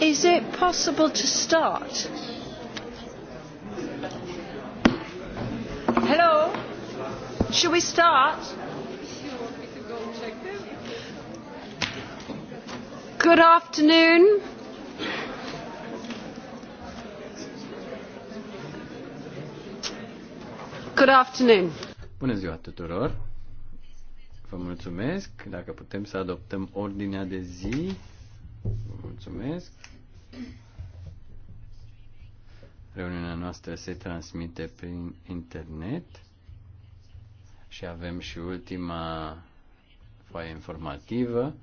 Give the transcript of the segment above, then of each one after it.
Is it possible to start? Hello? Should we start? Good afternoon. Good afternoon. Bună ziua tuturor. Vă mulțumesc. Dacă putem să adoptăm ordinea de zi Mulțumesc. Reuniunea noastră se transmite prin internet și avem și ultima foaie informativă.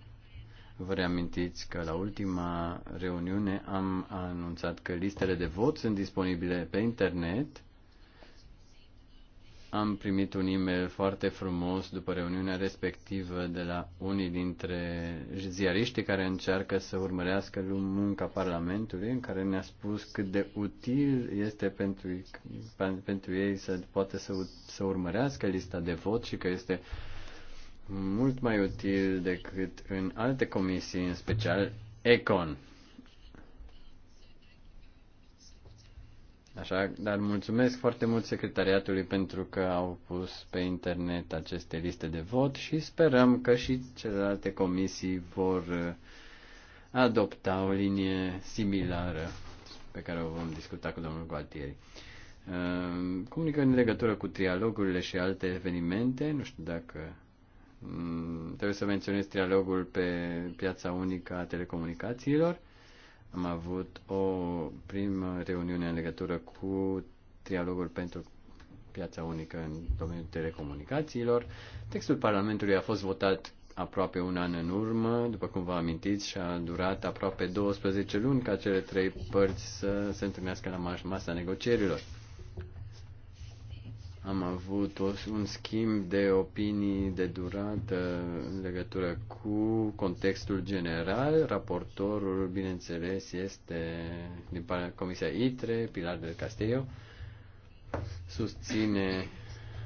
Vă reamintiți că la ultima reuniune am anunțat că listele de vot sunt disponibile pe internet am primit un e-mail foarte frumos după reuniunea respectivă de la unii dintre ziariștii care încearcă să urmărească munca Parlamentului, în care ne-a spus cât de util este pentru, pentru ei să poată să, să urmărească lista de vot și că este mult mai util decât în alte comisii, în special Econ. Așa, dar mulțumesc foarte mult secretariatului pentru că au pus pe internet aceste liste de vot și sperăm că și celelalte comisii vor uh, adopta o linie similară pe care o vom discuta cu domnul Gualtieri. Uh, Comunică în legătură cu trialogurile și alte evenimente, nu știu dacă mm, trebuie să menționez trialogul pe piața unică a telecomunicațiilor am avut o primă reuniune în legătură cu trialogul pentru piața unică în domeniul telecomunicațiilor. Textul Parlamentului a fost votat aproape un an în urmă, după cum vă amintiți, și a durat aproape 12 luni ca cele trei părți să se întâlnească la masa negocierilor. Am avut o, un schimb de opinii de durată în legătură cu contextul general. Raportorul, bineînțeles, este din partea Comisia ITRE, Pilar del Castillo. Susține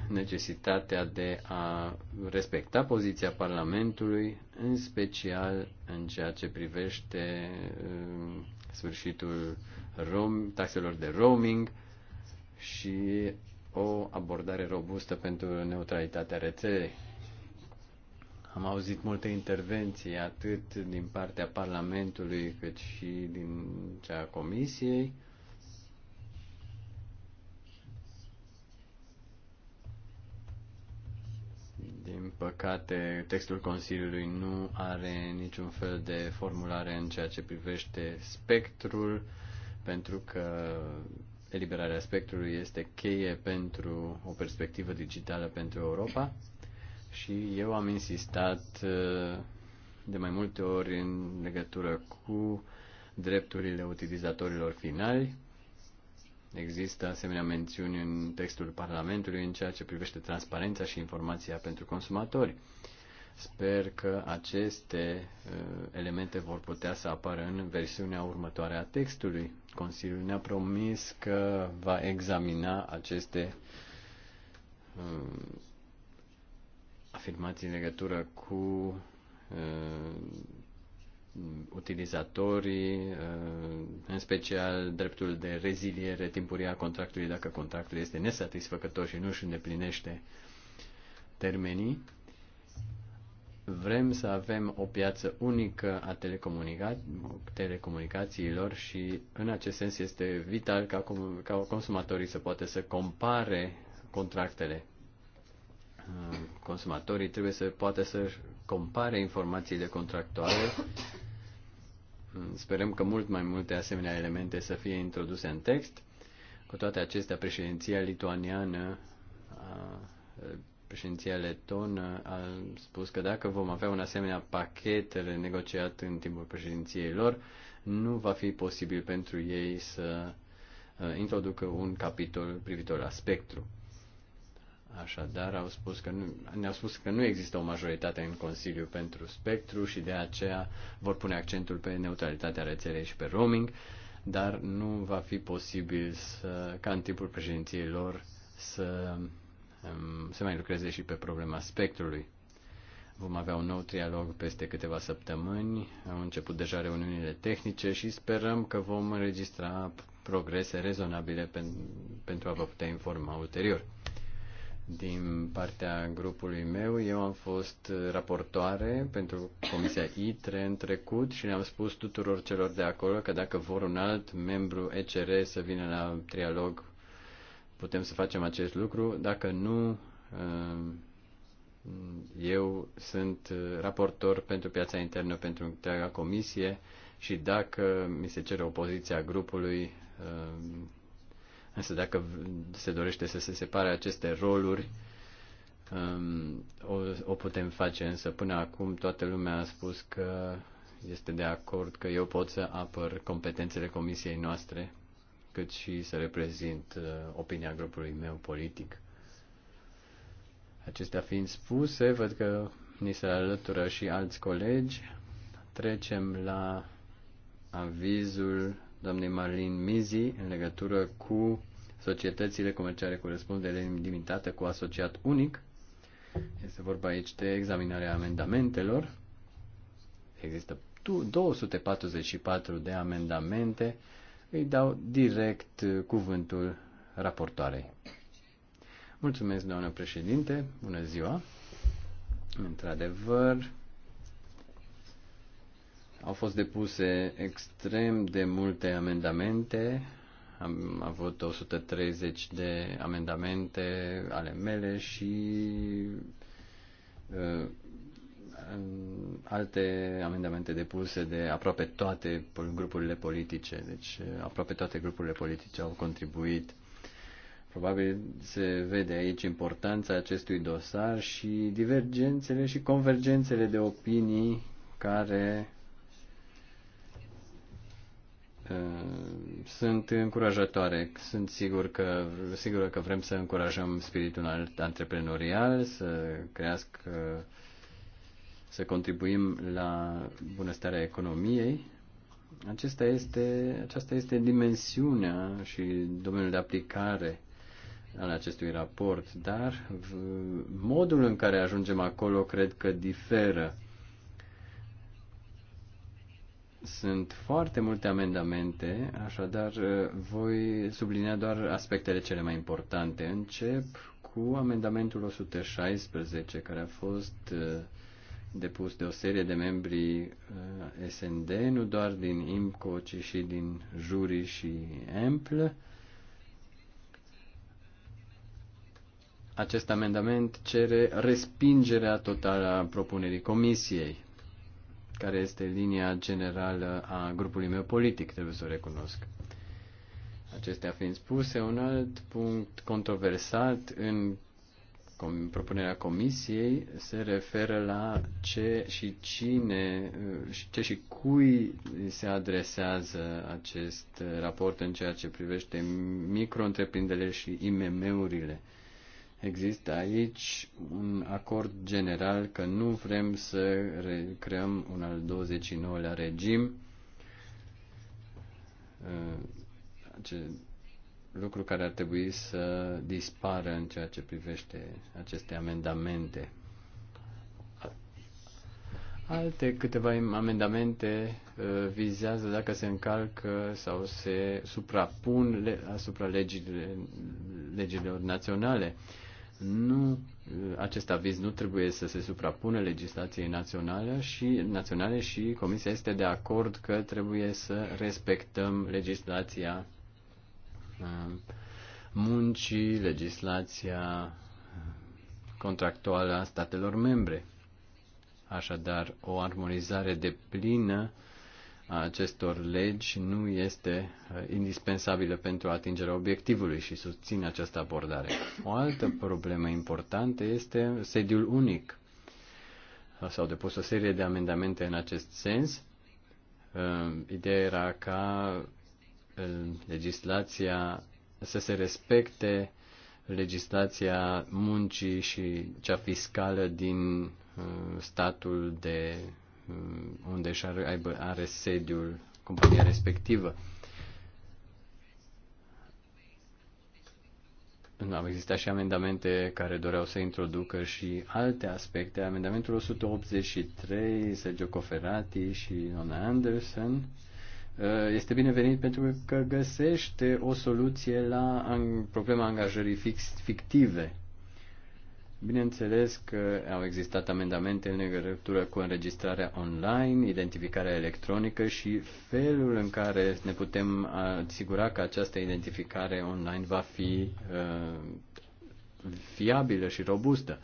necesitatea de a respecta poziția Parlamentului, în special în ceea ce privește um, sfârșitul rom, taxelor de roaming și o abordare robustă pentru neutralitatea rețelei. Am auzit multe intervenții, atât din partea Parlamentului, cât și din cea a Comisiei. Din păcate, textul Consiliului nu are niciun fel de formulare în ceea ce privește spectrul, pentru că Eliberarea spectrului este cheie pentru o perspectivă digitală pentru Europa și eu am insistat uh, de mai multe ori în legătură cu drepturile utilizatorilor finali. Există asemenea mențiuni în textul Parlamentului în ceea ce privește transparența și informația pentru consumatori. Sper că aceste uh, elemente vor putea să apară în versiunea următoare a textului. Consiliul ne-a promis că va examina aceste uh, afirmații în legătură cu uh, utilizatorii, uh, în special dreptul de reziliere timpurie a contractului dacă contractul este nesatisfăcător și nu își îndeplinește termenii. Vrem să avem o piață unică a telecomunica- telecomunicațiilor și în acest sens este vital ca, cum, ca consumatorii să poată să compare contractele. Uh, consumatorii trebuie să poată să compare informațiile contractuale. Uh, sperăm că mult mai multe asemenea elemente să fie introduse în text. Cu toate acestea, președinția lituaniană președinția letonă a spus că dacă vom avea un asemenea pachet negociat în timpul președinției lor, nu va fi posibil pentru ei să uh, introducă un capitol privitor la spectru. Așadar, au spus că nu, ne-au spus că nu există o majoritate în Consiliu pentru spectru și de aceea vor pune accentul pe neutralitatea rețelei și pe roaming, dar nu va fi posibil să, ca în timpul președinției lor să se mai lucreze și pe problema spectrului. Vom avea un nou trialog peste câteva săptămâni. Au început deja reuniunile tehnice și sperăm că vom înregistra progrese rezonabile pentru a vă putea informa ulterior. Din partea grupului meu, eu am fost raportoare pentru Comisia ITRE în trecut și le-am spus tuturor celor de acolo că dacă vor un alt membru ECR să vină la trialog putem să facem acest lucru. Dacă nu, uh, eu sunt raportor pentru piața internă pentru întreaga comisie și dacă mi se cere opoziția grupului, uh, însă dacă se dorește să se separe aceste roluri, um, o, o putem face, însă până acum toată lumea a spus că este de acord că eu pot să apăr competențele comisiei noastre cât și să reprezint uh, opinia grupului meu politic. Acestea fiind spuse, văd că ni se alătură și alți colegi. Trecem la avizul doamnei Marlin Mizi în legătură cu societățile comerciale cu răspundere limitată cu asociat unic. Este vorba aici de examinarea amendamentelor. Există 244 de amendamente îi dau direct uh, cuvântul raportoarei. Mulțumesc, doamnă președinte, bună ziua. Într-adevăr, au fost depuse extrem de multe amendamente. Am avut 130 de amendamente ale mele și uh, alte amendamente depuse de aproape toate grupurile politice. Deci aproape toate grupurile politice au contribuit. Probabil se vede aici importanța acestui dosar și divergențele și convergențele de opinii care uh, sunt încurajatoare. Sunt sigur că, sigur că vrem să încurajăm spiritul antreprenorial, să crească să contribuim la bunăstarea economiei. Acesta este, aceasta este dimensiunea și domeniul de aplicare al acestui raport, dar modul în care ajungem acolo cred că diferă. Sunt foarte multe amendamente, așadar uh, voi sublinia doar aspectele cele mai importante. Încep cu amendamentul 116, care a fost uh, depus de o serie de membri uh, SND, nu doar din IMCO, ci și din juri și EMPL. Acest amendament cere respingerea totală a propunerii comisiei, care este linia generală a grupului meu politic, trebuie să o recunosc. Acestea fiind spuse, un alt punct controversat în propunerea comisiei se referă la ce și cine și ce și cui se adresează acest raport în ceea ce privește micro și IMM-urile. Există aici un acord general că nu vrem să creăm un al 29-lea regim lucru care ar trebui să dispară în ceea ce privește aceste amendamente. Alte câteva amendamente uh, vizează dacă se încalcă sau se suprapun asupra legile, legilor naționale. Nu, uh, acest aviz nu trebuie să se suprapună legislației naționale și, naționale și Comisia este de acord că trebuie să respectăm legislația Ehm, muncii, legislația contractuală a statelor membre. Așadar, o armonizare de plină a acestor legi nu este eh, indispensabilă pentru atingerea obiectivului și susțin această abordare. O altă problemă importantă este sediul unic. S-au depus o serie de amendamente în acest sens. Ehm, ideea era ca legislația, să se respecte legislația muncii și cea fiscală din uh, statul de uh, unde își are, are sediul compania respectivă. Nu Au existat și amendamente care doreau să introducă și alte aspecte. Amendamentul 183, Sergio Coferati și Nona Anderson, Uh, este binevenit pentru că găsește o soluție la problema angajării fix, fictive. Bineînțeles că au existat amendamente în legătură cu înregistrarea online, identificarea electronică și felul în care ne putem asigura că această identificare online va fi uh, fiabilă și robustă.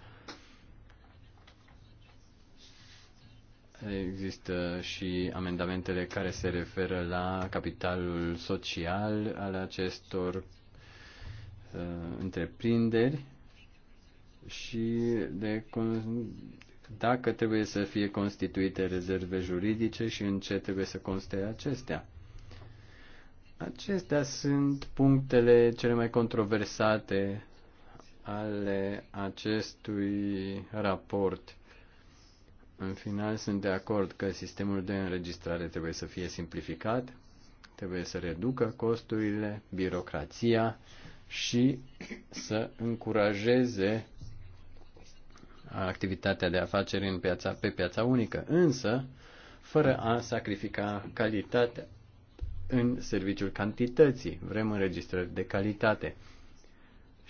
Există și amendamentele care se referă la capitalul social al acestor uh, întreprinderi și de dacă trebuie să fie constituite rezerve juridice și în ce trebuie să conste acestea. Acestea sunt punctele cele mai controversate ale acestui raport. În final, sunt de acord că sistemul de înregistrare trebuie să fie simplificat, trebuie să reducă costurile, birocrația și să încurajeze activitatea de afaceri în piața, pe piața unică, însă fără a sacrifica calitatea în serviciul cantității. Vrem înregistrări de calitate.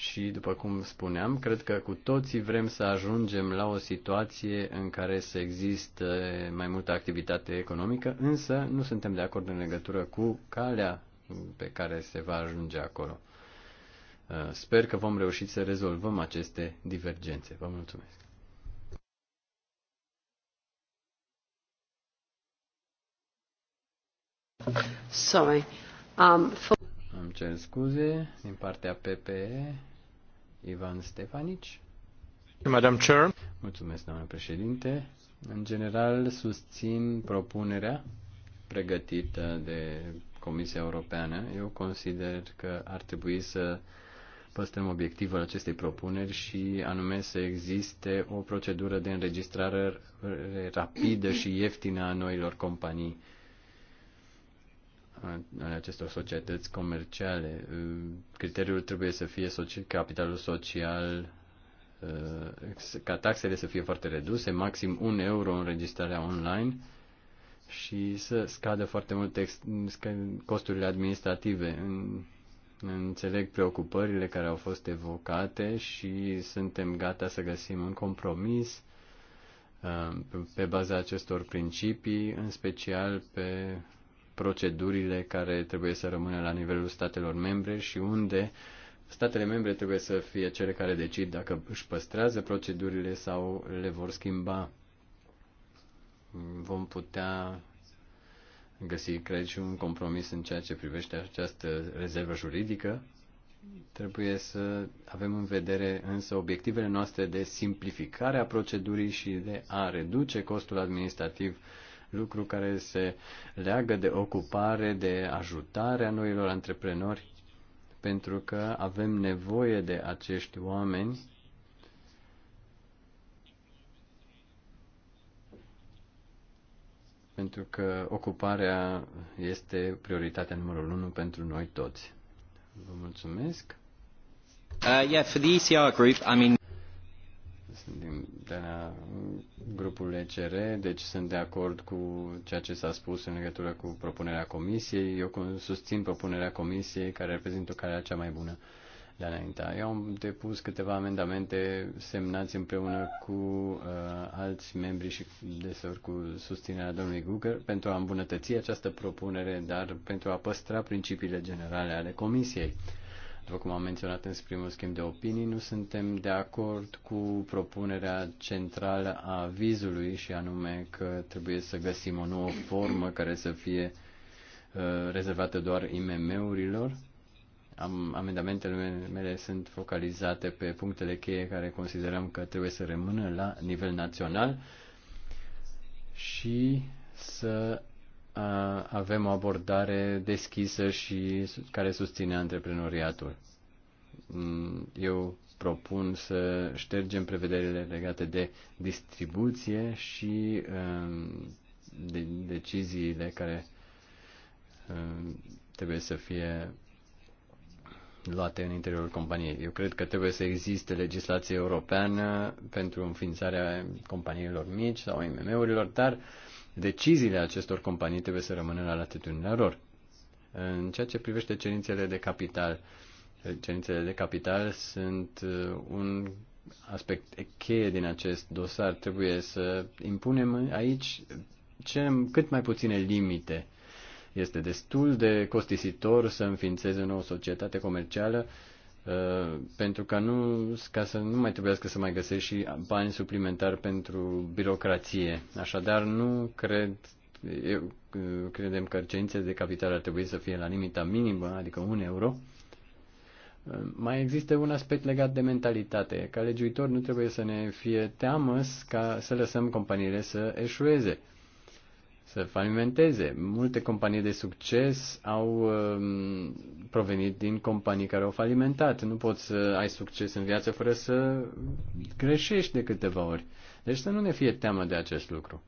Și, după cum spuneam, cred că cu toții vrem să ajungem la o situație în care să există mai multă activitate economică, însă nu suntem de acord în legătură cu calea pe care se va ajunge acolo. Uh, sper că vom reuși să rezolvăm aceste divergențe. Vă mulțumesc! Sorry. Um, for... Am cer scuze din partea PPE. Ivan Stefanici. Madam Chair. Mulțumesc, doamnă președinte. În general, susțin propunerea pregătită de Comisia Europeană. Eu consider că ar trebui să păstrăm obiectivul acestei propuneri și anume să existe o procedură de înregistrare rapidă și ieftină a noilor companii ale acestor societăți comerciale. Ă, criteriul trebuie să fie capitalul social, ă, ca taxele să fie foarte reduse, maxim 1 euro înregistrarea online și să scadă foarte mult costurile administrative. Înțeleg preocupările care au fost evocate și suntem gata să găsim un compromis ă, pe baza acestor principii, în special pe procedurile care trebuie să rămână la nivelul statelor membre și unde statele membre trebuie să fie cele care decid dacă își păstrează procedurile sau le vor schimba. Vom putea găsi, cred, și un compromis în ceea ce privește această rezervă juridică. Trebuie să avem în vedere însă obiectivele noastre de simplificare a procedurii și de a reduce costul administrativ lucru care se leagă de ocupare, de a noilor antreprenori, pentru că avem nevoie de acești oameni pentru că ocuparea este prioritatea numărul unu pentru noi toți. Vă mulțumesc. Uh, yeah, for the ECR group, I mean... Din puterea grupului ECR, deci sunt de acord cu ceea ce s-a spus în legătură cu propunerea comisiei. Eu susțin propunerea comisiei care reprezintă calea cea mai bună de înaintea. Eu am depus câteva amendamente semnați împreună cu uh, alți membri și deseori cu susținerea domnului Google pentru a îmbunătăți această propunere, dar pentru a păstra principiile generale ale comisiei. Uh, după cum am menționat în primul schimb de opinii, nu suntem de acord cu propunerea centrală a vizului și anume că trebuie să găsim o nouă formă care să fie uh, rezervată doar IMM-urilor. Am, amendamentele mele sunt focalizate pe punctele cheie care considerăm că trebuie să rămână la nivel național și să avem o abordare deschisă și care susține antreprenoriatul. Mm, eu propun să ștergem prevederile legate de distribuție și um, de deciziile care um, trebuie să fie luate în interiorul companiei. Eu cred că trebuie să existe legislație europeană pentru înființarea companiilor mici sau IMM-urilor, dar uh, deciziile acestor companii trebuie să rămână la latitudinea lor. În ceea ce privește cerințele de capital, cerințele de capital sunt uh, un aspect cheie din acest dosar. Trebuie să impunem aici ce, cât mai puține limite. Este destul de costisitor să înființeze o nouă societate comercială uh, Uh, pentru ca, nu, ca să nu mai trebuiască să mai găsești și bani suplimentari pentru birocrație. Așadar, nu cred, eu, uh, credem că cerințele de capital ar trebui să fie la limita minimă, adică un euro. Uh, mai există un aspect legat de mentalitate. Ca legiuitor nu trebuie să ne fie teamă ca să lăsăm companiile să eșueze. Uh, să falimenteze. Multe companii de succes au um, provenit din companii care au falimentat. Nu poți să ai succes în viață fără să greșești de câteva ori. Deci să nu ne fie teamă de acest lucru.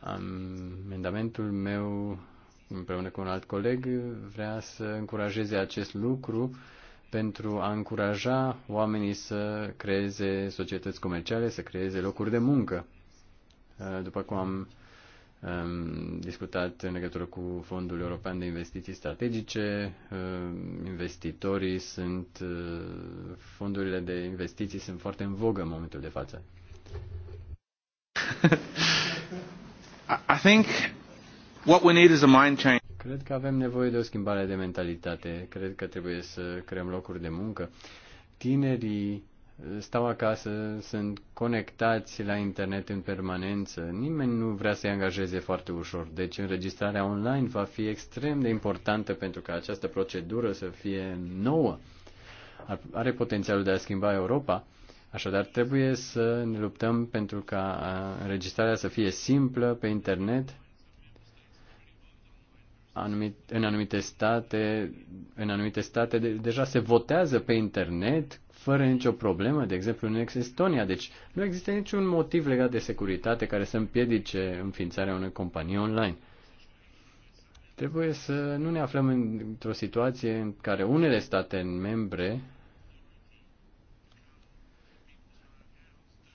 Amendamentul meu, împreună cu un alt coleg, vrea să încurajeze acest lucru pentru a încuraja oamenii să creeze societăți comerciale, să creeze locuri de muncă după cum am um, discutat în legătură cu Fondul European de Investiții Strategice. Um, investitorii sunt, uh, fondurile de investiții sunt foarte în vogă în momentul de față. I think what we need is a mind change. Cred că avem nevoie de o schimbare de mentalitate. Cred că trebuie să creăm locuri de muncă. Tinerii stau acasă, sunt conectați la internet în permanență. Nimeni nu vrea să-i angajeze foarte ușor. Deci înregistrarea online va fi extrem de importantă pentru ca această procedură să fie nouă. Are potențialul de a schimba Europa. Așadar, trebuie să ne luptăm pentru ca înregistrarea să fie simplă pe internet. Anumit, în anumite state, în anumite state de, deja se votează pe internet fără nicio problemă, de exemplu în Estonia. Deci nu există niciun motiv legat de securitate care să împiedice înființarea unei companii online. Trebuie să nu ne aflăm într-o situație în care unele state membre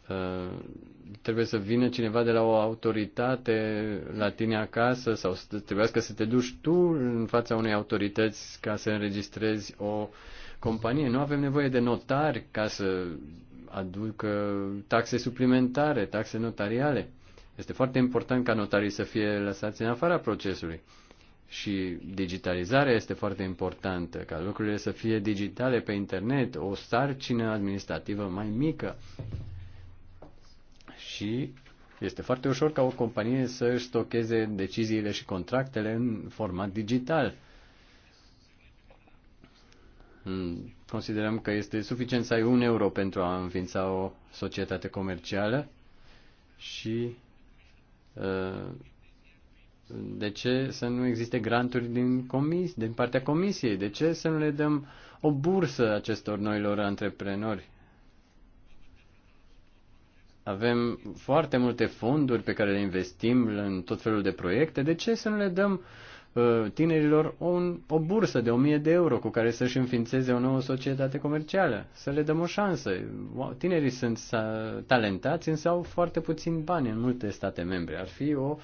uh, trebuie să vină cineva de la o autoritate la tine acasă sau trebuie să te duci tu în fața unei autorități ca să înregistrezi o uh, companie. Nu avem nevoie de notari ca să aducă taxe suplimentare, taxe notariale. Este foarte important ca notarii să fie lăsați în afara procesului. Și digitalizarea este foarte importantă, ca lucrurile să fie digitale pe internet, o sarcină administrativă mai mică. Și este foarte ușor ca o companie să își stocheze deciziile și contractele în format digital. Mm, considerăm că este suficient să ai un euro pentru a înființa o societate comercială și uh, de ce să nu existe granturi din, comis, din partea comisiei? De ce să nu le dăm o bursă acestor noilor antreprenori? Avem foarte multe fonduri pe care le investim în tot felul de proiecte. De ce să nu le dăm uh, Uh, tinerilor un, o bursă de 1000 de euro cu care să-și înființeze o nouă societate comercială, să le dăm o șansă. Tinerii sunt talentați, însă au foarte puțin bani în multe state membre. Ar fi o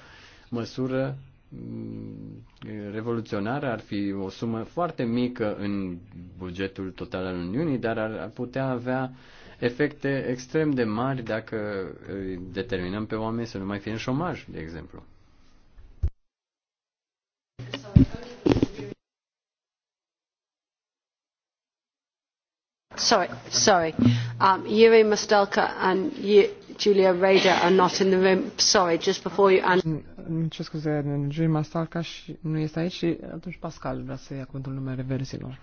măsură mm, revoluționară, ar fi o sumă foarte mică în bugetul total al Uniunii, dar ar putea avea efecte extrem de mari dacă uh, determinăm pe oameni să nu mai fie în șomaj, de exemplu. Sorry, sorry. Um, Yuri Mastelka and Julia Rader are not in the room. Sorry, just before you... And... Ce scuze, Yuri Mastelka și nu este aici și atunci Pascal vrea să ia cuvântul numele versilor.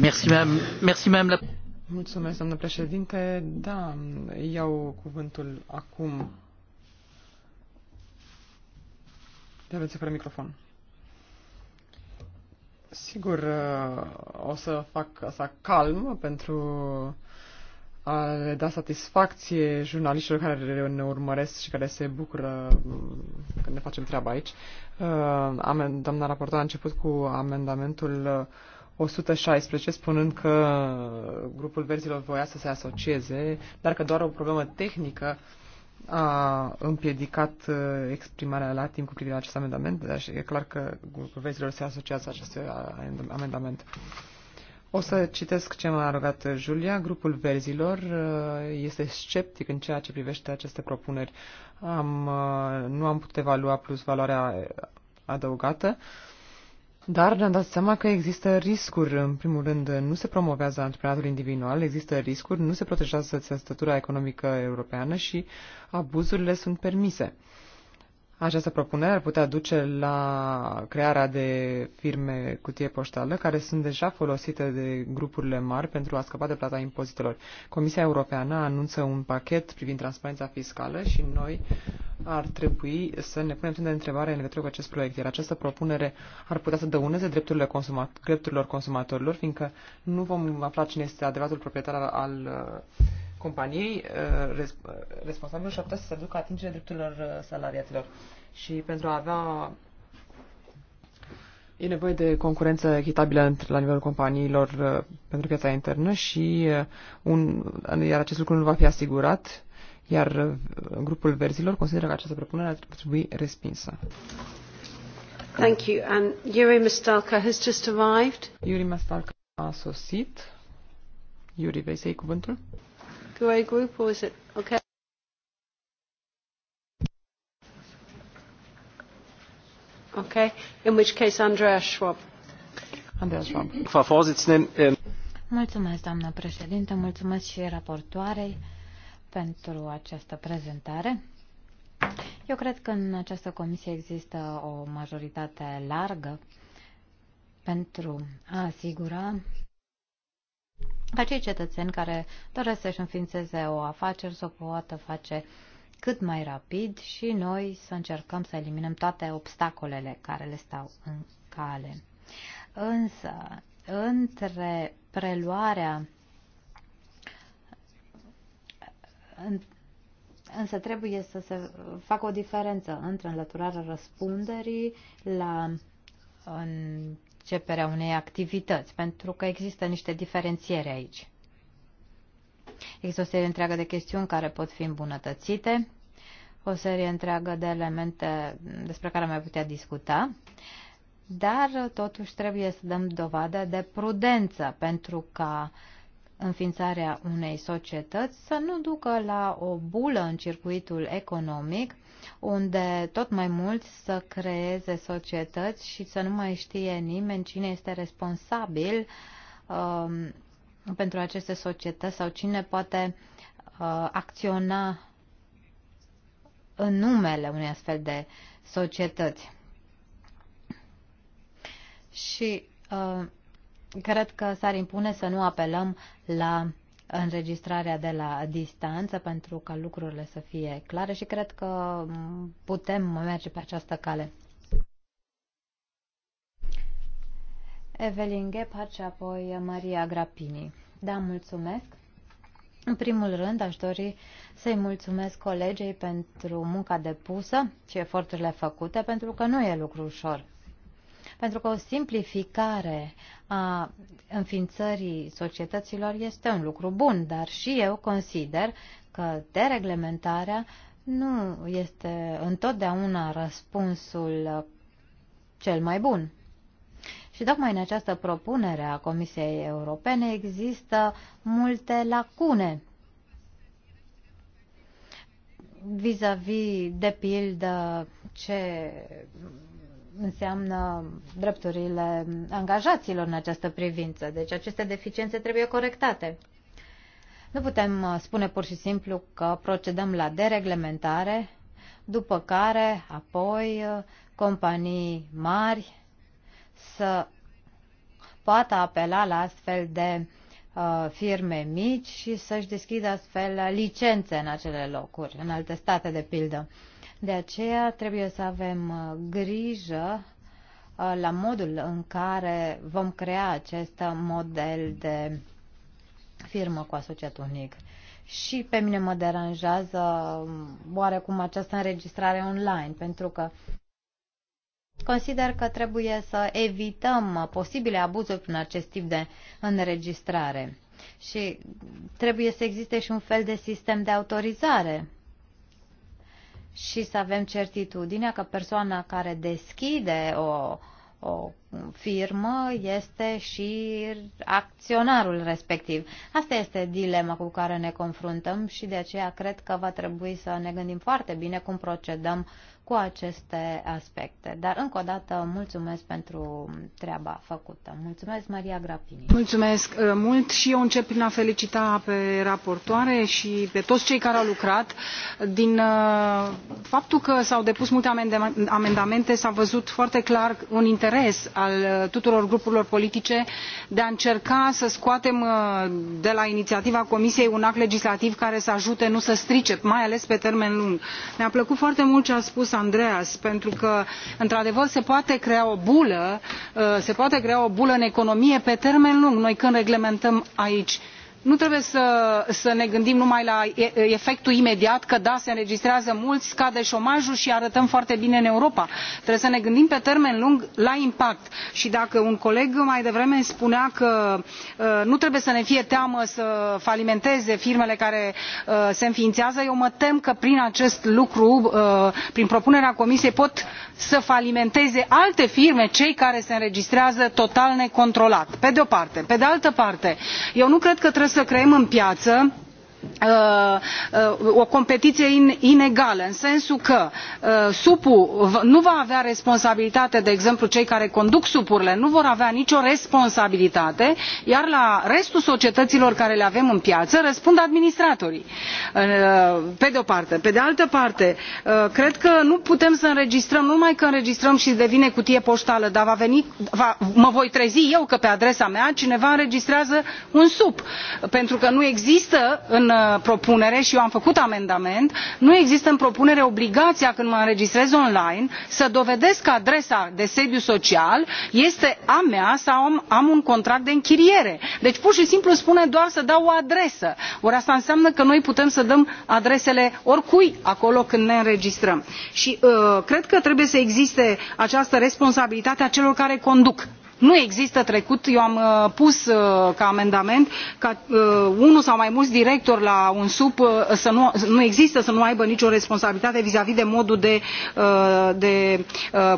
Merci, madame. Merci, madame la... Mulțumesc, doamnă președinte. Da, iau cuvântul acum. Te aveți fără microfon. Sigur, uh, o să fac asta calm pentru a le da satisfacție jurnaliștilor care ne urmăresc și care se bucură mm, când ne facem treaba aici. Uh, doamna raportor a început cu amendamentul 116, uh, spunând că grupul verzilor voia să se asocieze, dar că doar o problemă tehnică uh, a împiedicat uh, exprimarea la timp cu privire la acest amendament, dar e clar că verzilor se asociază acest uh, amendament. O să citesc ce m-a rugat Julia. Grupul verzilor uh, este sceptic în ceea ce privește aceste propuneri. Am, nu am putut evalua plus valoarea adăugată. Uh, dar ne-am dat seama că există riscuri. În primul rând, nu se promovează antreprenatul individual, există riscuri, nu se protejează stătura economică europeană și abuzurile sunt permise. Uh, această propunere ar putea duce la crearea de firme cutie poștală care sunt deja folosite de grupurile mari pentru a scăpa de plata impozitelor. Comisia Europeană anunță un pachet privind transparența fiscală și noi ar trebui să ne punem de întrebare în legătură cu acest proiect, iar această propunere ar putea să dăuneze drepturile consuma- drepturilor consumatorilor, fiindcă nu vom afla cine este adevăratul proprietar al uh, companiei, uh, uh, responsabilul și-ar putea să se ducă atingerea drepturilor uh, salariaților. Și pentru a avea E nevoie de concurență echitabilă la nivelul companiilor pentru piața internă și un, iar acest lucru nu va fi asigurat, iar grupul verzilor consideră că această propunere ar trebui respinsă. Thank you. And Yuri Mastalka has just arrived. Yuri Mastalka a sosit. Yuri, vei să iei cuvântul? GUE group, or is it okay? Okay. In which case, Andreas Schwab. Andreas Schwab. Frau Vorsitzende. Ähm, mulțumesc, doamnă președinte, mulțumesc și raportoarei pentru această prezentare. Eu cred că în această comisie există o majoritate largă pentru a asigura ca cei cetățeni care doresc să-și înființeze o afacere să o poată face cât mai rapid și noi să încercăm să eliminăm toate obstacolele care le stau în cale. Însă, între preluarea însă trebuie să se facă o diferență între înlăturarea răspunderii la în începerea unei activități, pentru că există niște diferențiere aici. Există o serie întreagă de chestiuni care pot fi îmbunătățite, o serie întreagă de elemente despre care am mai putea discuta, dar totuși trebuie să dăm dovadă de prudență pentru că uh, înființarea unei societăți să nu ducă la o bulă în circuitul economic, unde tot mai mulți să creeze societăți și să nu mai știe nimeni cine este responsabil um, pentru aceste societăți sau cine poate uh, acționa în numele unei astfel de societăți. Și uh, cred că s-ar impune să nu apelăm la înregistrarea de la distanță pentru ca lucrurile să fie clare și cred că putem merge pe această cale. Evelyn Gephardt și apoi Maria Grapini. Da, mulțumesc. În primul rând, aș dori să-i mulțumesc colegei pentru munca depusă și eforturile făcute, pentru că nu e lucru ușor pentru că o simplificare a înființării societăților este un lucru bun, dar și eu consider că dereglementarea nu este întotdeauna răspunsul cel mai bun. Și tocmai în această propunere a Comisiei Europene există multe lacune vis-a-vis, -vis, de pildă, ce înseamnă drepturile angajaților în această privință. Deci aceste deficiențe trebuie corectate. Nu putem uh, spune pur și simplu că procedăm la dereglementare, după care apoi uh, companii mari să poată apela la astfel de uh, firme mici și să-și deschidă astfel licențe în acele locuri, în alte state de pildă. Uh, de aceea trebuie să avem uh, grijă uh, la modul în care vom crea acest model de firmă cu asociat unic. Și pe mine mă deranjează um, oarecum această înregistrare online, pentru că consider că trebuie să evităm uh, posibile abuzuri prin acest tip de înregistrare. Și trebuie să existe și un fel de sistem de autorizare și să avem certitudinea că persoana care deschide o, o firmă este și acționarul respectiv. Asta este dilema cu care ne confruntăm și de aceea cred că va trebui să ne gândim foarte bine cum procedăm uh, cu aceste aspecte. Dar, încă o dată, mulțumesc pentru treaba făcută. Mulțumesc, Maria Grapini. Mulțumesc uh, mult și eu încep prin a felicita pe raportoare și pe toți cei care au lucrat. Din uh, faptul că s-au depus multe amendamente, s-a văzut foarte clar un interes al uh, tuturor grupurilor politice de a încerca să scoatem de la inițiativa Comisiei un act legislativ care să ajute, nu să strice, mai ales pe termen lung. Mi-a plăcut foarte mult ce a spus andreas pentru că într adevăr se poate crea o bulă uh, se poate crea o bulă în economie pe termen lung noi când reglementăm aici nu trebuie să, ne gândim numai la efectul imediat că da se înregistrează mulți scade șomajul și arătăm foarte bine în europa trebuie să ne gândim pe termen lung la impact și dacă un coleg mai devreme spunea că uh, nu trebuie să ne fie teamă să falimenteze firmele care uh, se înființează eu mă tem că prin acest lucru uh, prin propunerea comisiei pot să falimenteze alte firme cei care se înregistrează total necontrolat pe de o parte. pe de altă parte eu nu cred că trebuie să creăm în piață Uh, uh, o competiție inegală în sensul că uh, sup ul nu va avea responsabilitate de exemplu cei care conduc sup urile nu vor avea nicio responsabilitate iar la restul societăților pe care le avem în piață răspund administratorii pe de o parte. pe de altă parte cred că nu putem să înregistrăm nu numai că înregistrăm și devine cutie poștală dar va veni va, mă voi trezi eu că pe adresa mea cineva înregistrează un sup pentru că nu există în Uh, propunere și eu am făcut amendament nu există în propunere obligația când mă înregistrez online să dovedesc că adresa de sediu social este a mea sau am, un contract de închiriere deci pur și simplu spune doar să dau o adresă ori asta înseamnă că noi putem să dăm adresele oricui acolo când ne înregistrăm și uh, cred că trebuie să existe această responsabilitate a celor care conduc nu există trecut eu am uh, pus uh, ca amendament ca uh, unul sau mai mulți directori la un sub să nu, nu există să nu aibă nicio responsabilitate vizavi de modul de, de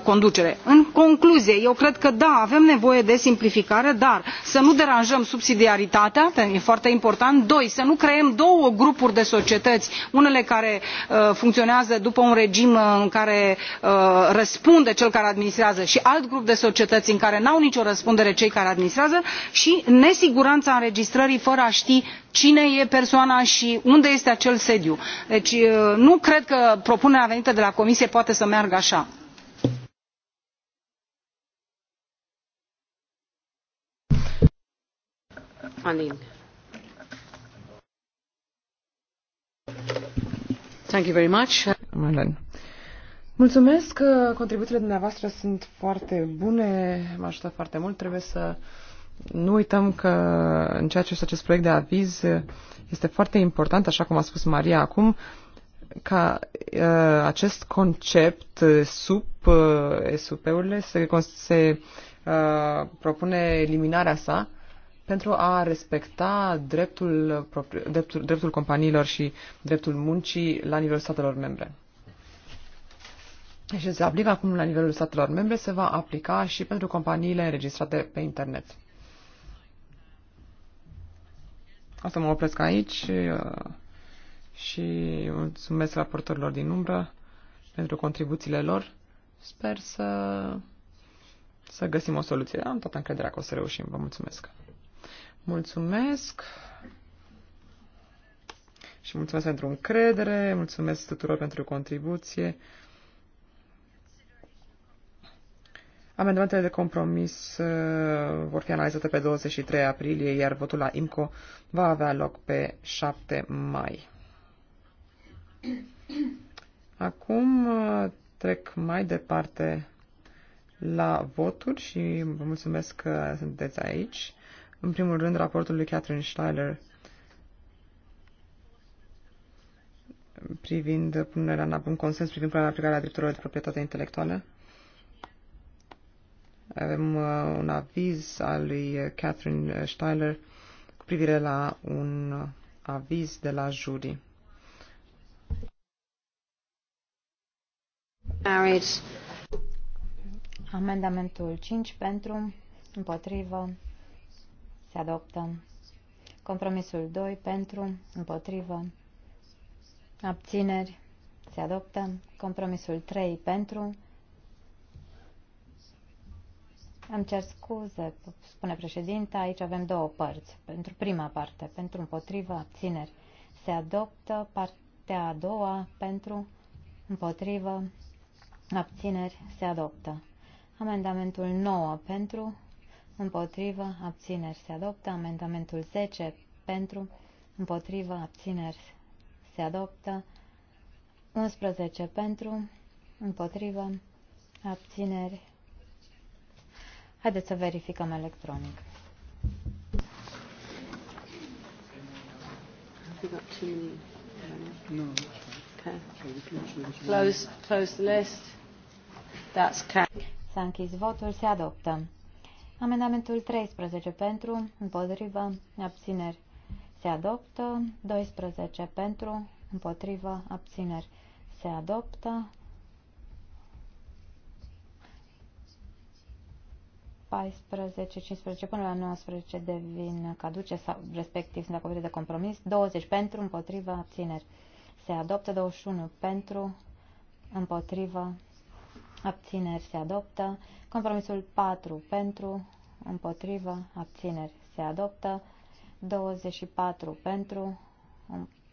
conducere. în concluzie eu cred că da avem nevoie de simplificare dar să nu deranjăm subsidiaritatea e foarte important doi să nu creăm două grupuri de societăți unele care funcționează după un regim în care răspunde cel care administrează și alt grup de societăți în care n au nicio răspundere cei care administrează și nesiguranța înregistrării fără a ști cine e persoana și unde este acel sediu. deci uh, nu cred că propunerea venită de la comisie poate să meargă așa. Mulțumesc că contribuțiile dumneavoastră sunt foarte bune, m-a ajutat foarte mult. Trebuie să nu uităm că în ceea ce este acest proiect de aviz este foarte important, așa cum a spus Maria acum, ca uh, acest concept sub uh, SUP-urile se, se uh, propune eliminarea sa pentru a respecta dreptul, dreptul, dreptul companiilor și dreptul muncii la nivelul statelor membre și se aplică acum la nivelul statelor membre, se va aplica și pentru companiile înregistrate pe internet. O să mă opresc aici uh, și mulțumesc raportorilor din umbră pentru contribuțiile lor. Sper să, să găsim o soluție. Am toată încrederea că o să reușim. Vă mulțumesc. Mulțumesc și mulțumesc pentru încredere, mulțumesc tuturor pentru contribuție. Amendamentele de compromis uh, vor fi analizate pe 23 aprilie, iar votul la IMCO va avea loc pe 7 mai. Acum uh, trec mai departe la voturi și vă mulțumesc că sunteți aici. În primul rând, raportul lui Catherine Steiler privind punerea în consens privind punerea în aplicare a drepturilor de proprietate intelectuală. Avem uh, un aviz al lui Catherine Steiler cu privire la un aviz de la jury. Marriage. Amendamentul 5 pentru, împotrivă, se adoptă. Compromisul 2 pentru, împotrivă, abțineri, se adoptă. Compromisul 3 pentru, îmi cer scuze, spune președinta, aici avem două părți. Pentru prima parte, pentru împotriva abțineri se adoptă, partea a doua pentru împotrivă abțineri se adoptă. Amendamentul 9 pentru împotrivă abțineri se adoptă, amendamentul 10 pentru împotrivă abțineri se adoptă, 11 pentru împotrivă abțineri Haideți să verificăm electronic. S-a închis votul, se adoptă. Amendamentul 13 pentru, împotrivă, abțineri. Se adoptă. 12 pentru, împotrivă, abțineri. Se adoptă. 14, 15 până la 19 devin caduce sau respectiv sunt acoperite de compromis. 20 pentru, împotriva, abțineri. Se adoptă 21 pentru, împotriva, abțineri. Se adoptă. Compromisul 4 pentru, împotriva, abțineri. Se adoptă. 24 pentru,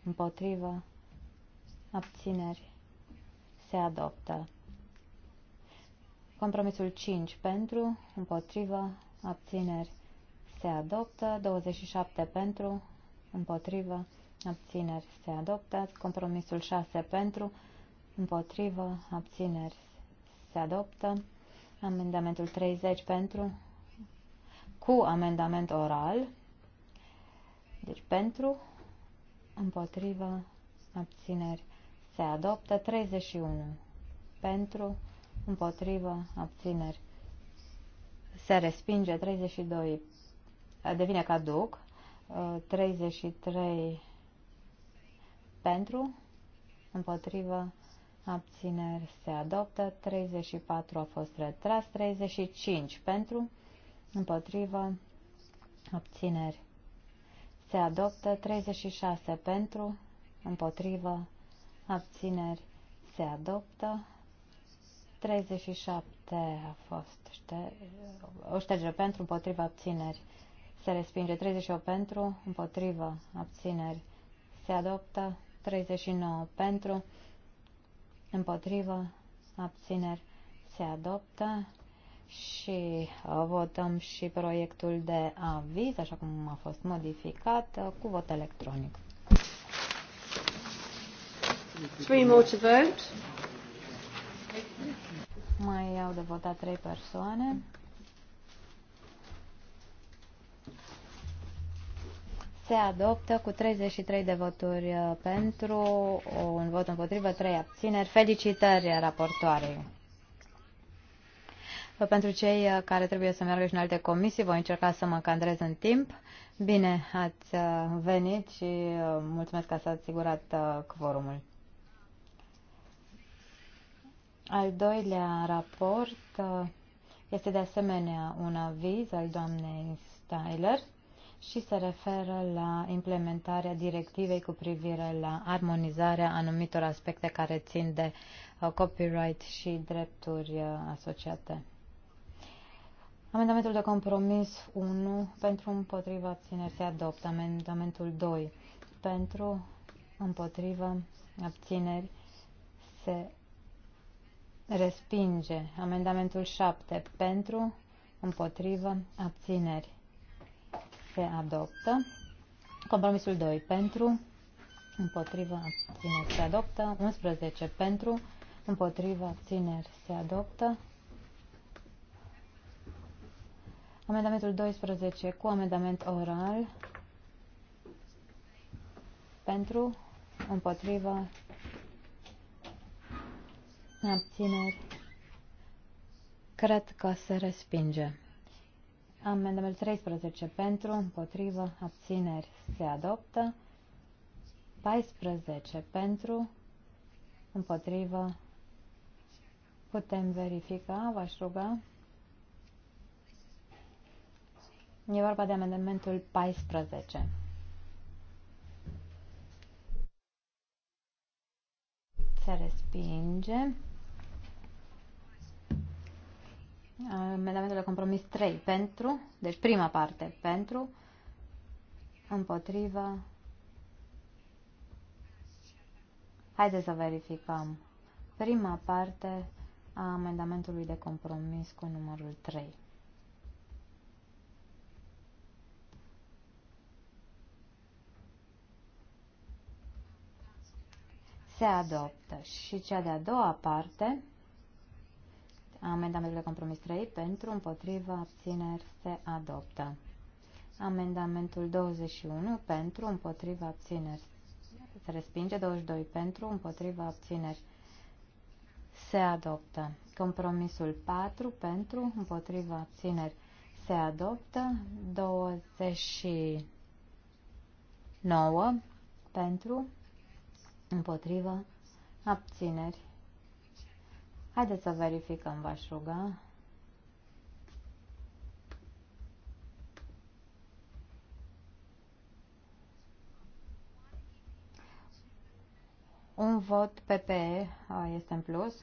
împotriva, abțineri. Se adoptă. Compromisul 5 pentru, împotrivă, abțineri se adoptă. 27 pentru, împotrivă, abțineri se adoptă. Compromisul 6 pentru, împotrivă, abțineri se adoptă. Amendamentul 30 pentru, cu amendament oral. Deci pentru, împotrivă, abțineri se adoptă. 31 pentru, împotrivă, abțineri. Se respinge 32, devine caduc, 33 uh, pentru, împotrivă, abțineri se adoptă, 34 a fost retras, 35 pentru, împotrivă, abțineri se adoptă, 36 pentru, împotrivă, abțineri se adoptă, 37 a fost șter o ștergere pentru, împotriva abțineri. Se respinge 38 pentru, împotriva abțineri. Se adoptă 39 pentru, împotriva abțineri. Se adoptă și uh, votăm și proiectul de aviz, așa cum a fost modificat, uh, cu vot electronic. Three more to vote. Mai au de votat trei persoane. Se adoptă cu 33 de voturi uh, pentru, un vot împotrivă, trei abțineri. Felicitări raportoarei! Pentru cei uh, care trebuie să meargă și în alte comisii, voi încerca să mă cadrez în timp. Bine ați uh, venit și mulțumesc că ați asigurat quorumul. Al doilea raport uh, este de asemenea un aviz al doamnei Styler și se referă la implementarea directivei cu privire la armonizarea anumitor aspecte care țin de uh, copyright și drepturi uh, asociate. Amendamentul de compromis 1 pentru împotriva abțineri se adoptă. Amendamentul 2 pentru împotriva abțineri se respinge. Amendamentul 7 pentru, împotrivă, abțineri se adoptă. Compromisul 2 pentru, împotrivă, abțineri se adoptă. 11 pentru, împotrivă, abțineri se adoptă. Amendamentul 12 cu amendament oral pentru, împotrivă, abțineri, cred că se respinge. Amendamentul 13 pentru, împotrivă, abțineri, se adoptă. 14 pentru, împotrivă, putem verifica, v-aș ruga. E vorba de amendamentul 14. Se respinge. Amendamentul de compromis 3 pentru, deci prima parte pentru, împotriva. Haideți să verificăm. Prima parte a amendamentului de compromis cu numărul 3. Se adoptă. Și cea de-a doua parte Amendamentul de compromis 3 pentru, împotrivă, abțineri se adoptă. Amendamentul 21 pentru, împotrivă, abțineri se respinge. 22 pentru, împotrivă, abțineri se adoptă. Compromisul 4 pentru, împotrivă, abțineri se adoptă. 29 pentru, împotrivă, abțineri Haideți să verificăm, v ruga. Un vot PPE este în plus.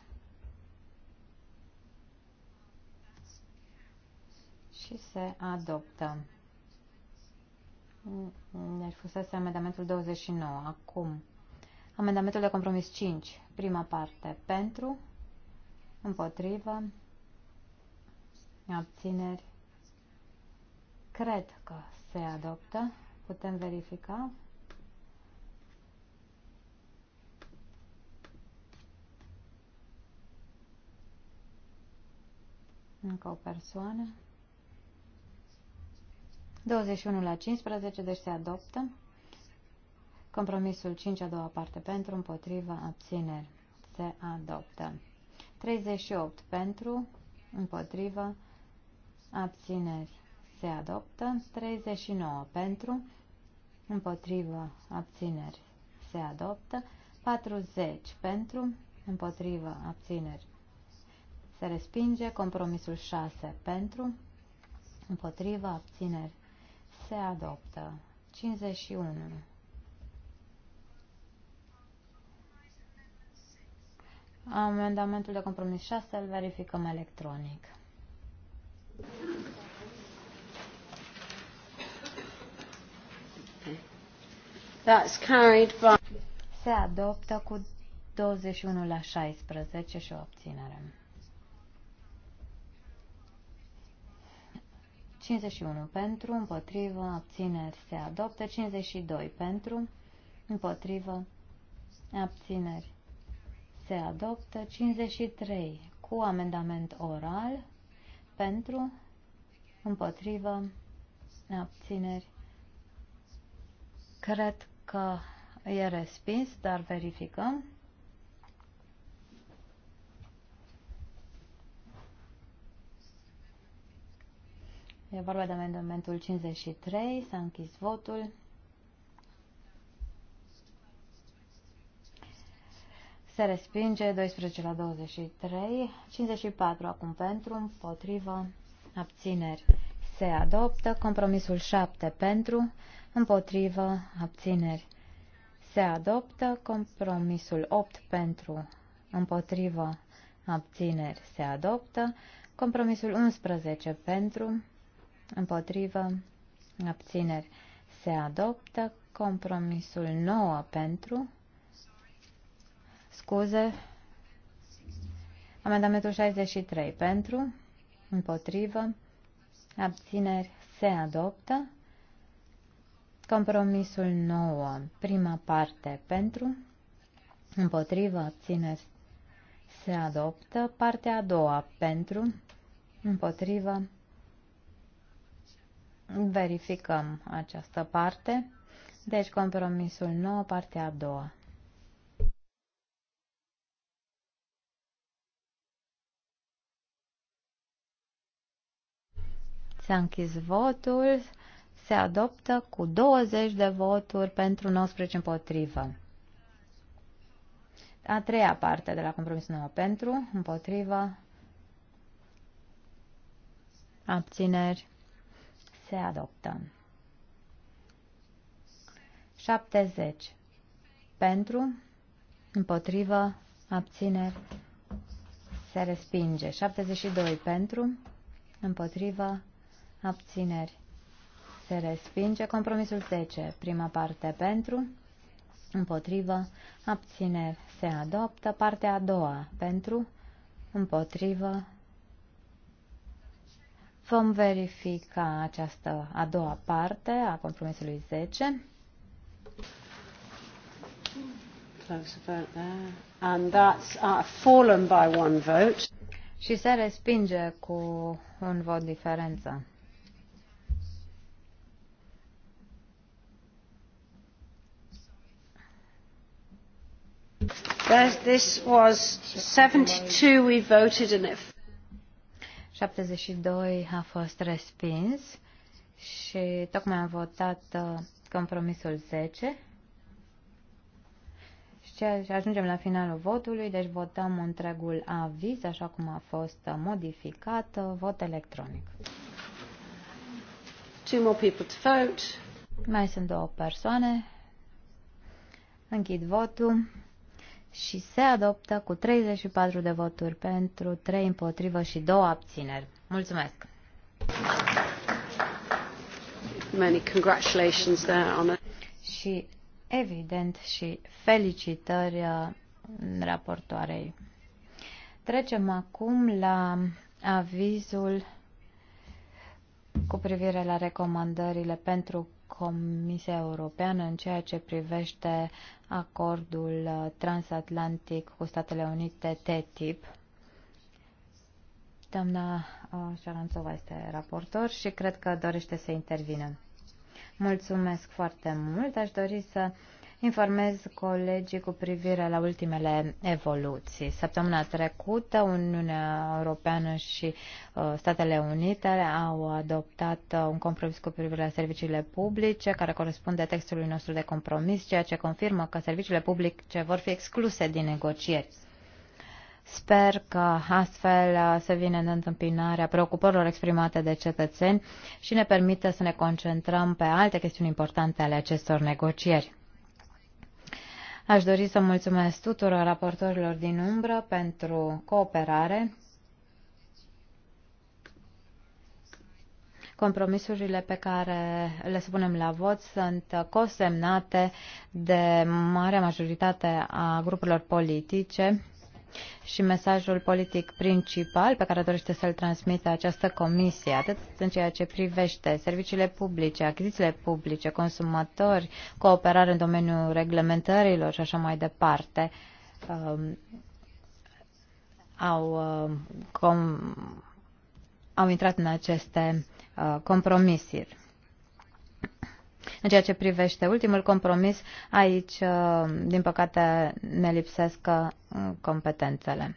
Și se adoptă. Deci fusese amendamentul 29. Acum, amendamentul de compromis 5, prima parte, pentru, împotrivă, abțineri, cred că se adoptă, putem verifica. Încă o persoană. 21 la 15, deci se adoptă. Compromisul 5, a doua parte, pentru, împotriva, abțineri, se adoptă. 38 pentru, împotrivă, abțineri se adoptă. 39 pentru, împotrivă, abțineri se adoptă. 40 pentru, împotrivă, abțineri se respinge. Compromisul 6 pentru, împotrivă, abțineri se adoptă. 51 Amendamentul de compromis 6 îl verificăm electronic. That's carried by... Se adoptă cu 21 la 16 și o obținere. 51 pentru, împotrivă, abțineri se adoptă. 52 pentru, împotrivă, abțineri se adoptă 53 cu amendament oral pentru, împotrivă, abțineri. Cred că e respins, dar verificăm. E vorba de amendamentul 53, s-a închis votul. Se respinge 12 la 23, 54 acum pentru, împotrivă, abțineri. Se adoptă compromisul 7 pentru, împotrivă, abțineri. Se adoptă compromisul 8 pentru, împotrivă, abțineri. Se adoptă compromisul 11 pentru, împotrivă, abțineri. Se adoptă compromisul 9 pentru, scuze. Amendamentul 63 pentru, împotrivă, abțineri se adoptă. Compromisul 9, prima parte pentru, împotrivă, abțineri se adoptă. Partea a doua pentru, împotrivă, verificăm această parte. Deci compromisul 9, partea a doua. ați închis votul. Se adoptă cu 20 de voturi pentru 19 împotrivă. A treia parte de la compromisul 9 pentru, împotrivă, abțineri, se adoptă. 70 pentru, împotrivă, abțineri, se respinge. 72 pentru, împotrivă, abțineri, se respinge. Compromisul 10, prima parte pentru, împotrivă, abțineri, se adoptă. Partea a doua pentru, împotrivă, Vom verifica această a doua parte a compromisului 10. And that's uh, fallen by one vote. Și se respinge cu un vot diferență. 72 72 a fost respins și tocmai am votat uh, compromisul 10. Și ajungem la finalul votului, deci votăm întregul aviz așa cum a fost uh, modificat, uh, vot electronic. Two more people to vote. Mai sunt două persoane. Închid votul și se adoptă cu 34 de voturi pentru, 3 împotrivă și 2 abțineri. Mulțumesc! Many congratulations there on it. Și evident și felicitări uh, raportoarei. Trecem acum la avizul cu privire la recomandările pentru Comisia Europeană în ceea ce privește acordul uh, transatlantic cu Statele Unite TTIP. Doamna uh, Șaranțova este raportor și cred că dorește să intervină. Mulțumesc foarte mult. Aș dori să informez colegii cu privire la ultimele evoluții. Săptămâna trecută, Uniunea Europeană și uh, Statele Unite au adoptat uh, un compromis cu privire la serviciile publice, care corespunde textului nostru de compromis, ceea ce confirmă că serviciile publice vor fi excluse din negocieri. Sper că astfel uh, se vine în întâmpinarea preocupărilor exprimate de cetățeni și ne permite să ne concentrăm pe alte chestiuni importante ale acestor negocieri. Aș dori să mulțumesc tuturor raportorilor din umbră pentru cooperare. Compromisurile pe care le spunem la vot sunt cosemnate de marea majoritate a grupurilor politice și mesajul politic principal pe care dorește să-l transmită această comisie, atât în ceea ce privește serviciile publice, achizițiile publice, consumatori, cooperare în domeniul reglementărilor și așa mai departe, um, au, um, com, au intrat în aceste uh, compromisiri. În ceea ce privește ultimul compromis, aici, uh, din păcate, ne lipsesc uh, competențele.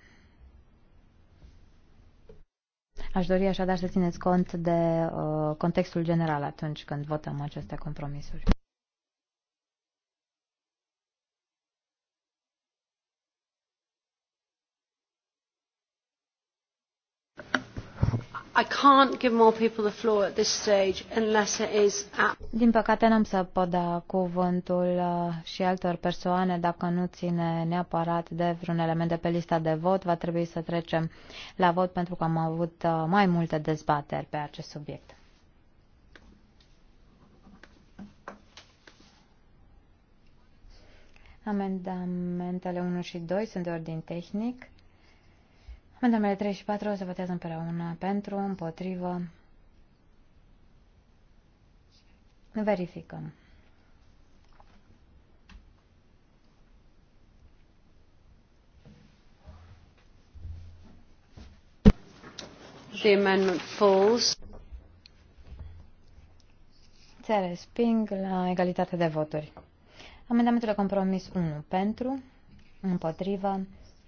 Aș dori așadar să țineți cont de uh, contextul general atunci când votăm aceste compromisuri. Din păcate n-am să pot da cuvântul uh, și altor persoane dacă nu ține neapărat de vreun element de pe lista de vot. Va trebui să trecem la vot pentru că am avut uh, mai multe dezbateri pe acest subiect. Amendamentele 1 și 2 sunt de ordin tehnic. Amendamentele 3 și 4 se votează împreună pentru, împotrivă. Verificăm. The amendment falls. Se resping la egalitate de voturi. Amendamentul de compromis 1 pentru, împotrivă,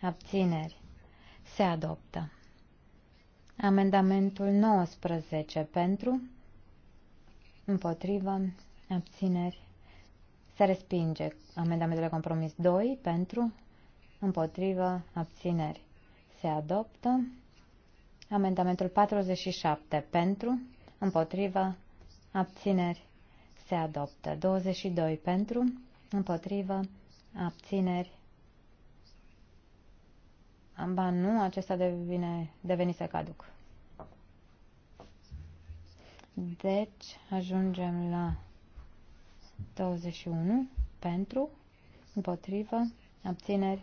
abțineri se adoptă. Amendamentul 19 pentru, împotrivă, abțineri, se respinge. Amendamentul de compromis 2 pentru, împotrivă, abțineri, se adoptă. Amendamentul 47 pentru, împotrivă, abțineri, se adoptă. 22 pentru, împotrivă, abțineri, Amba nu, acesta devine, devenise caduc. Deci ajungem la 21 pentru, împotrivă, abțineri,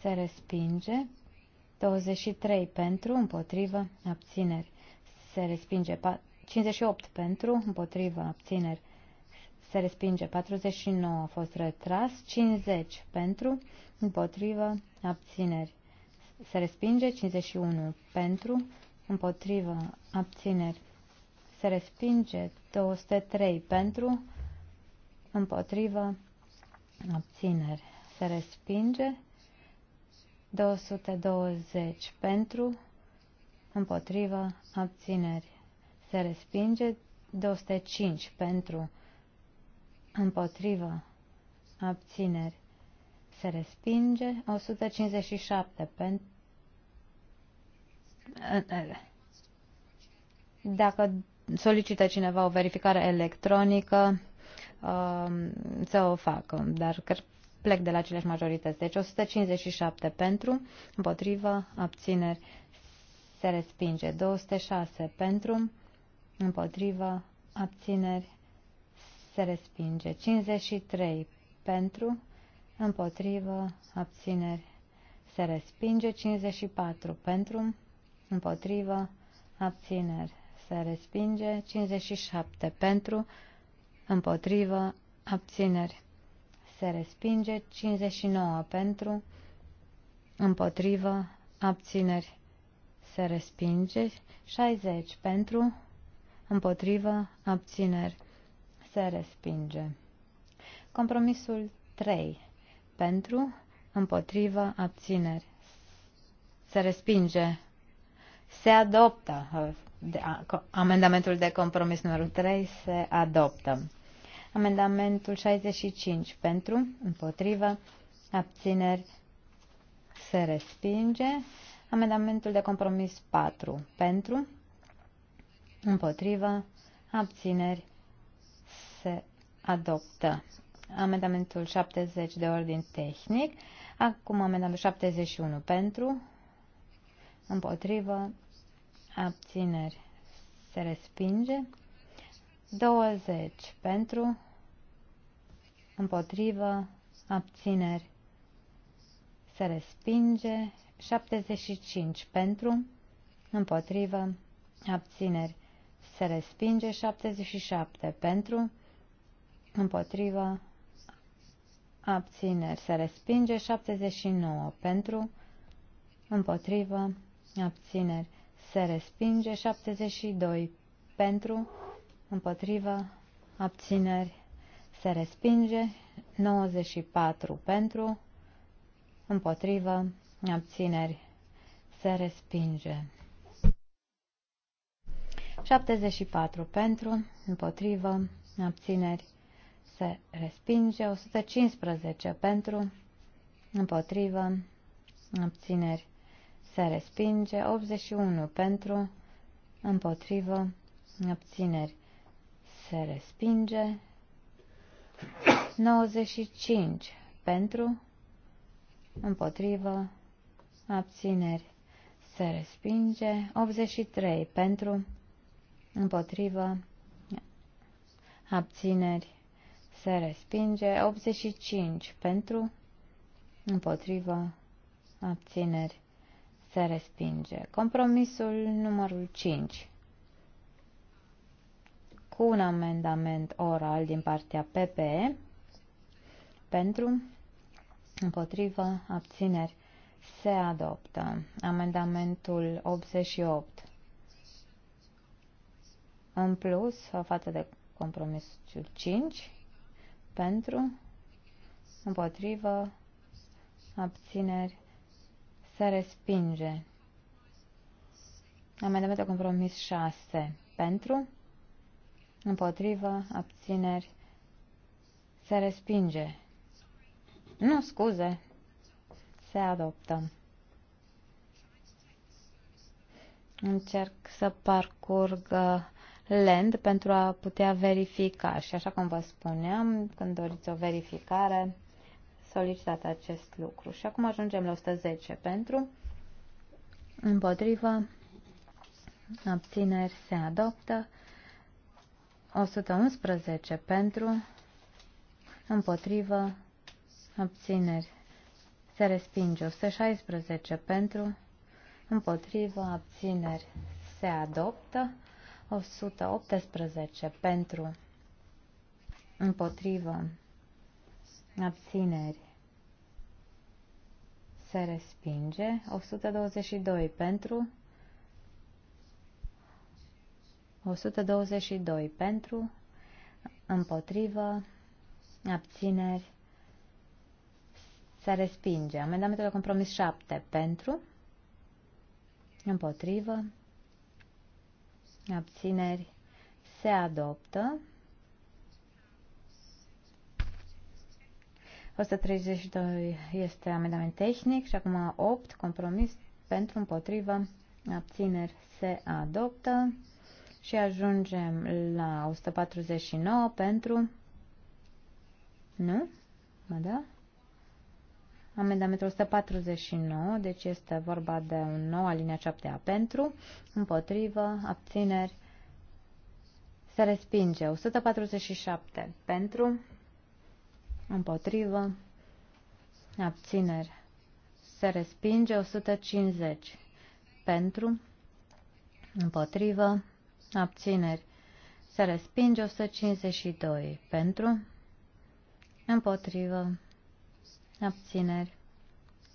se respinge. 23 pentru, împotrivă, abțineri, se respinge. 58 pentru, împotrivă, abțineri, se respinge. 49 a fost retras. 50 pentru, împotrivă, abțineri se respinge, 51 pentru, împotrivă, abțineri se respinge, 203 pentru, împotrivă, abțineri se respinge, 220 pentru, împotrivă, abțineri se respinge, 205 pentru, împotrivă, abțineri se respinge. 157 pentru dacă solicită cineva o verificare electronică, um, să o facă, dar plec de la aceleași majorități. Deci 157 pentru, împotrivă, abțineri, se respinge. 206 pentru, împotrivă, abțineri, se respinge. 53 pentru, împotrivă, abțineri, se respinge. 54 pentru, împotrivă, abțineri, se respinge. 57 pentru, împotrivă, abțineri, se respinge. 59 pentru, împotrivă, abțineri, se respinge. 60 pentru, împotrivă, abțineri, se respinge. Compromisul 3 pentru, împotrivă, abțineri. Se respinge. Se adoptă. amendamentul de compromis numărul 3 se adoptă. Amendamentul 65 pentru, împotrivă, abțineri se respinge. Amendamentul de compromis 4 pentru, împotrivă, abțineri se adoptă. Amendamentul 70 de ordin tehnic. Acum amendamentul 71 pentru, împotrivă, abțineri se respinge. 20 pentru, împotrivă, abțineri se respinge. 75 pentru, împotrivă, abțineri se respinge. 77 pentru, împotrivă, abțineri se respinge, 79 pentru, împotrivă, abțineri se respinge, 72 pentru, împotrivă, abțineri se respinge, 94 pentru, împotrivă, abțineri se respinge. 74 pentru, împotrivă, abțineri se respinge. 115 pentru, împotrivă, abțineri, se respinge. 81 pentru, împotrivă, abțineri, se respinge. 95 pentru, împotrivă, abțineri, se respinge. 83 pentru, împotrivă, abțineri, se respinge. 85 pentru, împotrivă, abțineri, se respinge. Compromisul numărul 5 cu un amendament oral din partea PPE pentru, împotrivă, abțineri, se adoptă. Amendamentul 88 în plus față de compromisul 5 pentru, împotrivă, abțineri, se respinge. Amendamentul compromis 6 pentru, împotrivă, abțineri, se respinge. Nu, scuze, se adoptă. Încerc să parcurg uh, lend pentru a putea verifica. Și așa cum vă spuneam, când doriți o verificare, solicitați acest lucru. Și acum ajungem la 110 pentru, împotrivă, abțineri se adoptă, 111 pentru, împotrivă, abțineri se respinge, 116 pentru, împotrivă, abțineri se adoptă, 118 pentru, împotrivă, abțineri, se respinge. 122 pentru, 122 pentru, împotrivă, abțineri, se respinge. Amendamentul de compromis 7 pentru, împotrivă, abțineri, se adoptă. 132 este amendament tehnic și acum 8, compromis pentru împotrivă, abțineri se adoptă și ajungem la 149 pentru, nu? Mă da? Amendamentul 149, deci este vorba de un nou alinea 7A pentru, împotrivă, abțineri, se respinge. 147 pentru, împotrivă, abțineri, se respinge. 150 pentru, împotrivă, abțineri, se respinge. 152 pentru, împotrivă, abțineri,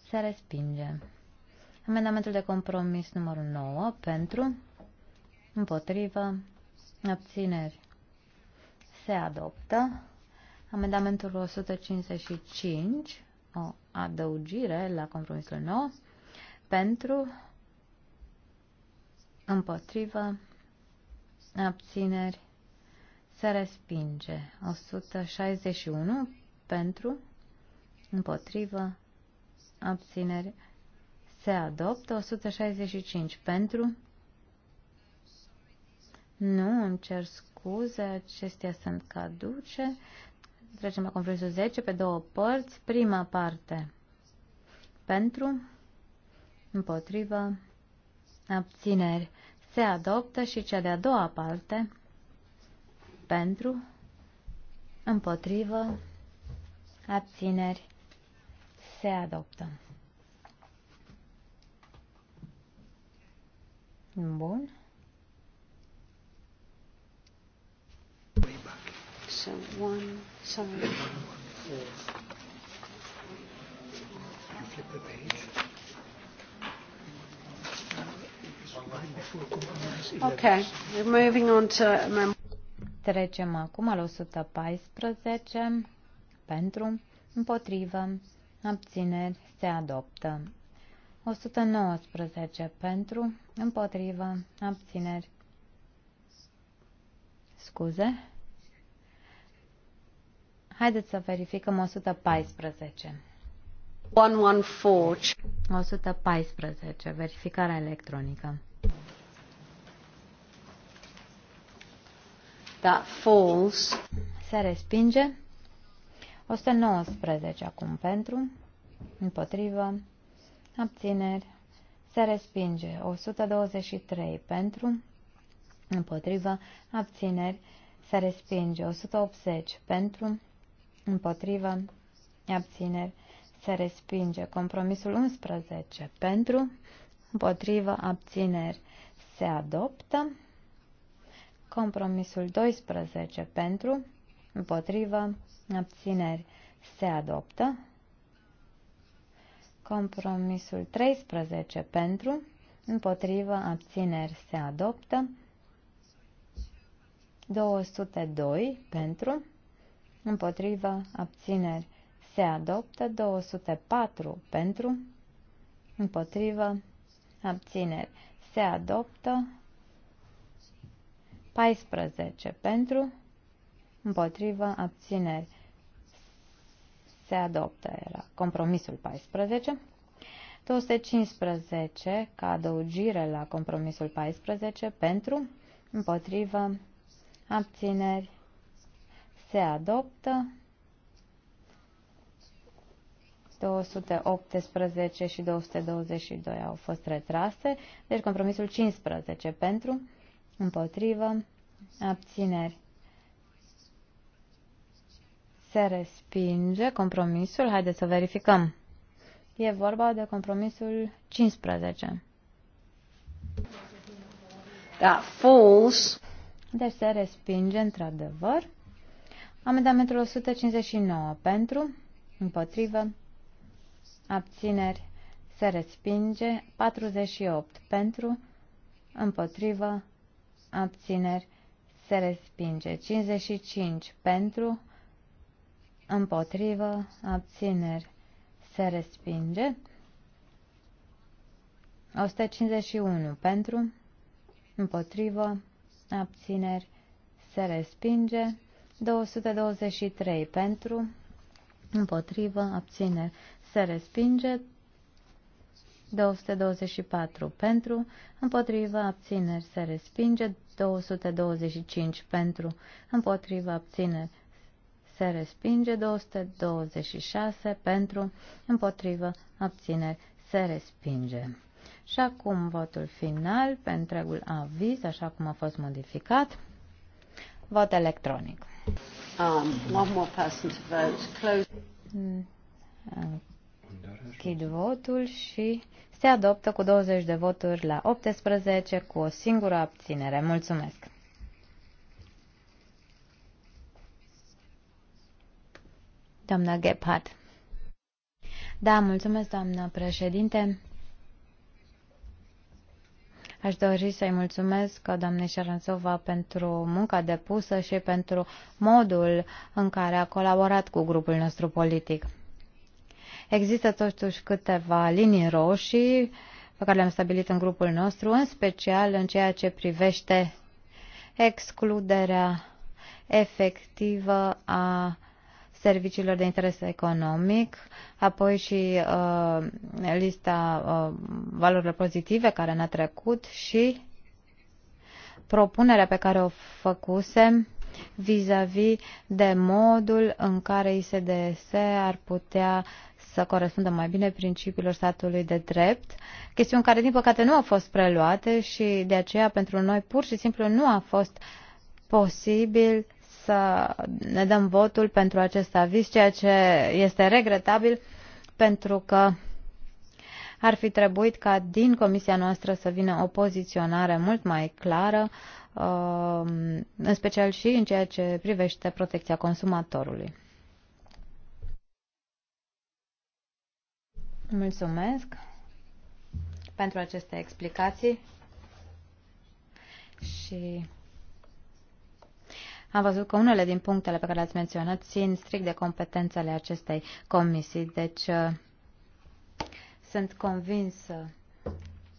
se respinge. Amendamentul de compromis numărul 9 pentru, împotrivă, abțineri, se adoptă. Amendamentul 155, o adăugire la compromisul 9, pentru, împotrivă, abțineri, se respinge. 161 pentru, împotrivă, abțineri, se adoptă. 165 pentru, nu, îmi cer scuze, acestea sunt caduce. Trecem la compromisul 10 pe două părți. Prima parte pentru, împotrivă, abțineri. Se adoptă și cea de-a doua parte pentru, împotrivă, abțineri se adoptă. Bun. So one, You flip the page. Okay, we're moving on to Trecem acum la 114 pentru împotrivă abțineri se adoptă. 119 pentru, împotrivă, abțineri. Scuze. Haideți să verificăm 114. 114. 114. Verificarea electronică. That falls. Se respinge. 119 acum pentru, împotrivă, abțineri, se respinge. 123 pentru, împotrivă, abțineri, se respinge. 180 pentru, împotrivă, abțineri, se respinge. Compromisul 11 pentru, împotrivă, abțineri, se adoptă. Compromisul 12 pentru, împotrivă, abțineri se adoptă. Compromisul 13 pentru, împotrivă, abțineri se adoptă. 202 pentru, împotrivă, abțineri se adoptă. 204 pentru, împotrivă, abțineri se adoptă. 14 pentru, împotrivă, abțineri, se adoptă. Era compromisul 14. 215 ca adăugire la compromisul 14 pentru, împotrivă, abțineri, se adoptă. 218 și 222 au fost retrase, deci compromisul 15 pentru, împotrivă, abțineri se respinge compromisul. Haideți să verificăm. E vorba de compromisul 15. Da, false. Deci se respinge într-adevăr. Amendamentul 159 pentru, împotrivă, abțineri, se respinge 48 pentru, împotrivă, abțineri, se respinge 55 pentru, împotrivă, abțineri, se respinge. 151 pentru, împotrivă, abțineri, se respinge. 223 pentru, împotrivă, abțineri, se respinge. 224 pentru, împotrivă, abțineri, se respinge. 225 pentru, împotrivă, abțineri, se respinge. 226 pentru, împotrivă, abțineri, se respinge. Și acum votul final pe întregul aviz, așa cum a fost modificat. Vot electronic. Um, one more person to vote. Close. Închid votul și se adoptă cu 20 de voturi la 18 cu o singură abținere. Mulțumesc! Doamna Gebhardt. Da, mulțumesc, doamnă președinte. Aș dori să-i mulțumesc doamnei Șerânsova pentru munca depusă și pentru modul în care a colaborat cu grupul nostru politic. Există totuși câteva linii roșii pe care le-am stabilit în grupul nostru, în special în ceea ce privește excluderea efectivă a serviciilor de interes economic, apoi și uh, lista uh, valorilor pozitive care ne-a trecut și propunerea pe care o făcusem vis-a-vis -vis de modul în care ISDS ar putea să corespundă mai bine principiilor statului de drept, chestiuni care, din păcate, nu au fost preluate și de aceea pentru noi pur și simplu nu a fost posibil să ne dăm votul pentru acest aviz, ceea ce este regretabil pentru că ar fi trebuit ca din comisia noastră să vină o poziționare mult mai clară, um, în special și în ceea ce privește protecția consumatorului. Mulțumesc pentru aceste explicații și am văzut că unele din punctele pe care le-ați menționat țin strict de competențele acestei comisii, deci uh, sunt convinsă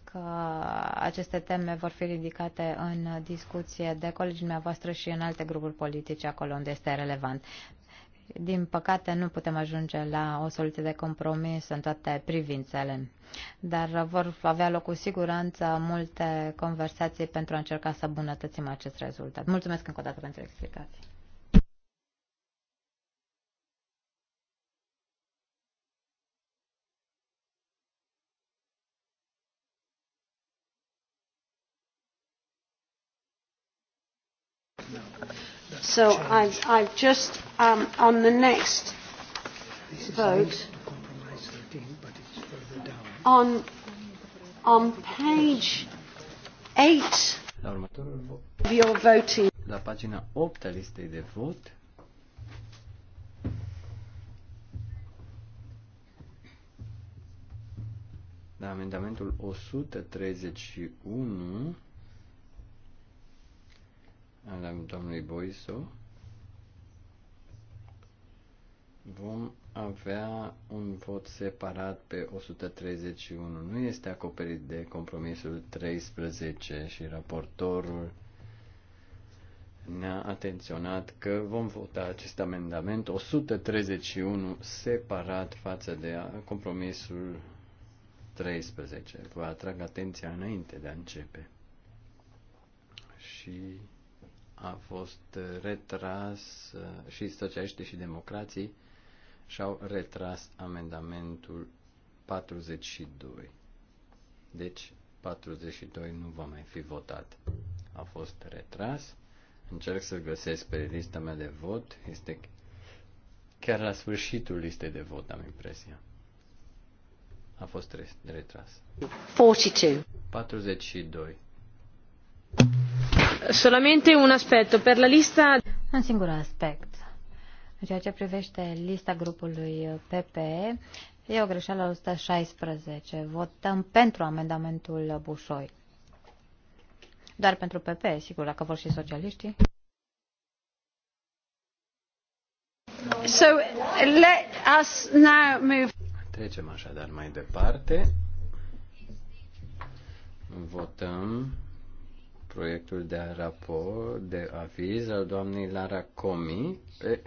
că aceste teme vor fi ridicate în discuție de colegii dumneavoastră și în alte grupuri politice, acolo unde este relevant din păcate, nu putem ajunge la o soluție de compromis în toate privințele, dar vor avea loc cu siguranță multe conversații pentru a încerca să bunătățim acest rezultat. Mulțumesc încă o dată pentru explicații. So I've, I've just, um, on the next vote, on, on page eight of Your voting. La pagina 8 a listei de vot. La amendamentul 131 ale domnului Boisu, vom avea un vot separat pe 131. Nu este acoperit de compromisul 13 și raportorul ne-a atenționat că vom vota acest amendament 131 separat față de compromisul 13. Vă atrag atenția înainte de a începe. Și a fost uh, retras uh, și socialiștii și democrații și-au retras amendamentul 42. Deci 42 nu va mai fi votat. A fost retras. Încerc să găsesc pe lista mea de vot. Este chiar la sfârșitul listei de vot, am impresia. A fost retras. 42. 42. Solamente un aspetto. Per la lista... Un singur aspect. În ceea ce privește lista grupului PPE, e o greșeală 116. Votăm pentru amendamentul Bușoi. Doar pentru PP, sigur, dacă vor și socialiștii. So, let us now move. Trecem așadar mai departe. Votăm proiectul de raport, de aviz al doamnei Lara Comi pe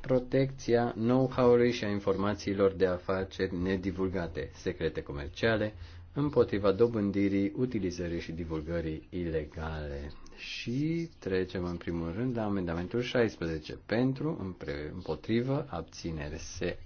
protecția know-how-ului și a informațiilor de afaceri nedivulgate, secrete comerciale, împotriva dobândirii, utilizării și divulgării ilegale. Și trecem în primul rând la amendamentul 16. Pentru, împotrivă, abținere se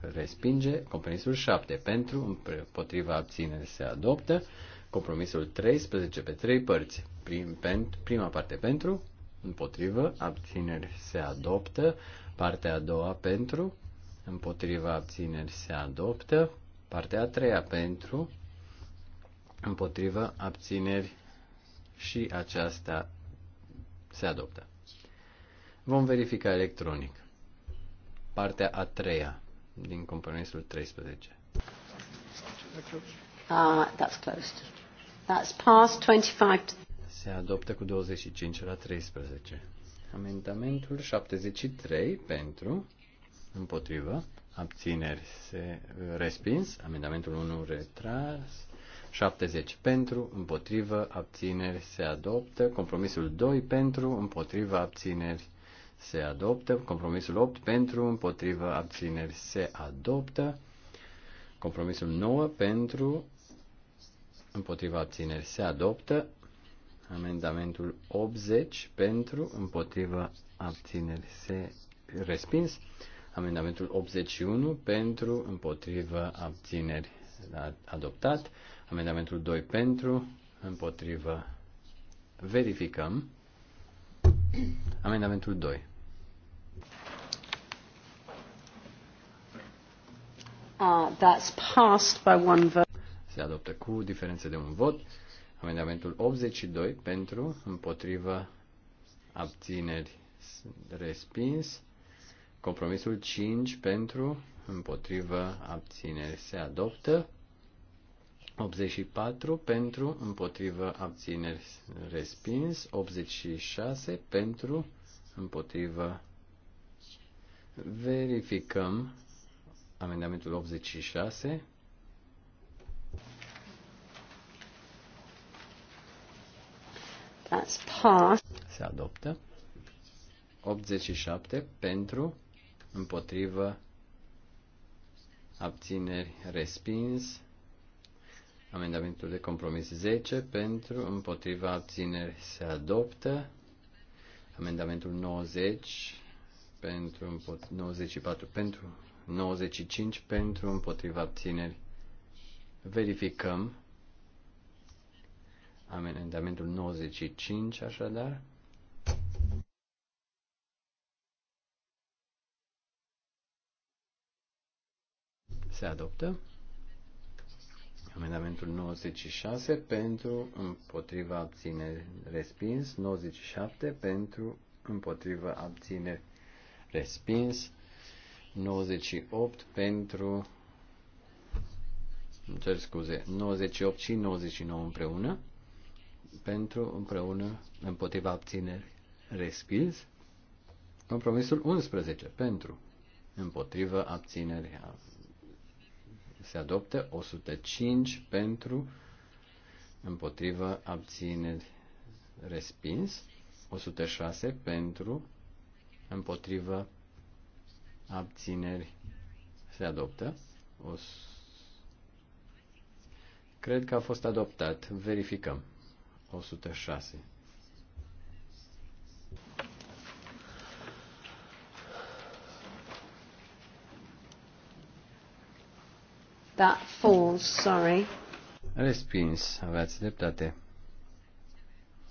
respinge. Compromisul 7. Pentru, împotriva, abținere se adoptă. Compromisul 13 pe 3 părți. Prim, pen, prima parte pentru, împotrivă, abțineri se adoptă. Partea a doua pentru, împotriva abțineri se adoptă. Partea a treia pentru, împotriva abțineri și aceasta se adoptă. Vom verifica electronic. Partea a treia din compromisul 13. Uh, ah, that's closed. That's passed 25 Se adoptă cu 25 la 13. Amendamentul 73 pentru, împotrivă, abțineri se uh, respins, amendamentul 1 retras, 70 pentru, împotrivă, abțineri se adoptă, compromisul 2 pentru, împotrivă, abțineri se adoptă, compromisul 8 pentru, împotrivă, abțineri se adoptă, compromisul 9 pentru, împotriva abțineri se adoptă. Amendamentul 80 pentru, împotriva abțineri se respins. Amendamentul 81 pentru, împotriva abțineri adoptat. Amendamentul 2 pentru, împotriva verificăm. Amendamentul 2. Uh, ah, that's passed by one vote. Se adoptă cu diferență de un vot. Amendamentul 82 pentru, împotrivă, abțineri, respins. Compromisul 5 pentru, împotrivă, abțineri, se adoptă. 84 pentru, împotrivă, abțineri, respins. 86 pentru, împotrivă. Verificăm amendamentul 86. That's pass. Se adoptă. 87 pentru, împotrivă, abțineri, respins. Amendamentul de compromis 10 pentru, împotriva, abțineri, se adoptă. Amendamentul 90 pentru, 94 pentru, 95 pentru, împotriva, abțineri. Verificăm Amendamentul 95, așadar. Se adoptă. Amendamentul 96 pentru împotriva abțineri respins, 97 pentru împotriva abțineri respins, 98 pentru îmi cer scuze, 98 și 99 împreună pentru împreună împotriva abțineri respins. Compromisul 11 pentru împotriva abțineri se adoptă 105 pentru împotriva abțineri respins 106 pentru împotriva abțineri se adoptă. O... Cred că a fost adoptat. Verificăm. 106. That falls, sorry. Respins, aveați dreptate.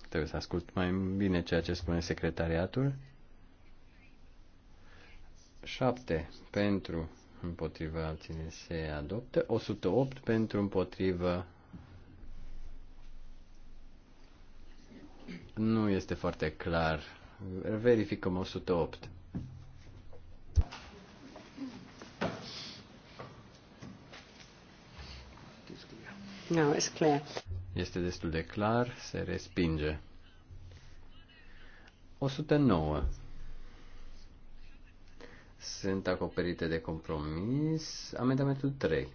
Trebuie să ascult mai bine ceea ce spune secretariatul. 7 pentru împotriva abține se adopte, 108 pentru împotriva Nu este foarte clar. Verificăm 108. No, it's clear. Este destul de clar, se respinge. 109. Sunt acoperite de compromis. Amendamentul 3.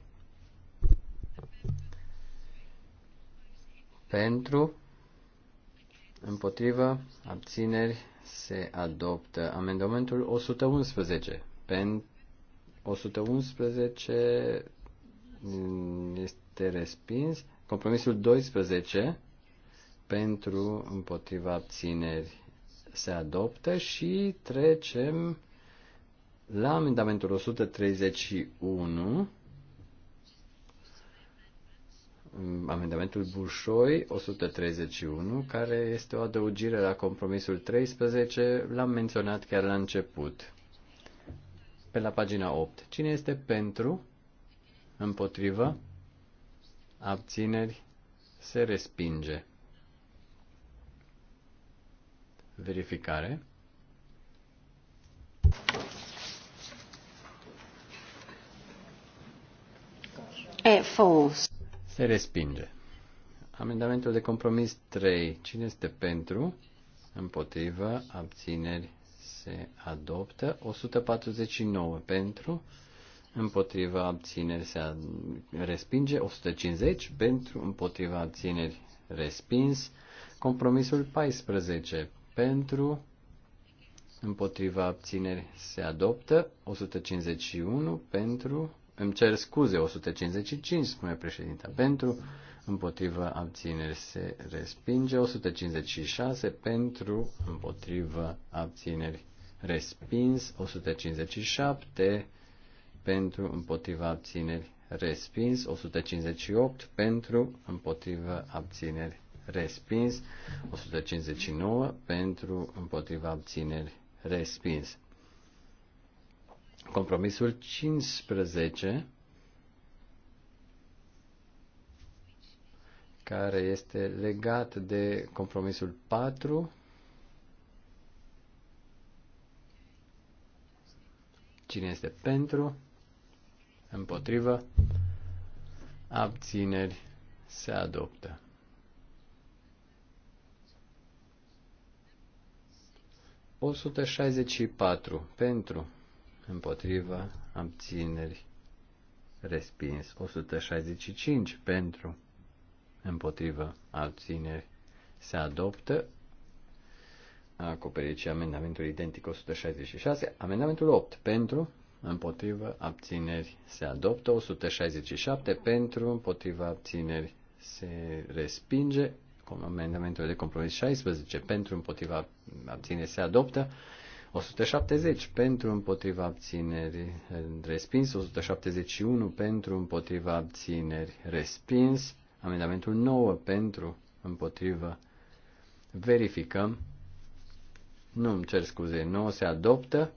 Pentru împotrivă, abțineri, se adoptă. Amendamentul 111. Pen 111 este respins. Compromisul 12 pentru împotriva abțineri se adoptă și trecem la amendamentul 131 amendamentul Bușoi 131, care este o adăugire la compromisul 13, l-am menționat chiar la început, pe la pagina 8. Cine este pentru, împotrivă, abțineri, se respinge. Verificare. It eh, false. Se respinge. Amendamentul de compromis 3. Cine este pentru? Împotrivă. Abțineri. Se adoptă. 149 pentru. Împotriva abțineri se respinge. 150 pentru. Împotriva abțineri respins. Compromisul 14 pentru. Împotriva abțineri se adoptă. 151 pentru îmi cer scuze, 155, spune președinta, pentru, împotrivă, abțineri se respinge, 156 pentru, împotrivă, abțineri respins, 157 pentru, împotriva abțineri respins, 158 pentru, împotriva abțineri respins, 159 pentru, împotriva abțineri respins. Compromisul 15, care este legat de compromisul 4, cine este pentru, împotrivă, abțineri, se adoptă. O 164 pentru împotriva, abțineri, respins. 165 pentru, împotriva, abțineri, se adoptă. Acoperiți amendamentul identic 166, amendamentul 8 pentru, împotriva abțineri, se adoptă, 167 pentru, împotriva abțineri, se respinge, amendamentul de compromis 16 pentru, împotriva abțineri, se adoptă, 170 pentru împotriva abțineri eh, respins, 171 pentru împotriva abțineri respins, amendamentul 9 pentru împotriva verificăm, nu îmi cer scuze, 9 se adoptă,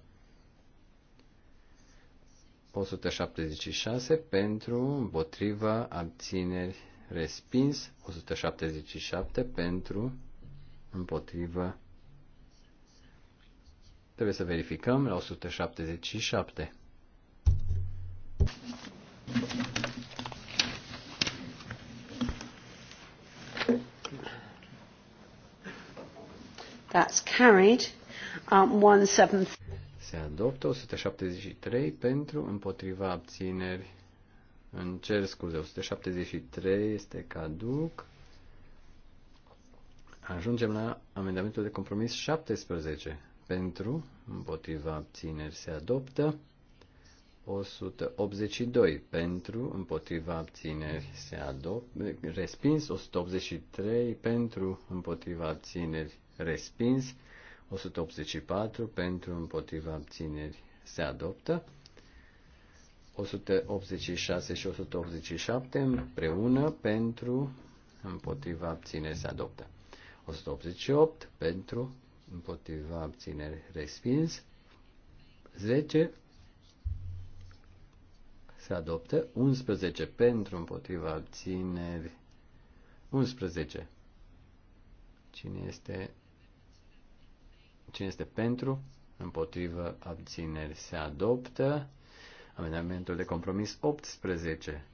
176 pentru împotriva abțineri respins, 177 pentru împotriva Trebuie să verificăm la 177. That's carried. Um, seven. Se adoptă 173 pentru împotriva abțineri. În cer scuze, 173 este caduc. Ajungem la amendamentul de compromis 17 pentru, împotriva abțineri se adoptă. 182 pentru, împotriva abțineri se adoptă, respins, 183 pentru, împotriva abțineri respins, 184 pentru, împotriva abțineri se adoptă, 186 și 187 împreună pentru, împotriva abțineri se adoptă, 188 pentru, împotriva abțineri respins. 10 se adoptă, 11 pentru împotriva abțineri, 11. Cine este, cine este pentru împotriva abțineri se adoptă, amendamentul de compromis 18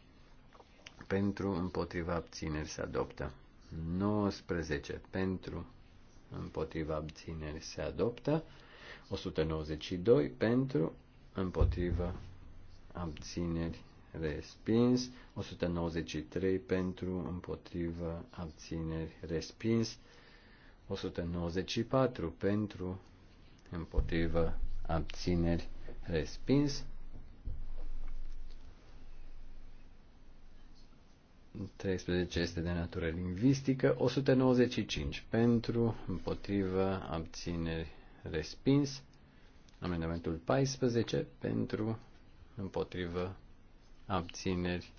pentru împotriva abțineri se adoptă, 19 pentru împotriva abținerii se adoptă, 192 pentru, împotriva abțineri respins, 193 pentru, împotriva abțineri respins, 194 pentru, împotriva abțineri respins, 13 este de natură lingvistică, 195 pentru, împotrivă, abțineri, respins. Amendamentul 14 pentru, împotrivă, abțineri,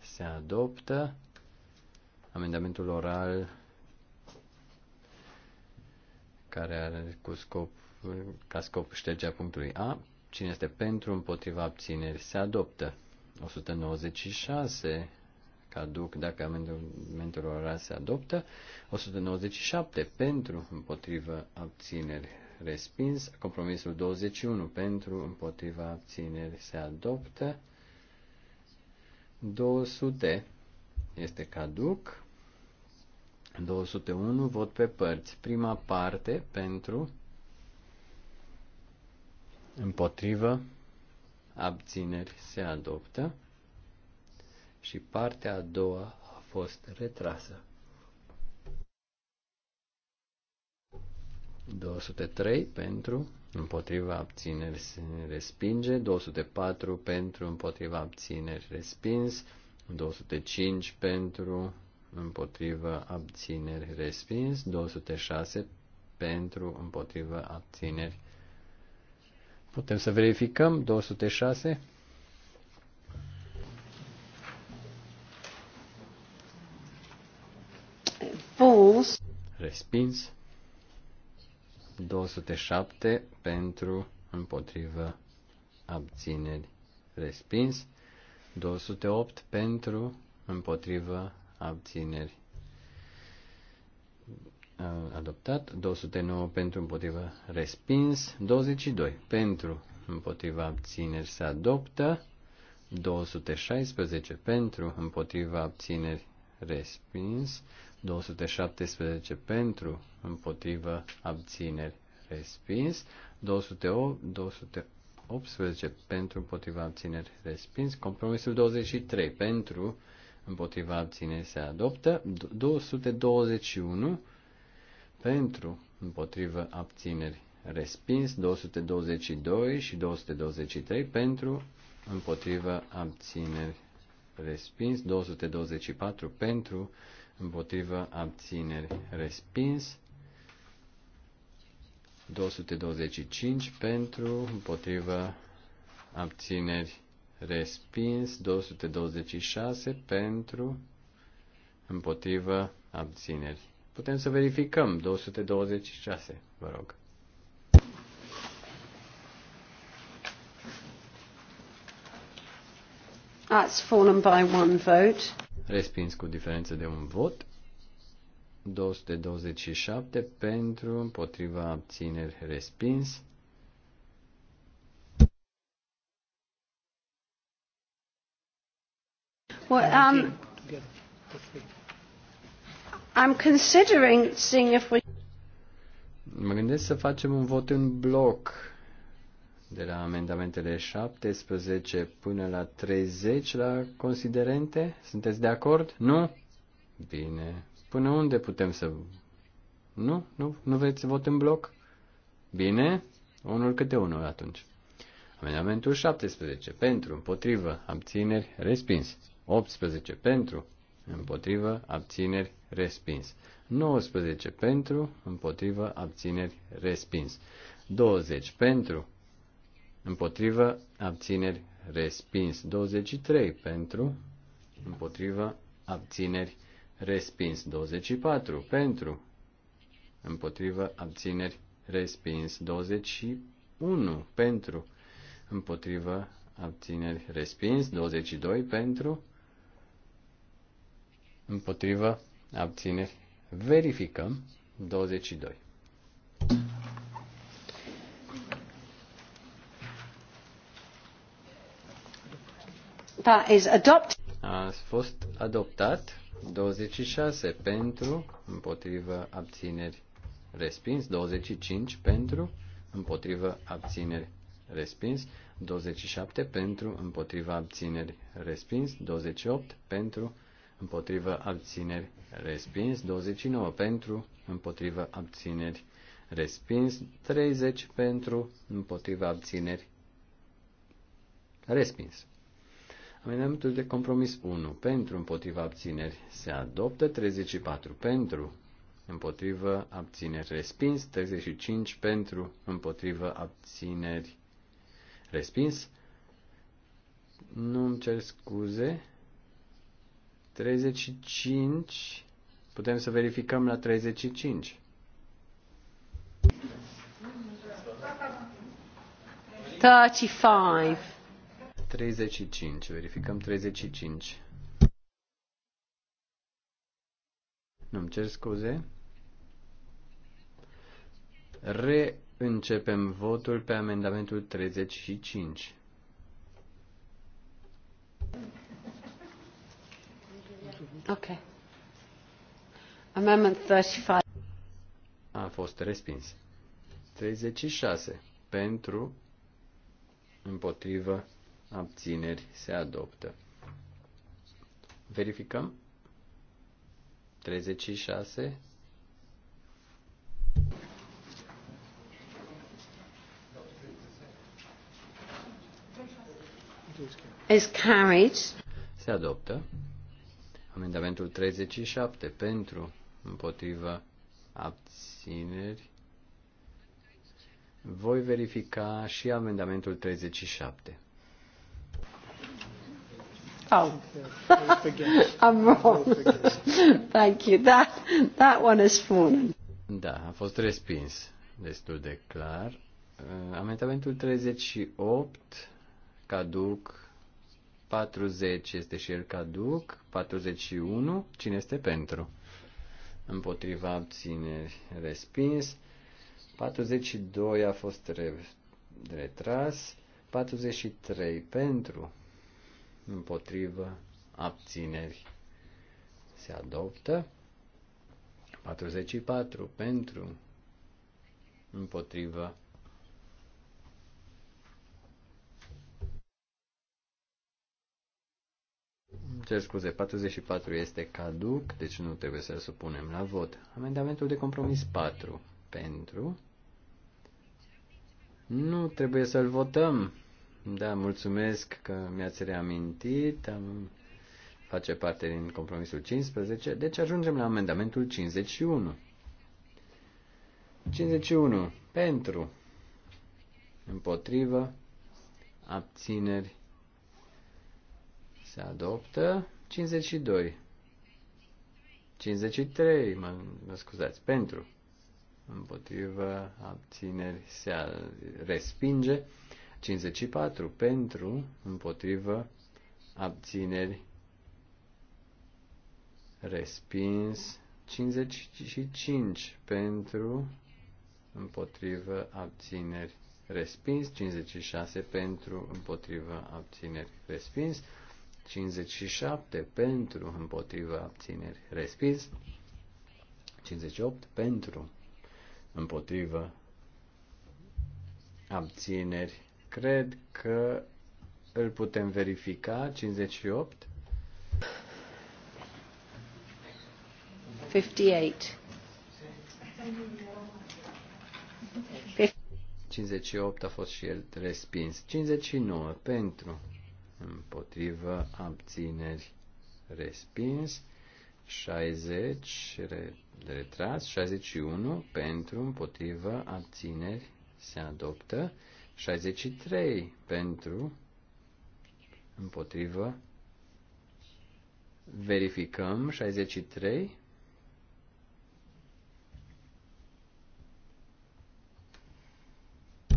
se adoptă. Amendamentul oral care are cu scop, ca scop ștergea punctului A. Cine este pentru, împotriva abțineri, se adoptă. 196 caduc dacă amendamentul oral se adoptă. 197 pentru, împotrivă, abțineri, respins. Compromisul 21 pentru, împotriva, abțineri, se adoptă. 200 este caduc. 201 vot pe părți. Prima parte pentru, împotrivă, abțineri, se adoptă și partea a doua a fost retrasă. 203 pentru, împotriva abțineri respinge, 204 pentru, împotriva abțineri respins, 205 pentru, împotriva abțineri respins, 206 pentru, împotriva abțineri. Putem să verificăm 206? Respins. 207 pentru împotrivă abțineri. Respins. 208 pentru împotrivă abțineri. Adoptat. 209 pentru împotrivă respins. 22 pentru împotriva abțineri se adoptă. 216 pentru împotriva abțineri respins. 217 pentru, împotrivă, abțineri, respins. 208, 218 pentru, împotriva, abțineri, respins. Compromisul 23 pentru, împotriva, abțineri, se adoptă. 221 pentru, împotrivă, abțineri, respins. 222 și 223 pentru, împotrivă, abțineri, respins. 224 pentru, împotrivă, abțineri, respins. 225 pentru, împotrivă, abțineri, respins. 226 pentru, împotrivă, abțineri. Putem să verificăm. 226, vă rog. That's fallen by one vote. Respins cu diferență de un vot. 227 pentru, împotriva abțineri, respins. Well, um, I'm considering seeing if we... Mă gândesc să facem un vot în bloc de la amendamentele 17 până la 30 la considerente? Sunteți de acord? Nu? Bine. Până unde putem să... Nu? Nu? Nu veți vot în bloc? Bine. Unul câte unul atunci. Amendamentul 17. Pentru, împotrivă, abțineri, respins. 18. Pentru, împotrivă, abțineri, respins. 19. Pentru, împotrivă, abțineri, respins. 20. Pentru, împotrivă, abțineri, respins. 23 pentru, împotrivă, abțineri, respins. 24 pentru, împotrivă, abțineri, respins. 21 pentru, împotrivă, abțineri, respins. 22 pentru, împotrivă, abțineri, verificăm. 22. is A fost adoptat 26 pentru, împotrivă abțineri respins, 25 pentru, împotrivă abțineri respins, 27 pentru, împotriva abțineri respins, 28 pentru, împotriva abțineri respins, 29 pentru, împotriva abțineri respins, 30 pentru, împotriva abțineri respins. Amendamentul de compromis 1 pentru împotriva abțineri se adoptă, 34 pentru împotriva abțineri respins, 35 pentru împotriva abțineri respins. Nu îmi cer scuze. 35. Putem să verificăm la 35. Thirty-five. 35. Verificăm 35. nu îmi cer scuze. Reîncepem votul pe amendamentul 35. Ok. Amendment 35. A fost respins. 36. Pentru, împotrivă, abțineri se adoptă. Verificăm. 36. Is carried. Se adoptă. Amendamentul 37 pentru împotriva abțineri. Voi verifica și amendamentul 37. Oh, I'm wrong. Thank you. That, that one is fallen. Da, a fost respins destul de clar. Uh, Amendamentul 38, caduc, 40 este și el caduc, 41, cine este pentru? Împotriva abțineri, respins. 42 a fost re- retras, 43 pentru, împotrivă, abțineri, se adoptă. 44 pentru, împotrivă, cer scuze, 44 este caduc, deci nu trebuie să-l supunem la vot. Amendamentul de compromis 4 pentru. Nu trebuie să-l votăm. Da, mulțumesc că mi-ați reamintit. Am, face parte din compromisul 15. Deci ajungem la amendamentul 51. 51. Pentru. Împotrivă. Abțineri. Se adoptă. 52. 53, mă, mă scuzați, pentru. Împotrivă, abțineri, se respinge. 54 pentru, împotrivă, abțineri, respins. 55 pentru, împotrivă, abțineri, respins. 56 pentru, împotrivă, abțineri, respins. 57 pentru, împotrivă, abțineri, respins. 58 pentru, împotrivă, abțineri, Cred că îl putem verifica. 58. 58. 58 a fost și el respins. 59 pentru, împotrivă, abțineri, respins. 60 retras, 61 pentru, împotrivă, abțineri, se adoptă. 63 pentru, împotrivă, verificăm 63.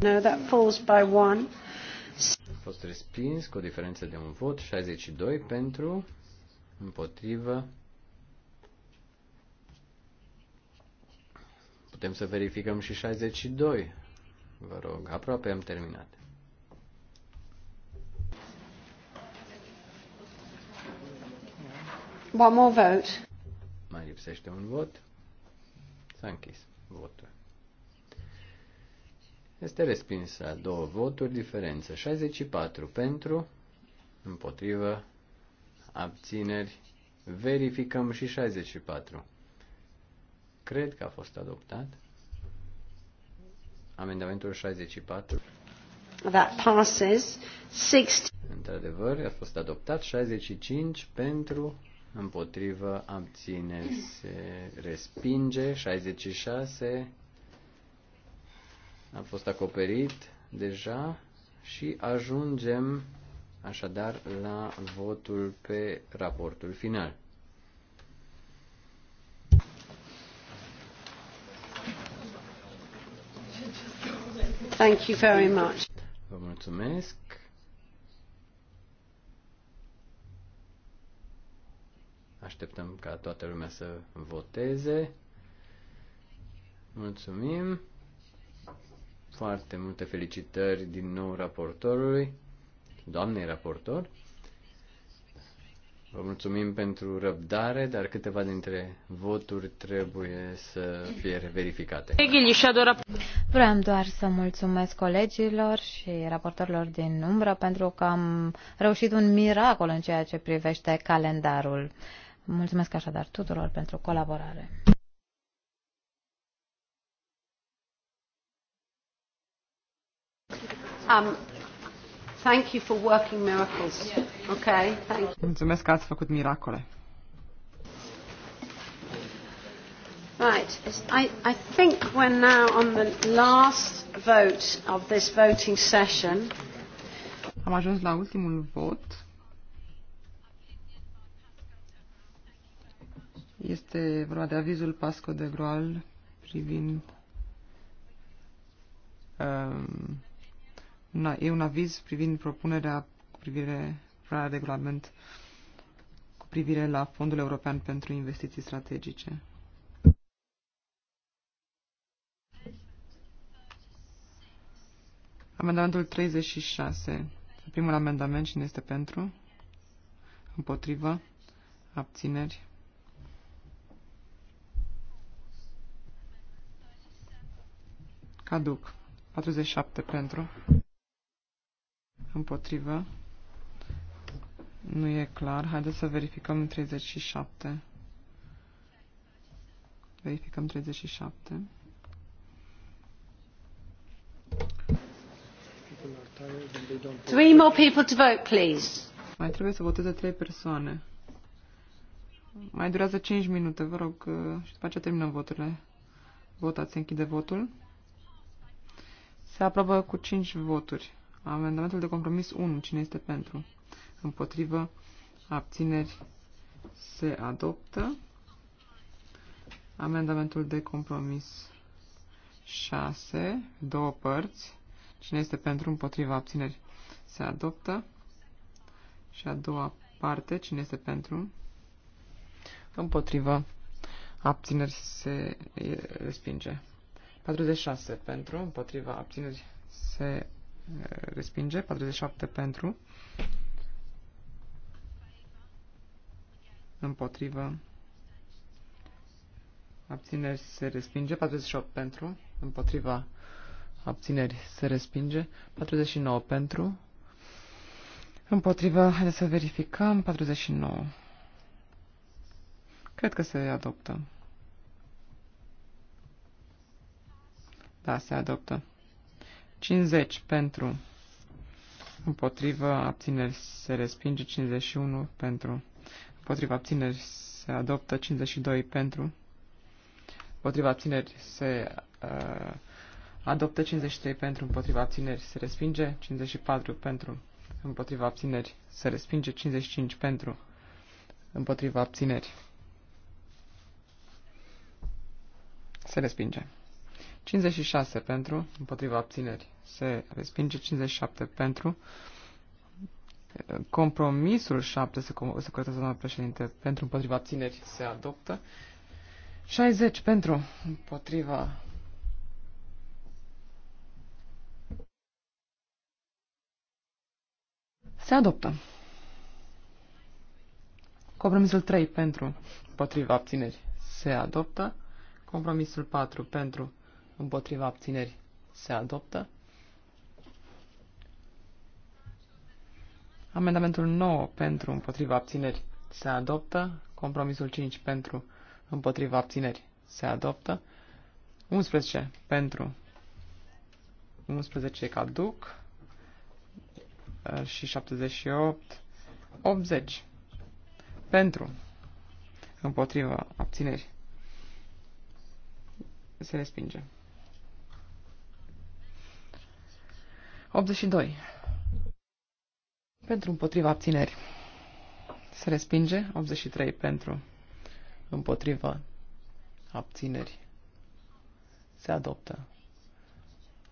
No, that falls by one. A fost respins cu o diferență de un vot, 62 pentru, împotrivă. Putem să verificăm și 62. Vă rog, aproape am terminat. One more vote. Mai lipsește un vot. S-a închis votul. Este respinsă două voturi diferență. 64 pentru, împotrivă, abțineri. Verificăm și 64. Cred că a fost adoptat. Amendamentul 64. That passes. 60. Într-adevăr, a fost adoptat 65 pentru, împotrivă, abține, se respinge, 66 a fost acoperit deja și ajungem așadar la votul pe raportul final. Thank you very much. Vă mulțumesc. Așteptăm ca toată lumea să voteze. Mulțumim. Foarte multe felicitări din nou raportorului, doamnei raportor. Vă mulțumim pentru răbdare, dar câteva dintre voturi trebuie să fie verificate. Vreau doar să mulțumesc colegilor și raportorilor din umbră pentru că am reușit un miracol în ceea ce privește calendarul. Mulțumesc așadar tuturor pentru colaborare. Um, Thank you for working miracles. Okay, thank you. Mulțumesc că ați făcut miracole. Right. I, I think we're now on the last vote of this voting session. Am ajuns la ultimul vot. Este vorba de avizul Pasco de Groal privind um, e un aviz privind propunerea cu privire la regulament cu privire la Fondul European pentru Investiții Strategice. Amendamentul 36. Primul amendament, cine este pentru? Împotrivă? Abțineri? Caduc. 47 pentru. Împotrivă. Nu e clar. Haideți să verificăm 37. Verificăm 37. Three more people to vote, please. Mai trebuie să voteze trei persoane. Mai durează 5 minute, vă rog, uh, și după aceea terminăm voturile. Votați, închide votul. Se aprobă cu 5 voturi. Amendamentul de compromis 1. Cine este pentru? Împotrivă. Abțineri. Se adoptă. Amendamentul de compromis 6. Două părți. Cine este pentru? Împotrivă. Abțineri. Se adoptă. Și a doua parte. Cine este pentru? Împotrivă. Abțineri se respinge. 46 pentru, împotriva abțineri se respinge, 47 pentru, împotrivă, abțineri se respinge, 48 pentru, împotriva, abțineri se respinge, 49 pentru, împotriva, haideți să verificăm, 49. Cred că se adoptă. Da, se adoptă. 50 pentru, împotrivă, abțineri se respinge, 51 pentru, împotrivă, abțineri se adoptă, 52 pentru, împotrivă, abțineri se uh, adoptă, 53 pentru, împotrivă, abțineri se respinge, 54 pentru, împotriva abțineri. Se respinge 55 pentru împotriva abțineri. Se respinge. 56 pentru, împotriva abțineri se respinge, 57 pentru, compromisul 7 se, se corectează doamna președinte, pentru împotriva abțineri se adoptă, 60 pentru împotriva se adoptă. Compromisul 3 pentru împotriva abțineri se adoptă. Compromisul 4 pentru împotriva abțineri se adoptă. Amendamentul 9 pentru împotriva abțineri se adoptă. Compromisul 5 pentru împotriva abțineri se adoptă. 11 pentru 11 caduc și 78 80 pentru împotriva abțineri se respinge. 82. Pentru împotriva abțineri. Se respinge. 83 pentru împotriva abțineri. Se adoptă.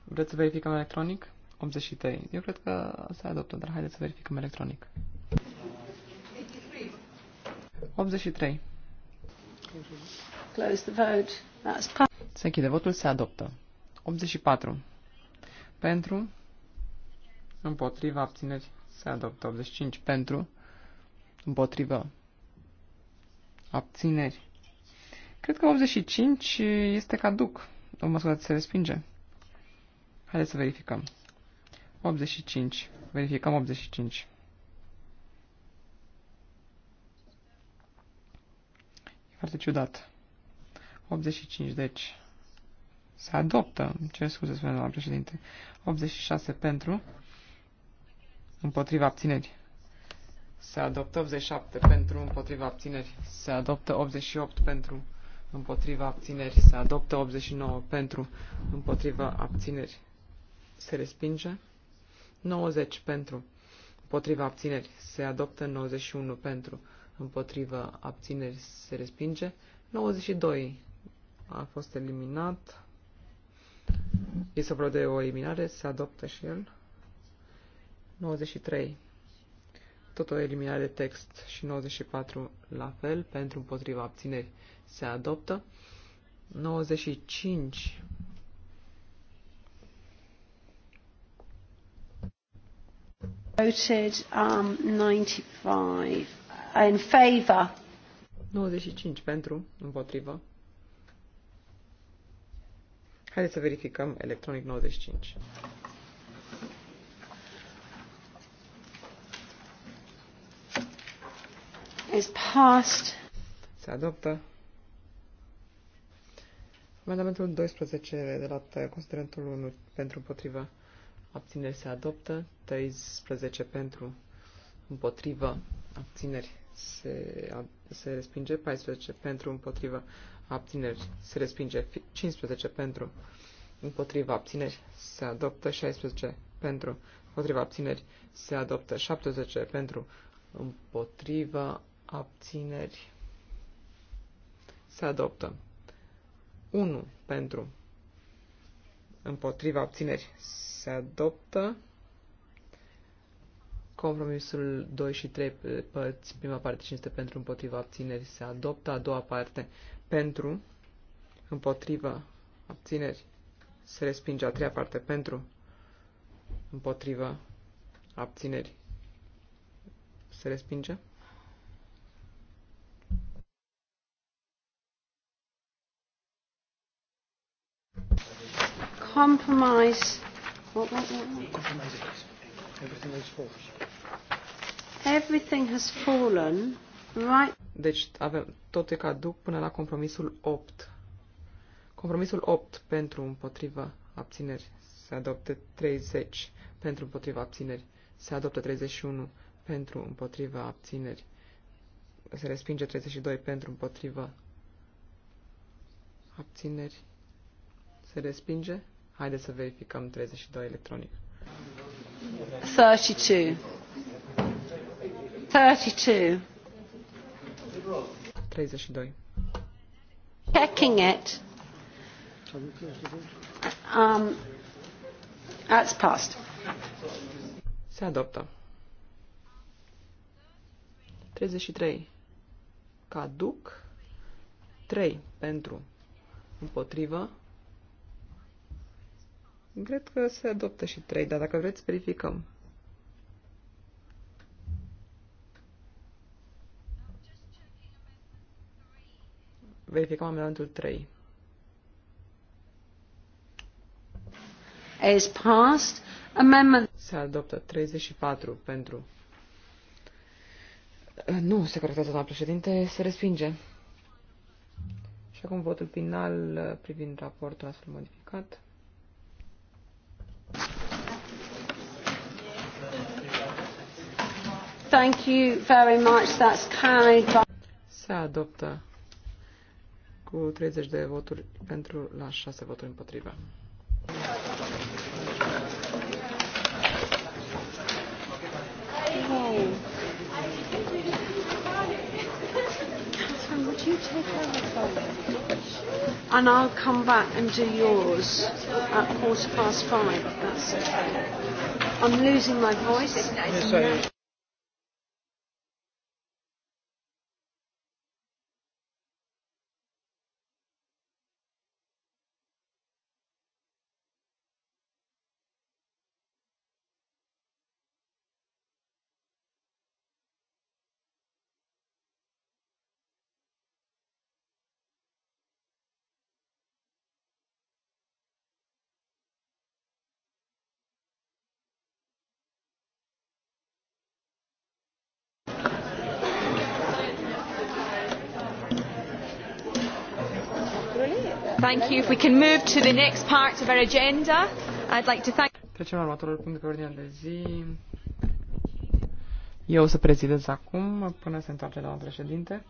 Vreți să verificăm electronic? 83. Eu cred că se adoptă, dar haideți să verificăm electronic. 83. Close the vote. That's... Se închide votul, se adoptă. 84. Pentru, împotriva, abțineri, se adoptă. 85 pentru, împotriva, abțineri. Cred că 85 este caduc. O măsură se respinge. Haideți să verificăm. 85. Verificăm 85. E foarte ciudat. 85, deci. Se adoptă. Ce scuze, spune la președinte. 86 pentru împotriva abțineri. Se adoptă 87 pentru împotriva abțineri. Se adoptă 88 pentru împotriva abțineri. Se adoptă 89 pentru împotriva abțineri. Se respinge. 90 pentru împotriva abțineri. Se adoptă 91 pentru împotriva abțineri. Se respinge. 92 a fost eliminat. Este vorba de o eliminare. Se adoptă și el. 93. Tot o eliminare de text și 94 la fel, pentru împotriva abțineri se adoptă. 95 voted um, 95 in favour 95 pentru împotrivă Haideți să verificăm electronic 95 is passed. Se adoptă. Amendamentul 12 de la considerentul 1 pentru împotrivă. abțineri se adoptă, 13 pentru împotrivă. abțineri se, se respinge, 14 pentru împotrivă. abțineri se respinge, 15 pentru împotrivă. abțineri se adoptă, 16 pentru împotrivă. abțineri se adoptă, 17 pentru împotrivă abțineri, se adoptă. 1 pentru, împotriva abțineri, se adoptă. Compromisul 2 și 3 părți, prima parte 500 pentru împotriva abțineri se adoptă, a doua parte pentru împotriva abțineri se respinge, a treia parte pentru împotriva abțineri se respinge. Compromise. What, what, what? Compromise Everything has fallen. Everything has fallen. Right. Deci avem, tot e caduc până la compromisul 8. Compromisul 8 pentru împotriva abțineri se adoptă 30 pentru împotriva abțineri, se adoptă 31 pentru împotriva abțineri, se respinge 32 pentru împotriva abțineri, se respinge Haideți să verificăm 32 electronic. 32. 32. 32. Checking it. Um, that's passed. Se adoptă. 33. Caduc. 3 pentru. Împotrivă. Cred că se adoptă și 3, dar dacă vreți, verificăm. Verificăm amendamentul 3. Is passed. Amendment. Se adoptă 34 pentru. Uh, nu, se corectează, doamna președinte, se respinge. Și acum votul final uh, privind raportul astfel modificat. Thank you very much. That's Se adoptă cu 30 de voturi pentru la 6 voturi împotriva. And I'll come back and do yours at quarter past five, if that's okay. I'm losing my voice. Yes, Thank you. If we can move to the next part of our agenda, I'd like to thank... Trecem la următorul punct de ordine de zi. Eu o să prezidez acum până se întoarce doamna președinte.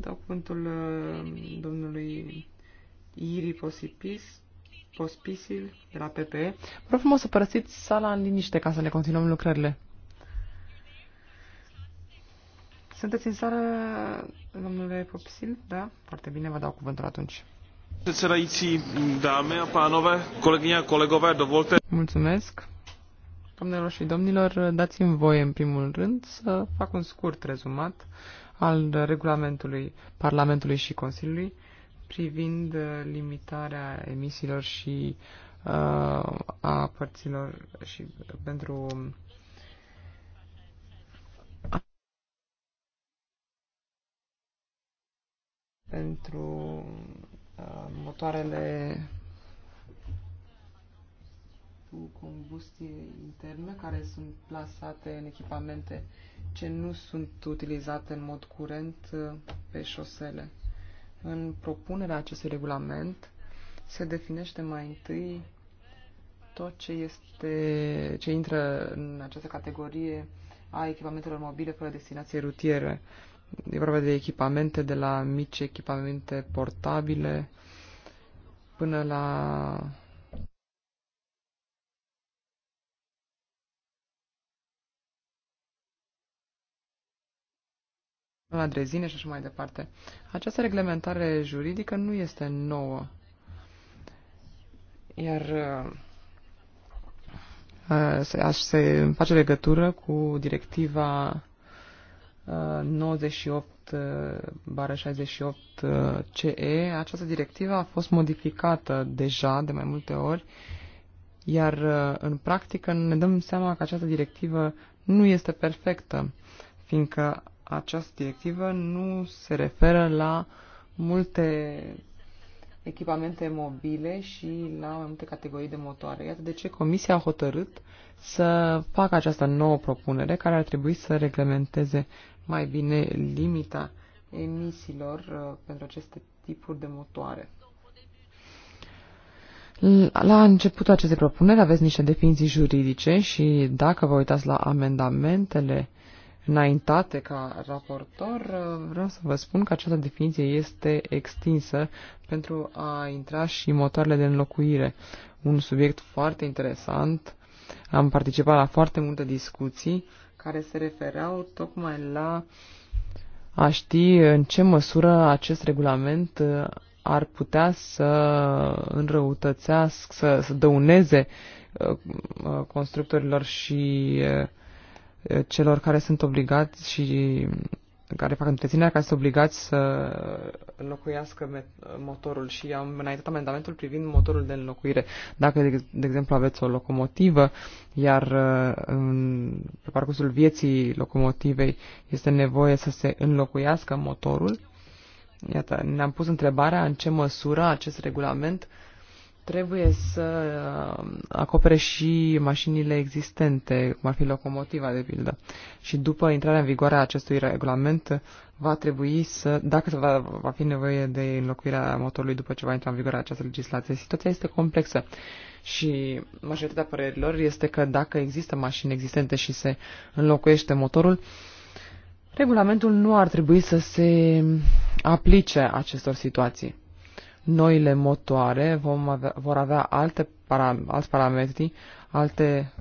Dau cuvântul uh, domnului Iri Posipis, Pospisil de la PPE. Vă rog frumos să părăsiți sala în liniște ca să ne continuăm lucrările. Sunteți în sală, domnule Popsil? Da? Foarte bine, vă dau cuvântul atunci. Předsedající, dámy a pánové, kolegyně a kolegové, dovolte. Mulțumesc. Domnilor și domnilor, dați-mi voie în primul rând să fac un scurt rezumat al regulamentului Parlamentului și Consiliului privind limitarea emisiilor și uh, a părților și pentru pentru uh, motoarele cu combustie internă care sunt plasate în echipamente ce nu sunt utilizate în mod curent uh, pe șosele. În propunerea acestui regulament se definește mai întâi tot ce, este, ce intră în această categorie a echipamentelor mobile fără destinație rutieră. E vorba de echipamente de la mici echipamente portabile până la la drezine și așa mai departe. Această reglementare juridică nu este nouă. Iar uh, uh se, aș, se face legătură cu directiva 98-68 eh, eh, CE. Această directivă a fost modificată deja de mai multe ori, iar eh, în practică ne dăm seama că această directivă nu este perfectă, fiindcă această directivă nu se referă la multe echipamente mobile și la mai multe categorii de motoare. Iată de ce Comisia a hotărât să facă această nouă propunere care ar trebui să reglementeze mai bine limita emisiilor uh, pentru aceste tipuri de motoare. La începutul acestei propuneri aveți niște definiții juridice și dacă vă uitați la amendamentele înaintate ca raportor, uh, vreau să vă spun că această definiție este extinsă pentru a intra și motoarele de înlocuire. Un subiect foarte interesant. Am participat la foarte multe discuții care se refereau tocmai la a ști în ce măsură acest regulament uh, ar putea să înrăutățească, să, să dăuneze uh, uh, constructorilor și celor care sunt obligați și care fac întreținerea, care să obligați să înlocuiască motorul și am înaintat amendamentul privind motorul de înlocuire. Dacă, de, de exemplu, aveți o locomotivă, iar uh, în, pe parcursul vieții locomotivei este nevoie să se înlocuiască motorul, iată, ne-am pus întrebarea în ce măsură acest regulament trebuie să uh, acopere și mașinile existente, cum ar fi locomotiva, de pildă. Și după intrarea în vigoare a acestui regulament, va trebui să, dacă va, va fi nevoie de înlocuirea motorului după ce va intra în vigoare această legislație, situația este complexă. Și majoritatea părerilor este că dacă există mașini existente și se înlocuiește motorul, regulamentul nu ar trebui să se aplice acestor situații noile motoare vom avea, vor avea alte para, alți parametri, alte,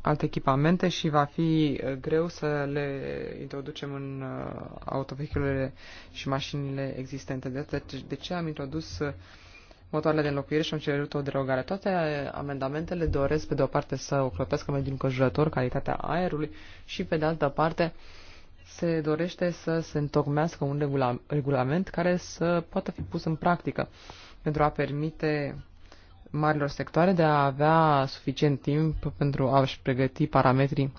alte echipamente și va fi uh, greu să le introducem în uh, autovehiculele și mașinile existente. De, deci, de ce am introdus uh, motoarele de înlocuire și am cerut o derogare. Toate amendamentele doresc, pe de o parte, să ocrotească mediul înconjurător, calitatea aerului și, pe de altă parte, uh, se dorește să se întocmească un regula regulament care să poată fi pus în practică pentru a permite marilor sectoare de a avea suficient timp pentru a-și pregăti parametrii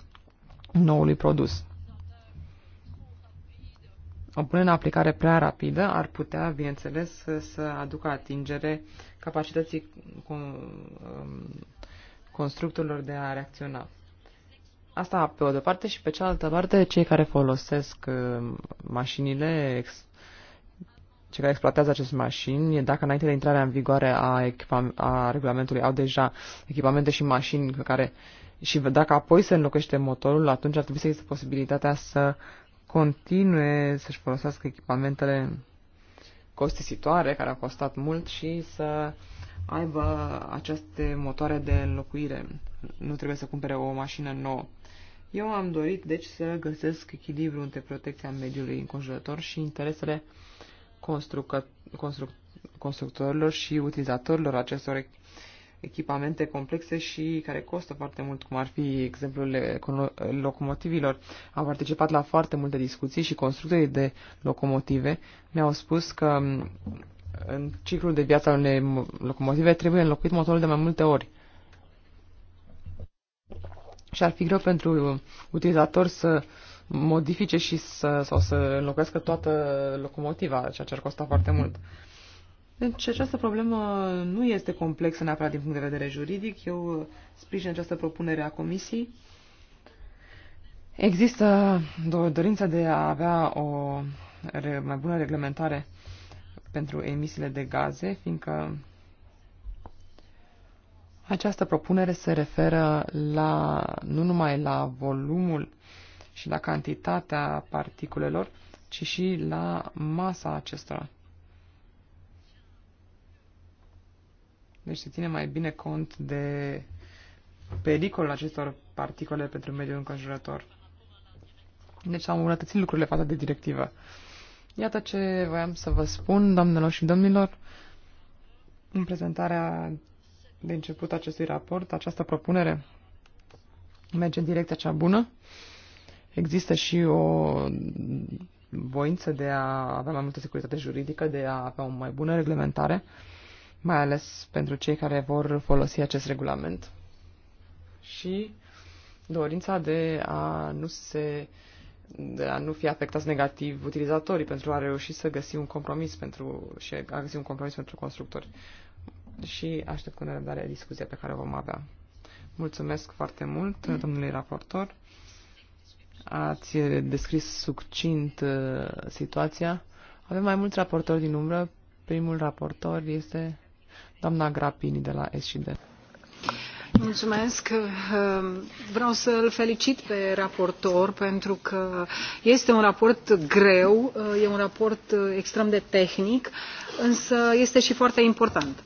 noului produs. O pune în aplicare prea rapidă ar putea, bineînțeles, să aducă atingere capacității um, constructorilor de a reacționa. Asta pe o de parte și pe cealaltă parte, cei care folosesc uh, mașinile, ex, cei care exploatează aceste mașini, dacă înainte de intrarea în vigoare a, echipa, a regulamentului au deja echipamente și mașini care și dacă apoi se înlocuiește motorul, atunci ar trebui să există posibilitatea să continue să-și folosească echipamentele costisitoare, care au costat mult, și să aibă aceste motoare de înlocuire. Nu trebuie să cumpere o mașină nouă. Eu am dorit, deci, să găsesc echilibru între protecția mediului înconjurător și interesele construc constructorilor și utilizatorilor acestor echipamente complexe și care costă foarte mult, cum ar fi exemplul locomotivilor. Am participat la foarte multe discuții și constructorii de locomotive mi-au spus că mm, în ciclul de viață al unei locomotive trebuie înlocuit motorul de mai multe ori și ar fi greu pentru utilizator să modifice și să, sau să înlocuiască toată locomotiva, ceea ce ar costa foarte mult. Deci această problemă nu este complexă neapărat din punct de vedere juridic. Eu sprijin această propunere a Comisiei. Există o dorință de a avea o mai bună reglementare pentru emisiile de gaze, fiindcă această propunere se referă la, nu numai la volumul și la cantitatea particulelor, ci și la masa acestora. Deci se ține mai bine cont de pericolul acestor particole pentru mediul înconjurător. Deci s-au îmbunătățit lucrurile față de directivă. Iată ce voiam să vă spun, doamnelor și domnilor, în prezentarea de început acestui raport, această propunere merge în direcția cea bună. Există și o voință de a avea mai multă securitate juridică, de a avea o mai bună reglementare, mai ales pentru cei care vor folosi acest regulament și dorința de a nu se de a nu fi afectați negativ utilizatorii pentru a reuși să găsi un compromis pentru și a găsi un compromis pentru constructori și aștept cu nerăbdare discuția pe care o vom avea. Mulțumesc foarte mult, domnului raportor. Ați descris succint uh, situația. Avem mai mulți raportori din umbră. Primul raportor este doamna Grapini de la SCD. Mulțumesc. Uh, vreau să l felicit pe raportor pentru că este un raport greu, uh, e un raport extrem de tehnic, însă este și foarte important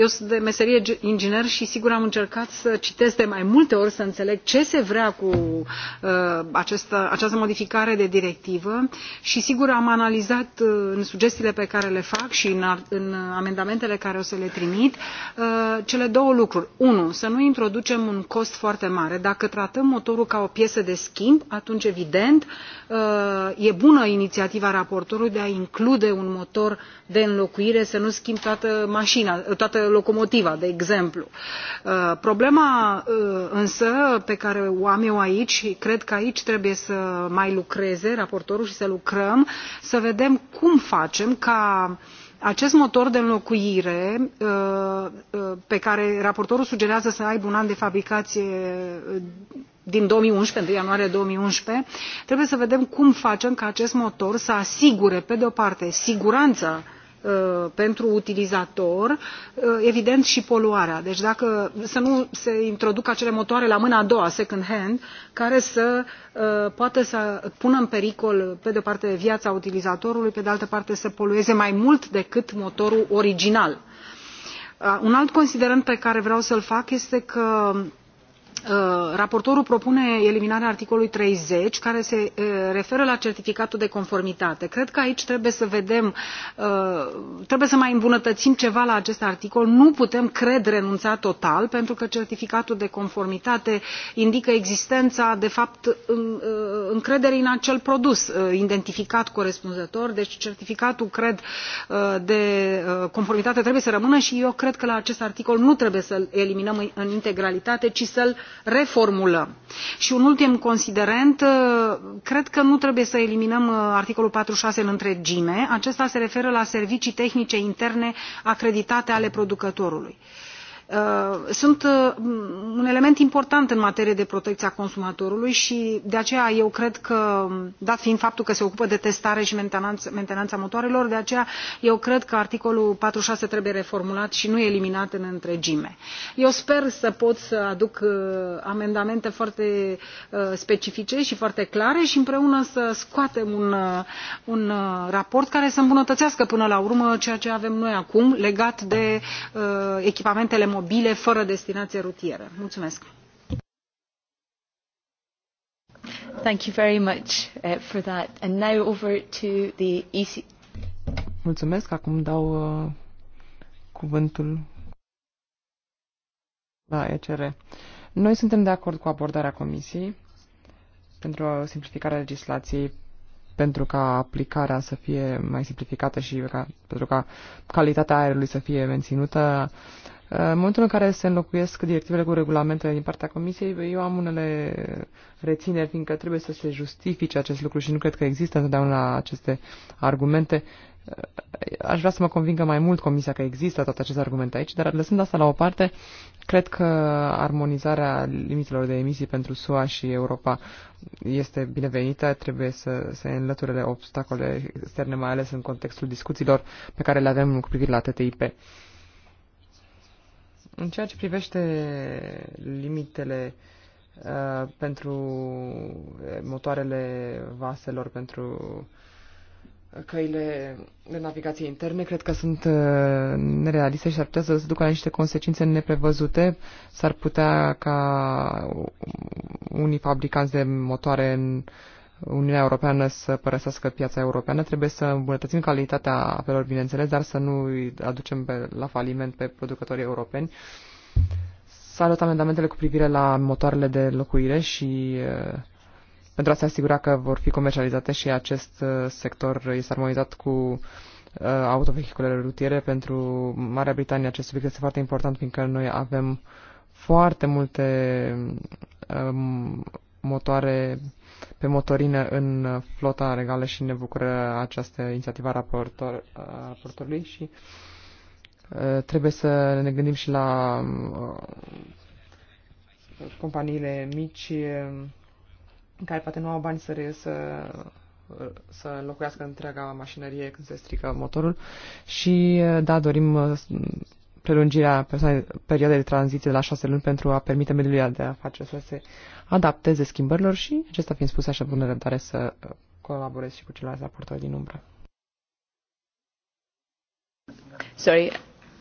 eu sunt de meserie inginer și sigur am încercat să citesc de mai multe ori să înțeleg ce se vrea cu uh, această, această modificare de directivă și sigur am analizat uh, în sugestiile pe care le fac și în, în amendamentele care o să le trimit uh, cele două lucruri. Unu, să nu introducem un cost foarte mare. Dacă tratăm motorul ca o piesă de schimb, atunci evident e bună inițiativa raportorului de a include un motor de înlocuire, să nu schimb toată mașina, toată locomotiva, de exemplu. Uh, problema uh, însă pe care o am eu aici și cred că aici trebuie să mai lucreze raportorul și să lucrăm, să vedem cum facem ca acest motor de înlocuire uh, pe care raportorul sugerează să aibă un an de fabricație din 2011, 1 ianuarie 2011, trebuie să vedem cum facem ca acest motor să asigure, pe de o parte, siguranța Uh, pentru utilizator, uh, evident și poluarea. Deci dacă să nu se introducă acele motoare la mâna a doua, second hand, care să uh, poată să pună în pericol, pe de-o parte, viața utilizatorului, pe de altă parte să polueze mai mult decât motorul original. Un alt considerent pe care vreau să-l fac este că Uh, raportorul propune eliminarea articolului treizeci care se uh, referă la certificatul de conformitate. cred că aici trebuie să vedem uh, trebuie să mai îmbunătățim ceva la acest articol nu putem cred renunța total pentru că certificatul de conformitate indică existența de fapt încrederii în acel produs identificat corespunzător deci certificatul cred de conformitate trebuie să rămână și eu cred că la acest articol nu trebuie să l eliminăm în integralitate ci să l reformulăm. Și un ultim considerent, uh, cred că nu trebuie să eliminăm uh, articolul 46 în întregime. Acesta se referă la servicii tehnice interne acreditate ale producătorului. Uh, sunt uh, un element important în materie de protecție a consumatorului și de aceea eu cred că dat fiind faptul că se ocupă de testare și mentenanța motoarelor de aceea eu cred că articolul patruzeci și șase trebuie reformulat și nu eliminat în întregime. eu sper să pot să aduc uh, amendamente foarte specifice și foarte clare și împreună să scoatem un, un raport care să îmbunătățească până la urmă ceea ce avem noi acum legat de echipamentele mobile fără destinație rutieră. Mulțumesc! Thank you very much uh, for that. And now over to the EC. Mulțumesc. Acum dau uh, cuvântul la ECR. Noi suntem de acord cu abordarea Comisiei pentru simplificarea legislației, pentru ca aplicarea să fie mai simplificată și ca, pentru ca calitatea aerului să fie menținută. Uh, în momentul în care se înlocuiesc directivele cu regulamentele din partea Comisiei, eu am unele rețineri, fiindcă trebuie să se justifice acest lucru și nu cred că există întotdeauna aceste argumente. Aș vrea să mă convingă mai mult Comisia că există toate aceste argumente aici, dar lăsând asta la o parte, cred că armonizarea limitelor de emisii pentru SUA și Europa este binevenită, trebuie să se înlăture obstacole externe, mai ales în contextul discuțiilor pe care le avem cu privire la TTIP. În ceea ce privește limitele uh, pentru motoarele vaselor, pentru căile de navigație interne, cred că sunt uh, nerealiste și ar putea să se ducă la niște consecințe neprevăzute. S-ar putea ca unii fabricanți de motoare în uh, Uniunea Europeană să părăsească piața europeană, trebuie să îmbunătățim calitatea apelor, bineînțeles, dar să nu îi aducem pe, la faliment pe producătorii europeni. Salut amendamentele cu privire la motoarele de locuire și eh, pentru a se asigura că vor fi comercializate și acest eh, sector este armonizat cu eh, autovehiculele rutiere. Pentru Marea Britanie acest subiect este foarte important, fiindcă noi avem foarte multe um, motoare pe motorină în flota regală și ne bucură această inițiativă a, raportor, a raportorului și uh, trebuie să ne gândim și la uh, companiile mici uh, care poate nu au bani să, să, să locuiască întreaga mașinărie când se strică motorul și da, dorim prelungirea perioadei de tranziție de la șase luni pentru a permite mediului de afaceri să se adapteze schimbărilor și, acesta fiind spus, așa bună răbdare să uh, colaborez și cu ceilalți raportori din umbră. Sorry,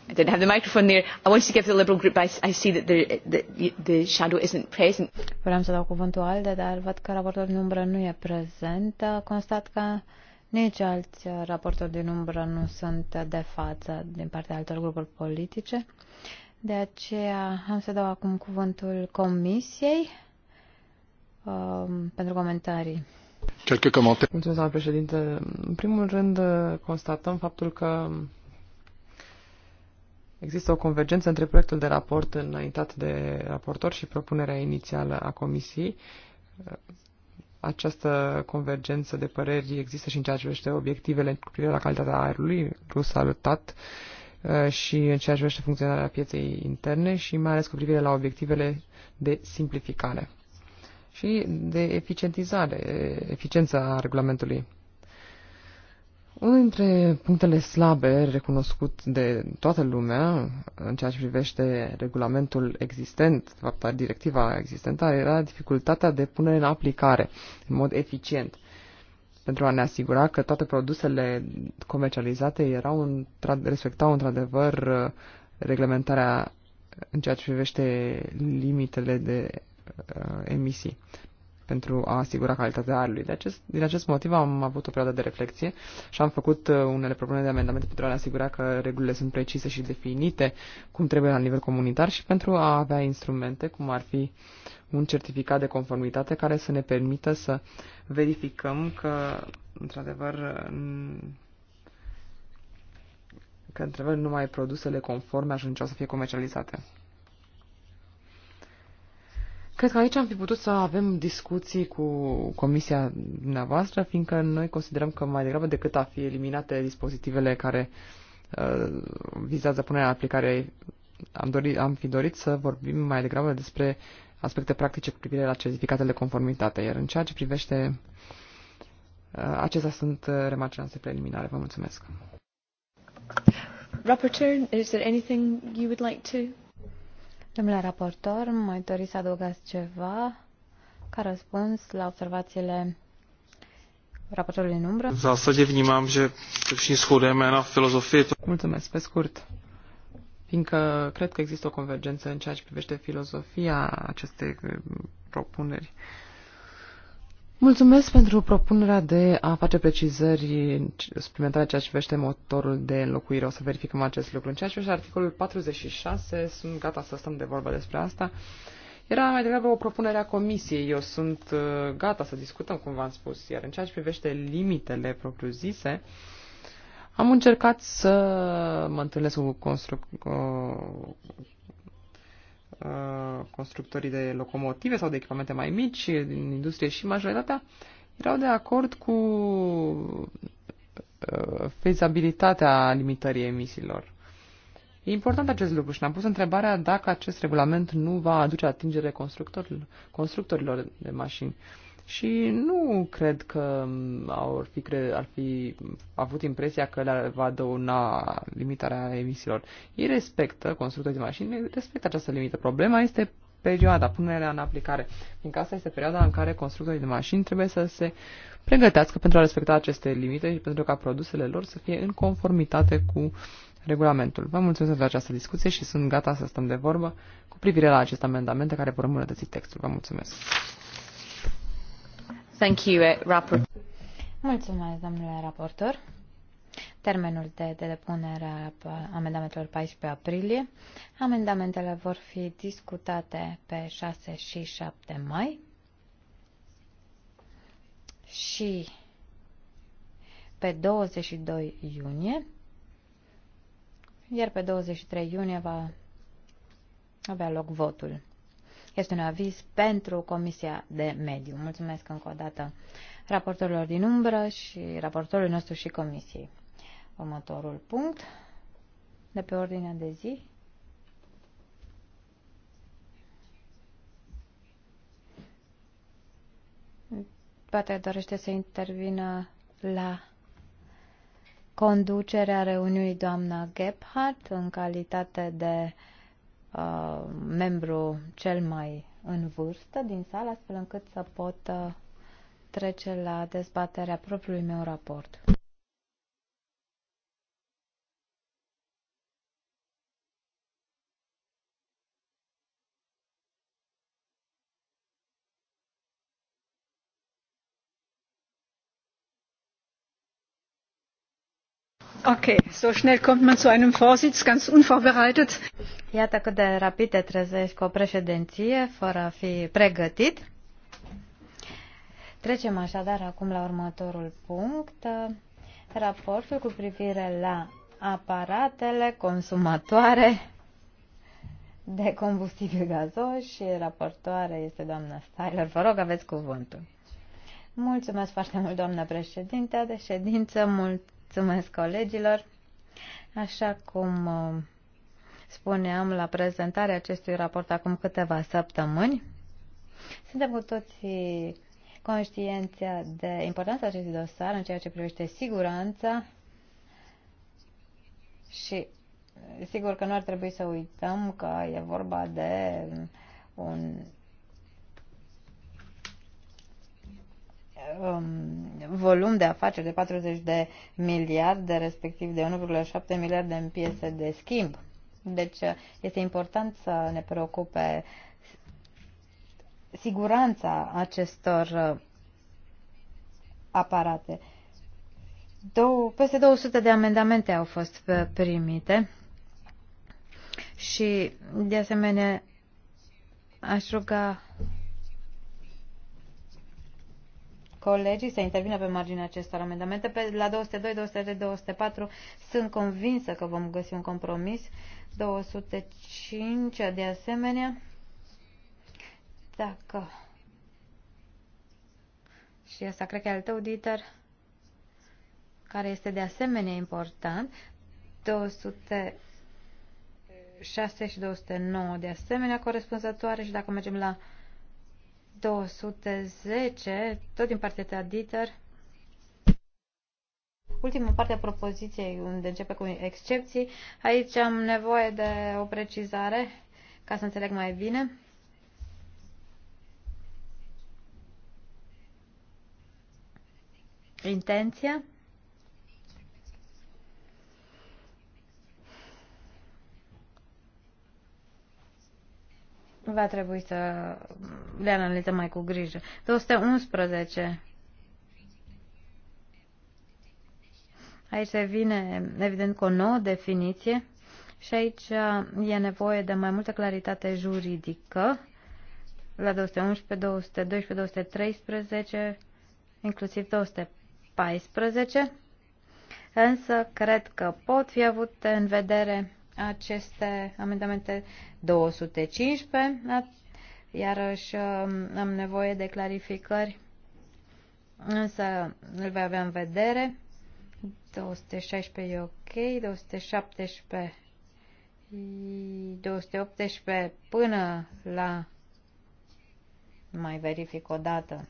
I didn't have the microphone there. I wanted to give the Liberal group, I, I see that the, the, the shadow isn't present. Vreau să dau cuvântul ALDE, dar văd că raportorul din umbră nu e prezent. Constat că nici alți uh, raportori din umbră nu sunt de față din partea altor grupuri politice. De aceea am să dau acum cuvântul Comisiei. Um, pentru comentarii. Mulțumesc, doamna președinte. În primul rând, constatăm faptul că există o convergență între proiectul de raport înaintat de raportor și propunerea inițială a comisiei. Această convergență de păreri există și în ceea ce privește obiectivele cu privire la calitatea aerului, plus salutat, și în ceea ce privește funcționarea pieței interne și mai ales cu privire la obiectivele de simplificare și de eficientizare, eficiența regulamentului. Unul dintre punctele slabe recunoscut de toată lumea în ceea ce privește regulamentul existent, de fapt directiva existentă, era dificultatea de punere în aplicare în mod eficient pentru a ne asigura că toate produsele comercializate erau un, respectau într-adevăr uh, reglementarea în ceea ce privește limitele de Uh, emisii pentru a asigura calitatea aerului. De acest, din acest motiv am avut o perioadă de reflexie și am făcut uh, unele propuneri de amendamente pentru a ne asigura că regulile sunt precise și definite cum trebuie la nivel comunitar și pentru a avea instrumente cum ar fi un certificat de conformitate care să ne permită să verificăm că, într-adevăr, că, într-adevăr, numai produsele conforme ajungeau să fie comercializate. Cred că aici am fi putut să avem discuții cu comisia dumneavoastră, fiindcă noi considerăm că mai degrabă decât a fi eliminate dispozitivele care uh, vizează punerea în aplicare, am, dorit, am fi dorit să vorbim mai degrabă despre aspecte practice cu privire la certificatele de conformitate. Iar în ceea ce privește uh, acestea sunt uh, remarcele noastre preliminare. Vă mulțumesc. Rapporteur, is there anything you would like to Domnule raportor, mai doriți să adăugați ceva ca răspuns la observațiile raportorului în umbră? V zasadzie vnímam, že se všichni shodujeme na filozofie. Mulțumesc, pe scurt. Fiindcă cred că există o convergență în ceea ce privește filozofia acestei eh, propuneri. Uh, Mulțumesc pentru propunerea de a face precizări suplimentare ceea ce privește motorul de înlocuire. O să verificăm acest lucru. În ceea ce privește articolul 46, sunt gata să stăm de vorbă despre asta. Era mai degrabă o propunere a comisiei. Eu sunt uh, gata să discutăm, cum v-am spus. Iar în ceea ce privește limitele propriu-zise, am încercat să mă întâlnesc cu, constru- Uh, constructorii de locomotive sau de echipamente mai mici din industrie și majoritatea erau de acord cu uh, fezabilitatea limitării emisiilor. E important acest lucru și ne-am pus întrebarea dacă acest regulament nu va aduce atingere constructorilor, constructorilor de mașini. Uh, și nu cred că ar fi, cred ar fi avut impresia că le va dăuna limitarea emisiilor. Ei respectă, constructorii de mașini, respectă această limită. Problema este perioada, punerea în aplicare, fiindcă asta este perioada în care constructorii de mașini trebuie să se pregătească pentru a respecta aceste limite și pentru ca produsele lor să fie în conformitate cu regulamentul. Vă mulțumesc pentru această discuție și sunt gata să stăm de vorbă cu privire la acest amendament care vor îmbunătăți textul. Vă mulțumesc! Eh, Mulțumesc, domnule raportor. Termenul de, de depunere a amendamentelor 14 aprilie. Amendamentele vor fi discutate pe 6 și 7 mai și pe 22 iunie, iar pe 23 iunie va avea loc votul. Este un aviz pentru Comisia de Mediu. Mulțumesc încă o dată raportorilor din umbră și raportorului nostru și Comisiei. Următorul punct de pe ordinea de zi. Poate dorește să intervină la conducerea reuniunii doamna Gebhardt în calitate de uh, uh, membru cel mai în vârstă din sală, astfel încât să pot uh, trece la dezbaterea propriului meu raport. so schnell kommt man zu einem Vorsitz, ganz unvorbereitet. Iată cât de rapid te trezești cu o președinție, fără a fi pregătit. Trecem așadar acum la următorul punct, raportul cu privire la aparatele consumatoare de combustibil gazos și raportoare este doamna Styler. Vă rog, aveți cuvântul. Mulțumesc foarte mult, doamnă președinte, de ședință. Mult mulțumesc colegilor. Așa cum uh, spuneam la prezentarea acestui raport acum câteva săptămâni, suntem cu toții conștienți de importanța acestui dosar în ceea ce privește siguranța și sigur că nu ar trebui să uităm că e vorba de un um, volum de afaceri de 40 de miliarde, respectiv de 1,7 miliarde în piese de schimb. Deci uh, este important să ne preocupe siguranța acestor uh, aparate. Dou- peste 200 de amendamente au fost uh, primite și, de asemenea, aș ruga colegii să intervină pe marginea acestor amendamente. Pe, la 202, 203, 204 sunt convinsă că vom găsi un compromis. 205 de asemenea. Dacă. Și asta cred că e al tău, Dieter, care este de asemenea important. 200 6 și 209 de asemenea corespunzătoare și dacă mergem la 210, tot din partea ta, Dieter. Ultima parte a propoziției, unde începe cu excepții, aici am nevoie de o precizare ca să înțeleg mai bine. Intenția va trebui să le analizăm mai cu grijă. 211. Aici se vine, evident, cu o nouă definiție și aici uh, e nevoie de mai multă claritate juridică la 211, 212, 213, inclusiv 214, însă cred că pot fi avute în vedere aceste amendamente 215, iarăși um, am nevoie de clarificări, însă îl voi avea în vedere. 216 e ok, 217, 218 până la, mai verific o dată,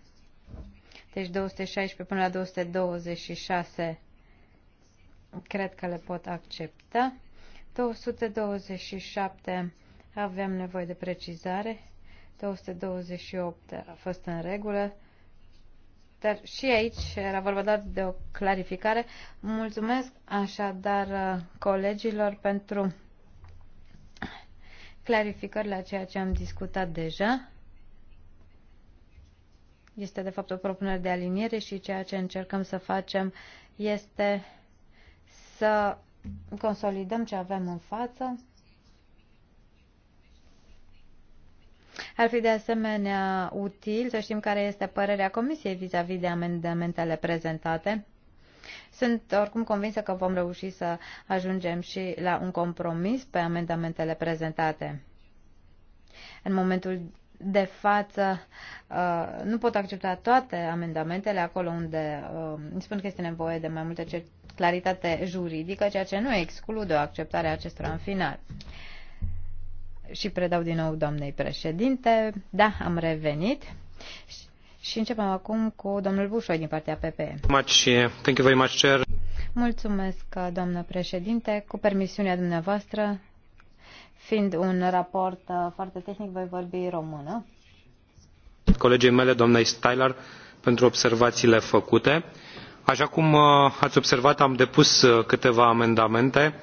deci 216 până la 226 cred că le pot accepta. 227 avem nevoie de precizare, 228 a fost în regulă, dar și aici era vorba dat de o clarificare. Mulțumesc așadar uh, colegilor pentru clarificări la ceea ce am discutat deja. Este de fapt o propunere de aliniere și ceea ce încercăm să facem este să consolidăm ce avem în față. Ar fi de asemenea util să știm care este părerea Comisiei vis-a-vis -vis de amendamentele prezentate. Sunt oricum convinsă că vom reuși să ajungem și la un compromis pe amendamentele prezentate. În momentul de față uh, nu pot accepta toate amendamentele acolo unde uh, spun că este nevoie de mai multe claritate juridică, ceea ce nu exclude o acceptare a acestora în final. Și predau din nou doamnei președinte. Da, am revenit. Și începem acum cu domnul Bușoi din partea PPE. Thank you very much, Chair. Mulțumesc, doamnă președinte. Cu permisiunea dumneavoastră, fiind un raport uh, foarte tehnic, voi vorbi română. Colegii mele, doamnei Stylar pentru observațiile făcute așa cum uh, ați observat am depus uh, câteva amendamente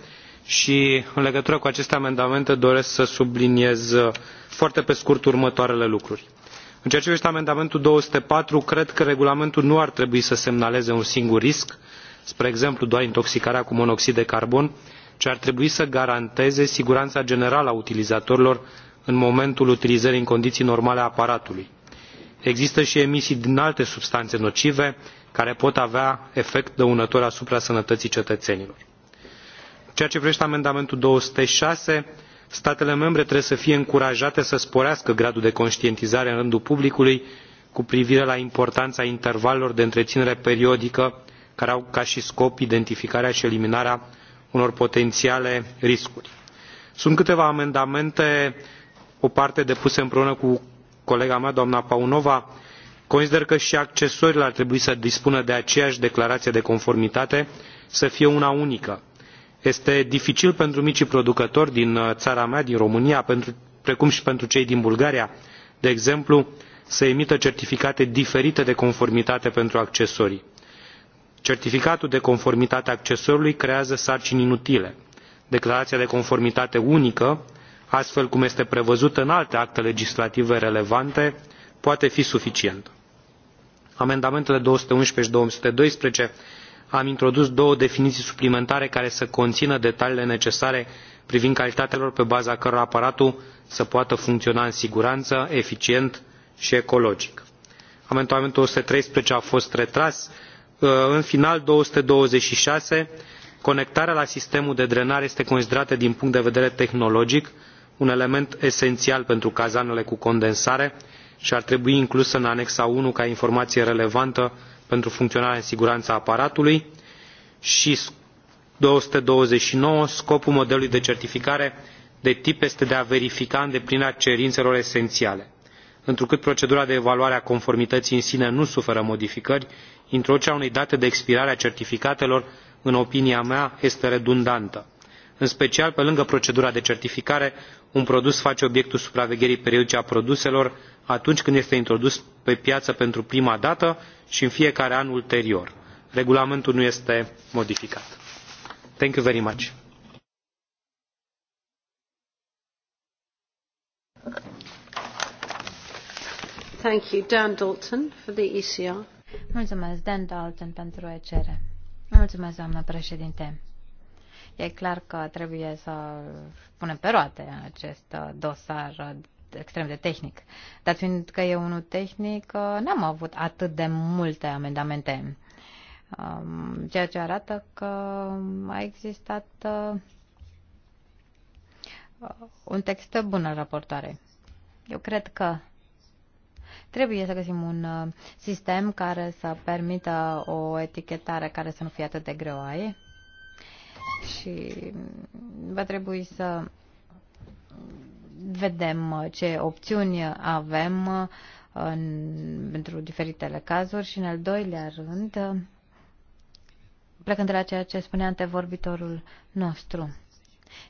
și în legătură cu aceste amendamente doresc să subliniez uh, foarte pe scurt următoarele lucruri în ceea ce privește amendamentul două sute patru cred că regulamentul nu ar trebui să semnaleze un singur risc spre exemplu doar intoxicarea cu monoxid de carbon ci ar trebui să garanteze siguranța generală a utilizatorilor în momentul utilizării în condiții normale a aparatului. există și emisii din alte substanțe nocive care pot avea efect dăunător asupra sănătății cetățenilor. În ceea ce privește amendamentul 206, statele membre trebuie să fie încurajate să sporească gradul de conștientizare în rândul publicului cu privire la importanța intervalelor de întreținere periodică care au ca și scop identificarea și eliminarea unor potențiale riscuri. Sunt câteva amendamente, o parte depuse împreună cu colega mea, doamna Paunova, consider că și accesoriile ar trebui să dispună de aceeași declarație de conformitate să fie una unică. este dificil pentru micii producători din uh, țara mea din românia pentru, precum și pentru cei din bulgaria de exemplu să emită certificate diferite de conformitate pentru accesorii. certificatul de conformitate a accesorului creează sarcini inutile. declarația de conformitate unică astfel cum este prevăzută în alte acte legislative relevante poate fi suficientă amendamentele două sute unsprezece și două sute doisprezece am introdus două definiții suplimentare care să conțină detaliile necesare privind calitatea lor pe baza cărora aparatul să poată funcționa în siguranță eficient și ecologic. amendamentul o sută treisprezece a fost retras. Ă, în final două sute douăzeci și șase conectarea la sistemul de drenare este considerată din punct de vedere tehnologic un element esențial pentru cazanele cu condensare și ar trebui inclusă în anexa 1 ca informație relevantă pentru funcționarea în siguranță a aparatului și 229 scopul modelului de certificare de tip este de a verifica îndeplinirea cerințelor esențiale. Întrucât procedura de evaluare a conformității în sine nu suferă modificări, introducerea unei date de expirare a certificatelor, în opinia mea, este redundantă. În special, pe lângă procedura de certificare, un produs face obiectul supravegherii periodice a produselor atunci când este introdus pe piață pentru prima dată și în fiecare an ulterior. Regulamentul nu este modificat. Thank you very much. Thank you, Dan Dalton, for the ECR. Mulțumesc, Dan Dalton, pentru ECR. Mulțumesc, doamnă președinte. E clar că trebuie să punem pe roate acest uh, dosar extrem de tehnic. Dar fiind că e unul tehnic, uh, n-am avut atât de multe amendamente. Um, ceea ce arată că a existat uh, un text bun în raportare. Eu cred că trebuie să găsim un sistem care să permită o etichetare care să nu fie atât de greoaie și va trebui să vedem ce opțiuni avem uh, în, pentru diferitele cazuri și în al doilea rând, uh, plecând de la ceea ce spunea antevorbitorul nostru,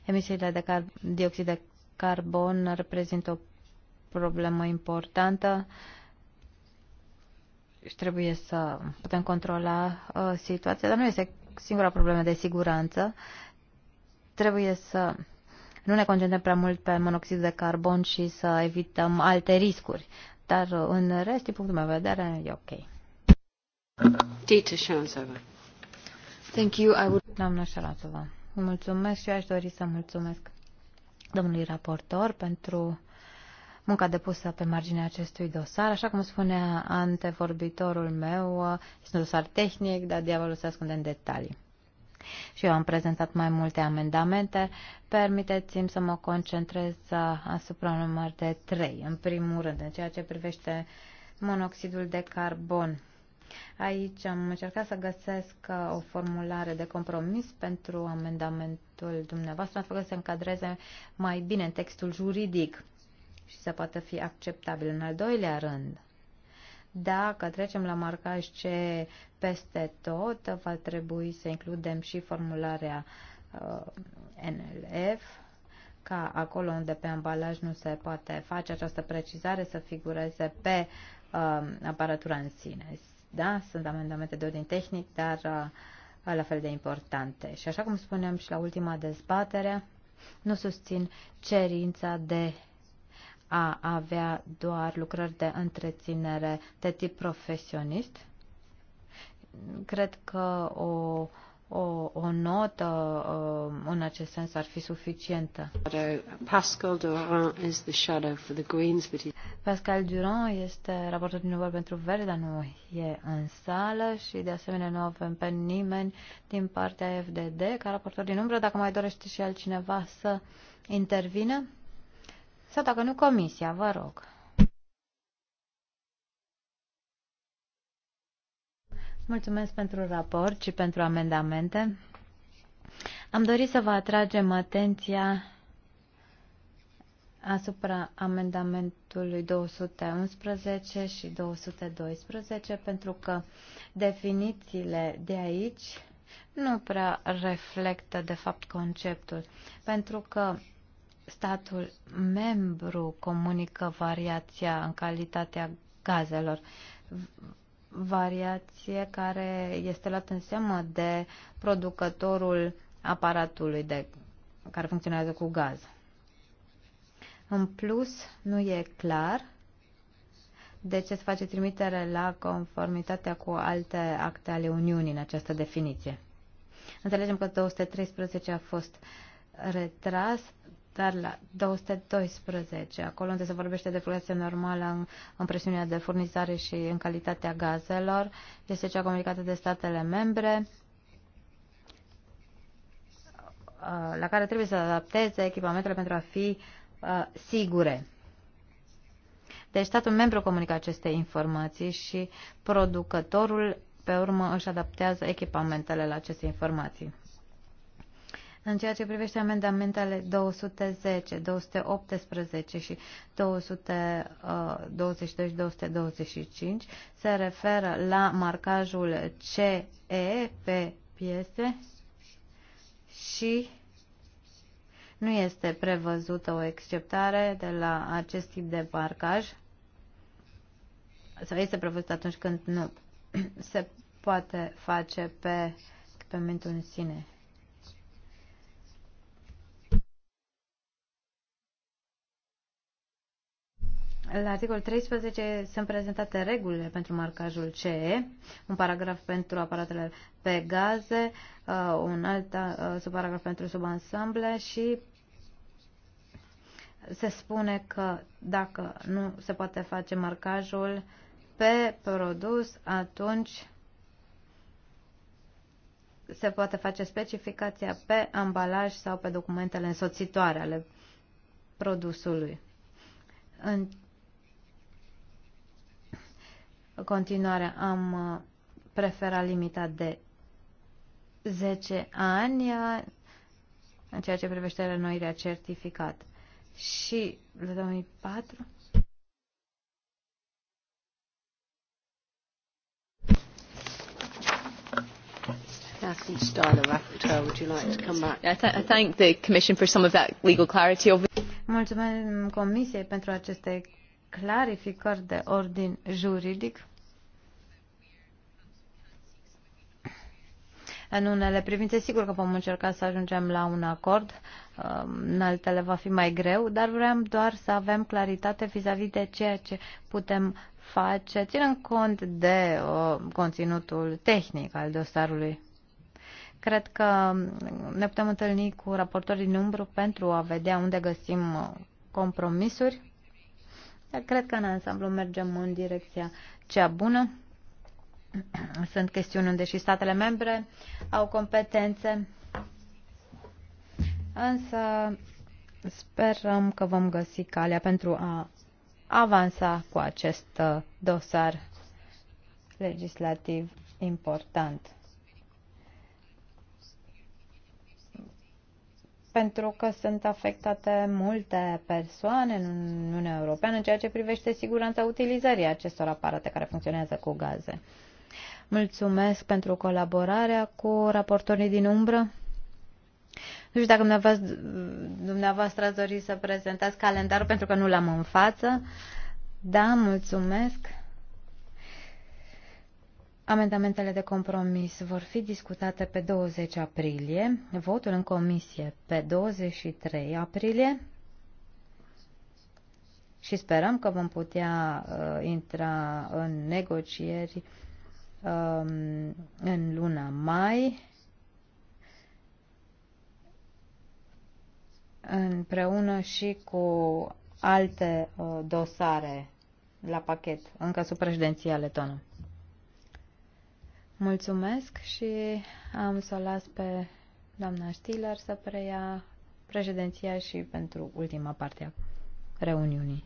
emisiile de car- dioxid de carbon reprezintă o problemă importantă și trebuie să putem controla uh, situația, dar nu este singura problemă de siguranță. Trebuie să nu ne concentrăm prea mult pe monoxid de carbon și să evităm alte riscuri. Dar în rest, din punctul meu de vedere, e ok. Dieter Schanzova. Thank you. I would... Doamna Șalanțova, mulțumesc și aș dori să mulțumesc domnului raportor pentru munca depusă pe marginea acestui dosar. Așa cum spunea antevorbitorul meu, este un dosar tehnic, dar diavolul se ascunde în detalii. Și eu am prezentat mai multe amendamente. Permiteți-mi să mă concentrez asupra număr de trei. În primul rând, în ceea ce privește monoxidul de carbon. Aici am încercat să găsesc uh, o formulare de compromis pentru amendamentul dumneavoastră, astfel că se încadreze mai bine în textul juridic și să poată fi acceptabil. În al doilea rând, dacă trecem la marcaj C peste tot, va trebui să includem și formularea uh, NLF, ca acolo unde pe ambalaj nu se poate face această precizare să figureze pe uh, aparatura în sine. Da? Sunt amendamente de ordin tehnic, dar uh, la fel de importante. Și așa cum spuneam și la ultima dezbatere, nu susțin cerința de a avea doar lucrări de întreținere de tip profesionist. Cred că o, o, o notă uh, în acest sens ar fi suficientă. Pascal Durand is the shadow for the Greens, but he... Pascal Durand este raportor din număr pentru Verde, dar nu e în sală și de asemenea nu avem pe nimeni din partea FDD ca raportor din umbră. Dacă mai dorește și altcineva să intervină. Sau dacă nu, comisia, vă rog. Mulțumesc pentru raport și pentru amendamente. Am dorit să vă atragem atenția asupra amendamentului 211 și 212 pentru că definițiile de aici nu prea reflectă de fapt conceptul, pentru că statul membru comunică variația în calitatea gazelor, variație care este luată în seamă de producătorul aparatului de, care funcționează cu gaz. În plus, nu e clar de ce se face trimitere la conformitatea cu alte acte ale Uniunii în această definiție. Înțelegem că 213 a fost retras dar la 212, acolo unde se vorbește de fluctuație normală în, în presiunea de furnizare și în calitatea gazelor, este cea comunicată de statele membre, uh, la care trebuie să adapteze echipamentele pentru a fi uh, sigure. Deci statul membru comunică aceste informații și producătorul, pe urmă, își adaptează echipamentele la aceste informații. În ceea ce privește amendamentele 210, 218 și 222 225 uh, se referă la marcajul CE pe piese și nu este prevăzută o exceptare de la acest tip de marcaj sau este prevăzut atunci când nu se poate face pe experimentul în sine. La articolul 13 sunt prezentate regulile pentru marcajul CE, un paragraf pentru aparatele pe gaze, uh, un alt uh, subparagraf pentru subansamble și se spune că dacă nu se poate face marcajul pe produs, atunci se poate face specificația pe ambalaj sau pe documentele însoțitoare ale produsului. În continuare am uh, preferat limita de 10 ani uh, în ceea ce privește renoirea certificat. Și de 2004 Catherine Rapporteur, would you like to come back? I, th I thank the Commission for some of that legal clarity. Comisiei pentru aceste clarificări de ordin juridic în unele privințe. Sigur că vom încerca să ajungem la un acord, um, în altele va fi mai greu, dar vrem doar să avem claritate vis-a-vis -vis de ceea ce putem face, ținând cont de o, uh, conținutul tehnic al dosarului. Cred că ne putem întâlni cu raportorii în umbru pentru a vedea unde găsim uh, compromisuri dar cred că în ansamblu mergem în direcția cea bună. Sunt chestiuni unde și statele membre au competențe, însă sperăm că vom găsi calea pentru a avansa cu acest dosar legislativ important. pentru că sunt afectate multe persoane în Uniunea Europeană în ceea ce privește siguranța utilizării acestor aparate care funcționează cu gaze. Mulțumesc pentru colaborarea cu raportorii din umbră. Nu știu dacă dumneavoastră, dumneavoastră ați dori să prezentați calendarul pentru că nu l-am în față. Da, mulțumesc. Amendamentele de compromis vor fi discutate pe 20 aprilie, votul în comisie pe 23 aprilie și sperăm că vom putea uh, intra în negocieri um, în luna mai împreună și cu alte uh, dosare la pachet, încă sub președinția letonă. Mulțumesc și am să o las pe doamna Stiller să preia președinția și pentru ultima parte a reuniunii.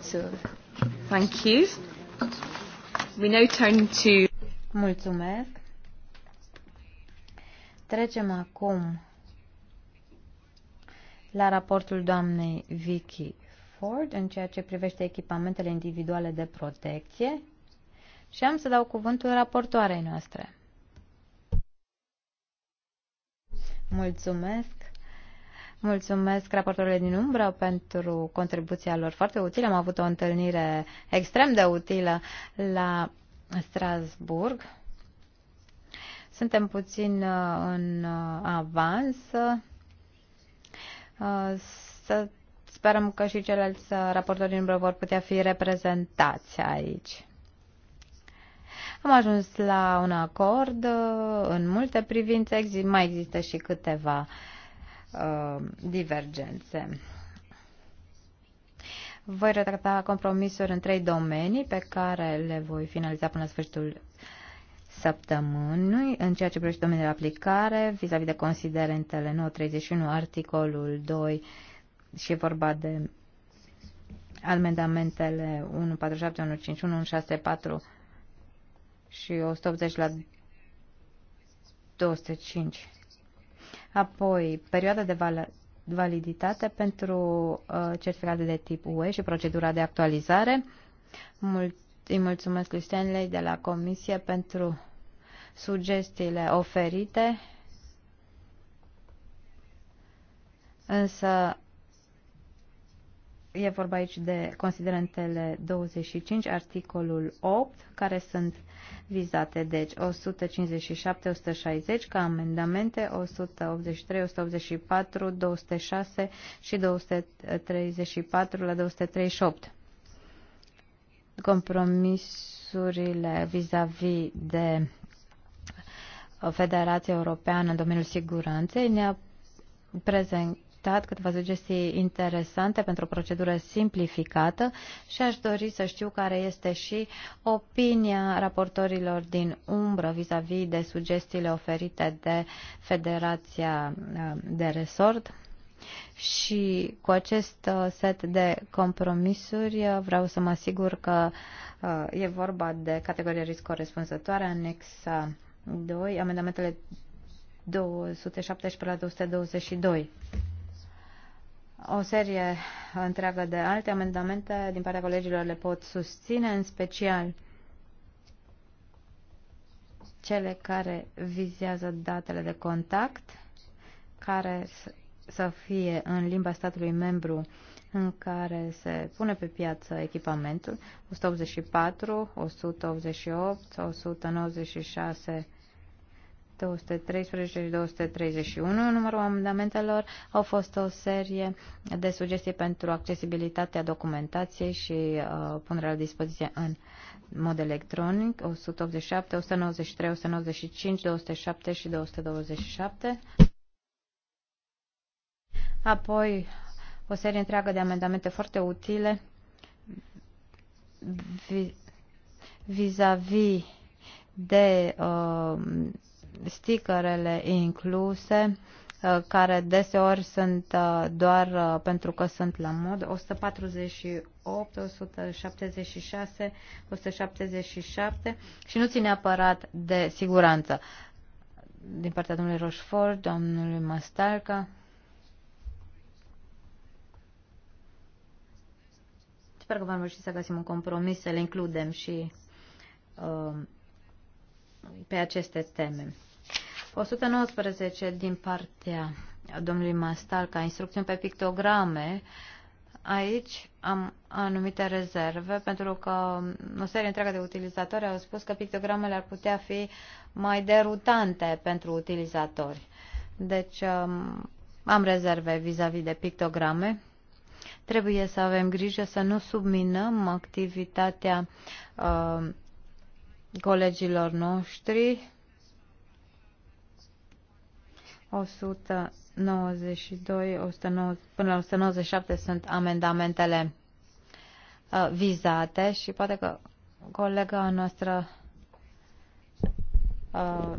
So, thank you. We now turn to... Mulțumesc. Trecem acum la raportul doamnei Vicky Ford în ceea ce privește echipamentele individuale de protecție și am să dau cuvântul raportoarei noastre. Mulțumesc. Mulțumesc raportorilor din umbră pentru contribuția lor foarte utilă. Am avut o întâlnire extrem de utilă la Strasburg. Suntem puțin uh, în uh, avans. Uh, să sperăm că și ceilalți raportori din umbră vor putea fi reprezentați aici. Am ajuns la un acord în multe privințe, mai există și câteva uh, Uh, divergențe. Voi retrata compromisuri în trei domenii pe care le voi finaliza până la sfârșitul săptămânii în ceea ce privește domeniul de aplicare vis-a-vis -vis de considerentele 931 articolul 2 și e vorba de amendamentele 147, 151, 164 și 180 la 205. Apoi, perioada de val validitate pentru uh, certificate de tip UE și procedura de actualizare. Mul îi mulțumesc lui Stanley de la Comisie pentru sugestiile oferite. Însă E vorba aici de considerentele 25, articolul 8, care sunt vizate, deci 157, 160 ca amendamente, 183, 184, 206 și 234 la 238. Compromisurile vis-a-vis -vis de Federația Europeană în domeniul siguranței ne-a prezentat existat câteva sugestii interesante pentru o procedură simplificată și aș dori să știu care este și opinia raportorilor din umbră vis-a-vis -vis de sugestiile oferite de Federația uh, de Resort. Și cu acest uh, set de compromisuri uh, vreau să mă asigur că e vorba de categoria risc corespunzătoare, anexa 2, amendamentele 217 la 222 o serie întreagă de alte amendamente din partea colegilor le pot susține, în special cele care vizează datele de contact, care să fie în limba statului membru în care se pune pe piață echipamentul, 184, 188, 196 213 și 231. Numărul amendamentelor au fost o serie de sugestii pentru accesibilitatea documentației și uh, punerea la dispoziție în mod electronic, 187, 193, 195, 207 și 227. Apoi o serie întreagă de amendamente foarte utile vis-a-vis -vis de uh, stickerele incluse, uh, care deseori sunt uh, doar uh, pentru că sunt la mod, 148, 176, 177 și nu ține neapărat de siguranță. Din partea domnului Rochefort, domnului Mastalca. Sper că vom reuși să găsim un compromis, să le includem și uh, pe aceste teme. 119 din partea domnului Mastal ca instrucțiuni pe pictograme, aici am anumite rezerve pentru că o serie întreagă de utilizatori au spus că pictogramele ar putea fi mai derutante pentru utilizatori. Deci um, am rezerve vis-a-vis -vis de pictograme. Trebuie să avem grijă să nu subminăm activitatea uh, colegilor noștri 192 190, până la 197 sunt amendamentele uh, vizate și poate că colega noastră uh,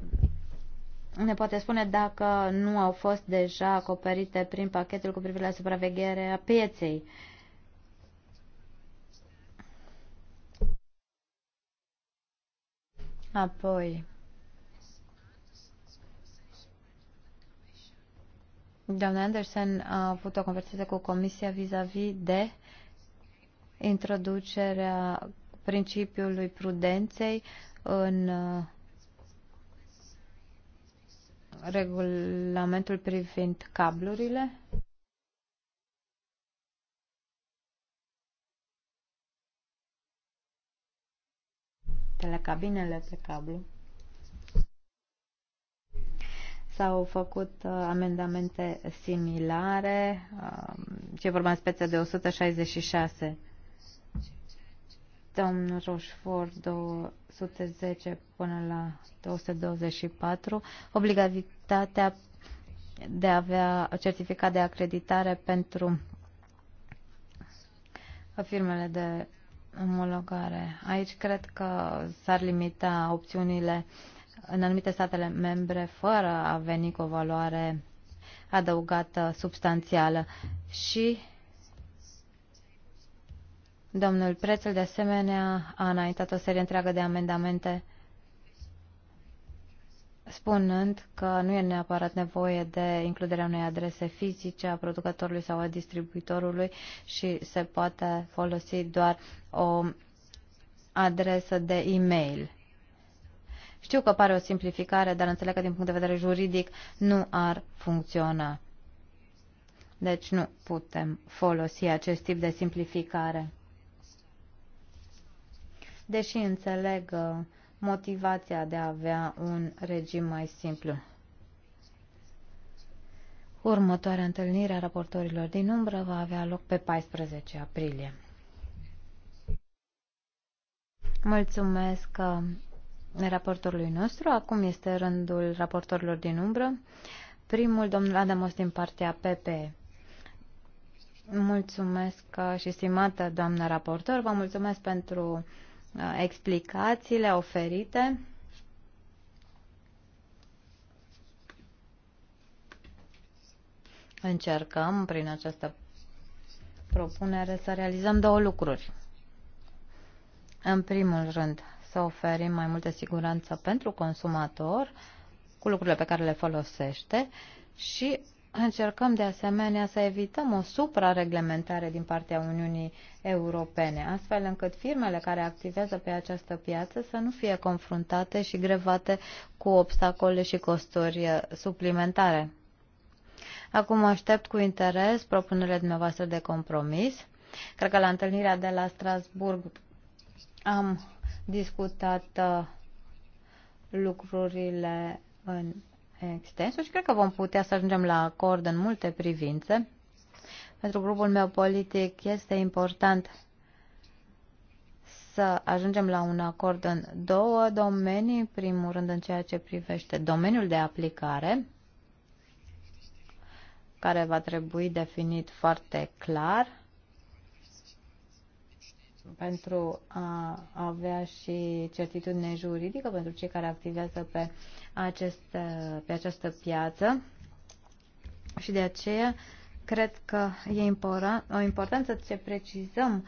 ne poate spune dacă nu au fost deja acoperite prin pachetul cu privire la supravegherea pieței. Apoi, Doamna Anderson a avut o conversație cu Comisia vis-a-vis -vis de introducerea principiului prudenței în uh, regulamentul privind cablurile. Telecabinele pe cablu s-au făcut uh, amendamente similare, ce um, vorba în speță de 166. Domnul Roșfor 210 până la 224, obligativitatea de a avea certificat de acreditare pentru firmele de omologare. Aici cred că s-ar limita opțiunile uh, în anumite statele membre fără a veni cu o valoare adăugată substanțială. Și domnul Prețel, de asemenea, a înaintat o serie întreagă de amendamente spunând că nu e neapărat nevoie de includerea unei adrese fizice a producătorului sau a distribuitorului și se poate folosi doar o adresă de e-mail. Știu că pare o simplificare, dar înțeleg că din punct de vedere juridic nu ar funcționa. Deci nu putem folosi acest tip de simplificare. Deși înțeleg uh, motivația de a avea un regim mai simplu. Următoarea întâlnire a raportorilor din umbră va avea loc pe 14 aprilie. Mulțumesc uh, raportorului nostru. Acum este rândul raportorilor din umbră. Primul, domnul Adamos, din partea PPE. Mulțumesc uh, și stimată doamnă raportor, vă mulțumesc pentru uh, explicațiile oferite. Încercăm prin această propunere să realizăm două lucruri. În primul rând, să oferim mai multă siguranță pentru consumator cu lucrurile pe care le folosește și încercăm de asemenea să evităm o suprareglementare din partea Uniunii Europene, astfel încât firmele care activează pe această piață să nu fie confruntate și grevate cu obstacole și costuri suplimentare. Acum aștept cu interes propunerile dumneavoastră de compromis. Cred că la întâlnirea de la Strasburg am discutat lucrurile în extensul și cred că vom putea să ajungem la acord în multe privințe. Pentru grupul meu politic este important să ajungem la un acord în două domenii, primul rând în ceea ce privește domeniul de aplicare, care va trebui definit foarte clar pentru a avea și certitudine juridică pentru cei care activează pe, acest, pe această piață. Și de aceea cred că e important, o importanță să precizăm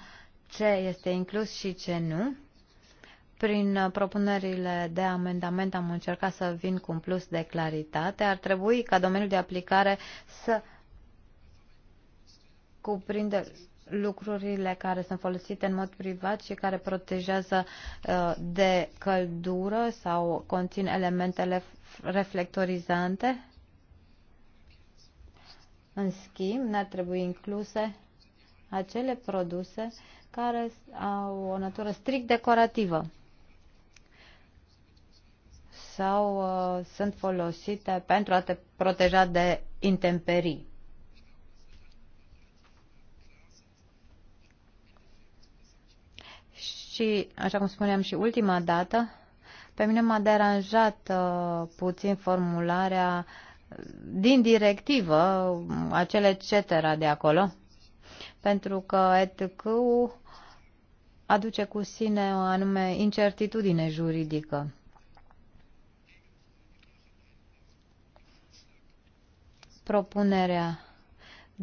ce este inclus și ce nu. Prin propunerile de amendament am încercat să vin cu un plus de claritate. Ar trebui ca domeniul de aplicare să cuprinde lucrurile care sunt folosite în mod privat și care protejează uh, de căldură sau conțin elementele reflectorizante. În schimb, ne ar trebui incluse acele produse care au o natură strict decorativă sau uh, sunt folosite pentru a te proteja de intemperii. și, așa cum spuneam și ultima dată, pe mine m-a deranjat uh, puțin formularea din directivă, acele cetera de acolo, pentru că ETC aduce cu sine o anume incertitudine juridică. Propunerea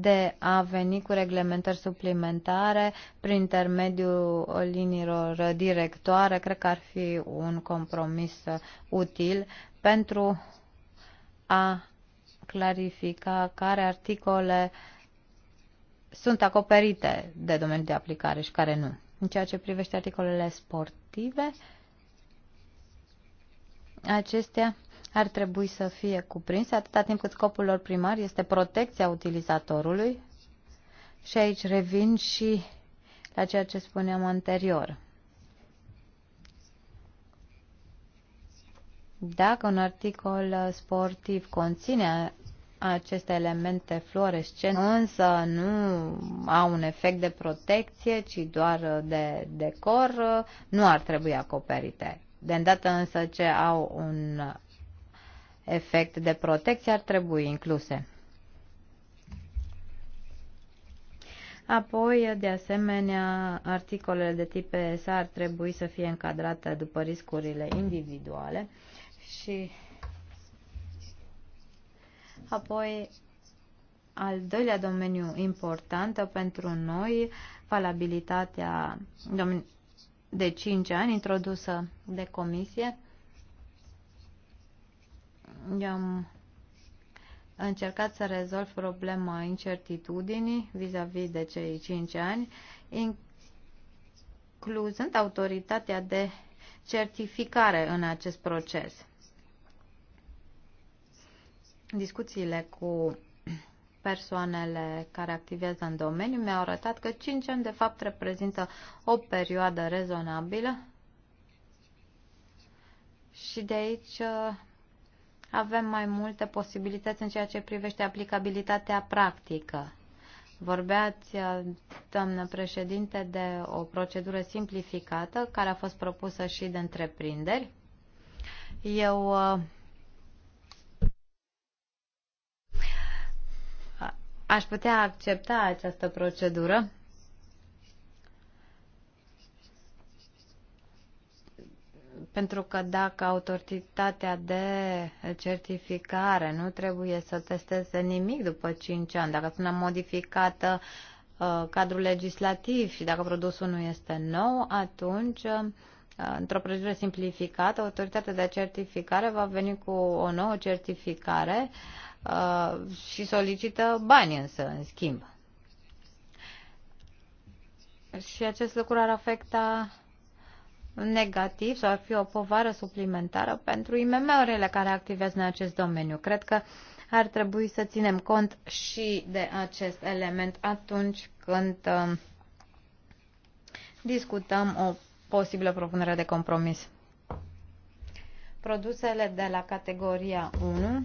de a veni cu reglementări suplimentare prin intermediul liniilor directoare, cred că ar fi un compromis util pentru a clarifica care articole sunt acoperite de domeniul de aplicare și care nu. În ceea ce privește articolele sportive, acestea ar trebui să fie cuprinse atâta timp cât scopul lor primar este protecția utilizatorului. Și aici revin și la ceea ce spuneam anterior. Dacă un articol sportiv conține aceste elemente fluorescente, însă nu au un efect de protecție, ci doar de decor, nu ar trebui acoperite. De îndată însă ce au un efect de protecție ar trebui incluse. Apoi, de asemenea, articolele de tip PSA ar trebui să fie încadrate după riscurile individuale și apoi al doilea domeniu important pentru noi, valabilitatea de 5 ani introdusă de comisie, eu am încercat să rezolv problema incertitudinii vis-a-vis -vis de cei 5 ani, incluzând autoritatea de certificare în acest proces. Discuțiile cu persoanele care activează în domeniu mi-au arătat că 5 ani de fapt reprezintă o perioadă rezonabilă și de aici uh, avem mai multe posibilități în ceea ce privește aplicabilitatea practică. Vorbeați, uh, doamnă președinte, de o procedură simplificată care a fost propusă și de întreprinderi. Eu uh, aș putea accepta această procedură pentru că dacă autoritatea de certificare nu trebuie să testeze nimic după 5 ani, dacă sunt modificată uh, cadrul legislativ și dacă produsul nu este nou, atunci uh, într-o procedură simplificată, autoritatea de certificare va veni cu o nouă certificare uh, și solicită bani însă, în schimb. Și acest lucru ar afecta negativ sau ar fi o povară suplimentară pentru IMM-urile care activează în acest domeniu. Cred că ar trebui să ținem cont și de acest element atunci când um, discutăm o posibilă propunere de compromis. Produsele de la categoria 1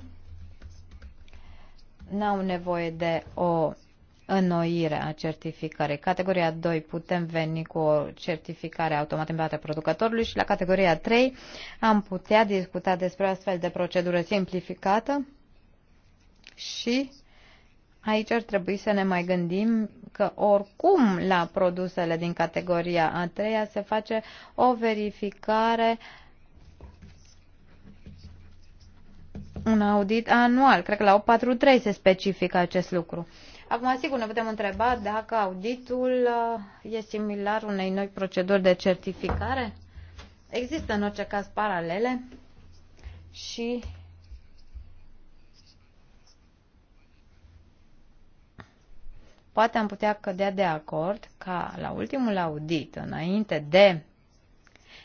n-au nevoie de o înnoirea certificării. Categoria 2 putem veni cu o certificare automat în partea producătorului și la categoria 3 am putea discuta despre astfel de procedură simplificată și aici ar trebui să ne mai gândim că oricum la produsele din categoria a treia se face o verificare un audit anual. Cred că la 8.4.3 se specifică acest lucru. Acum, sigur, ne putem întreba dacă auditul uh, e similar unei noi proceduri de certificare. Există, în orice caz, paralele și poate am putea cădea de acord ca la ultimul audit, înainte de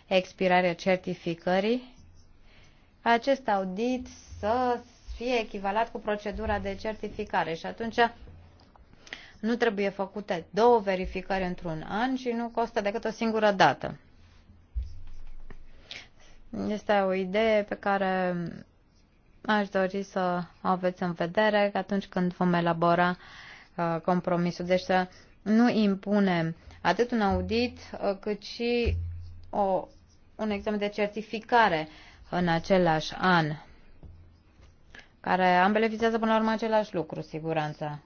expirarea certificării, acest audit să fie echivalat cu procedura de certificare și atunci nu trebuie făcute două verificări într-un an și nu costă decât o singură dată. Este o idee pe care aș dori să o aveți în vedere atunci când vom elabora uh, compromisul. Deci să nu impunem atât un audit uh, cât și o, un examen de certificare în același an, care ambele vizează până la urmă același lucru, siguranța.